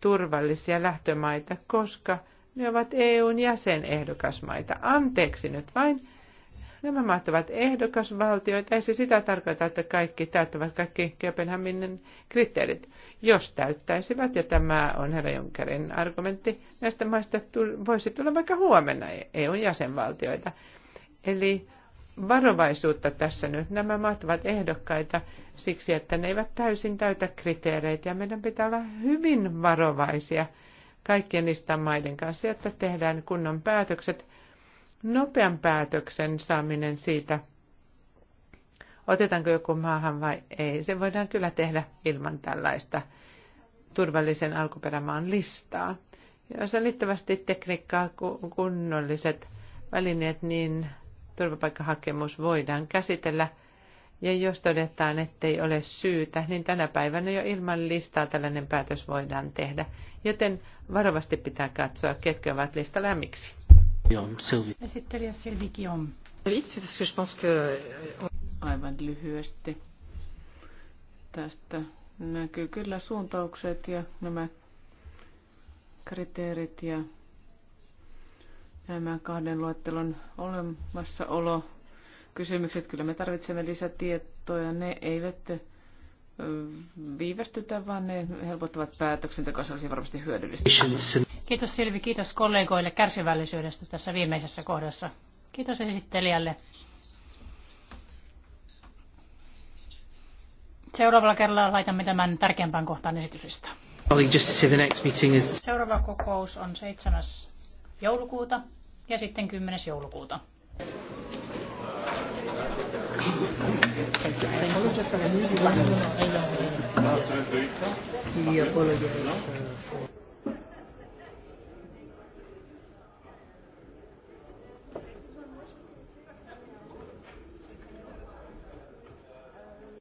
turvallisia lähtömaita, koska ne ovat EUn jäsenehdokasmaita. Anteeksi nyt vain. Nämä maat ovat ehdokasvaltioita. Ei se sitä tarkoita, että kaikki täyttävät kaikki Kööpenhaminen kriteerit. Jos täyttäisivät, ja tämä on herra Junckerin argumentti, näistä maista voisi tulla vaikka huomenna e- EUn jäsenvaltioita. Eli varovaisuutta tässä nyt. Nämä maat ovat ehdokkaita siksi, että ne eivät täysin täytä kriteereitä ja meidän pitää olla hyvin varovaisia kaikkien niistä maiden kanssa, että tehdään kunnon päätökset. Nopean päätöksen saaminen siitä, otetaanko joku maahan vai ei, se voidaan kyllä tehdä ilman tällaista turvallisen alkuperämaan listaa. Jos on liittävästi tekniikkaa, kunnolliset välineet, niin turvapaikkahakemus voidaan käsitellä. Ja jos todetaan, ettei ole syytä, niin tänä päivänä jo ilman listaa tällainen päätös voidaan tehdä. Joten varovasti pitää katsoa, ketkä ovat listalla ja miksi. Esittelijä Sylvie Kion. Euh, Aivan lyhyesti. Tästä näkyy kyllä suuntaukset ja nämä kriteerit ja nämä kahden luettelon olemassaolo kysymykset. Kyllä me tarvitsemme lisätietoja. Ne eivät viivästytä, vaan ne helpottavat päätöksentekoa. Se olisi varmasti hyödyllistä. Kiitos Silvi, kiitos kollegoille kärsivällisyydestä tässä viimeisessä kohdassa. Kiitos esittelijälle. Seuraavalla kerralla laitamme tämän tärkeämpään kohtaan esityslistaan. Seuraava kokous on 7. joulukuuta ja sitten 10. joulukuuta. He apologized for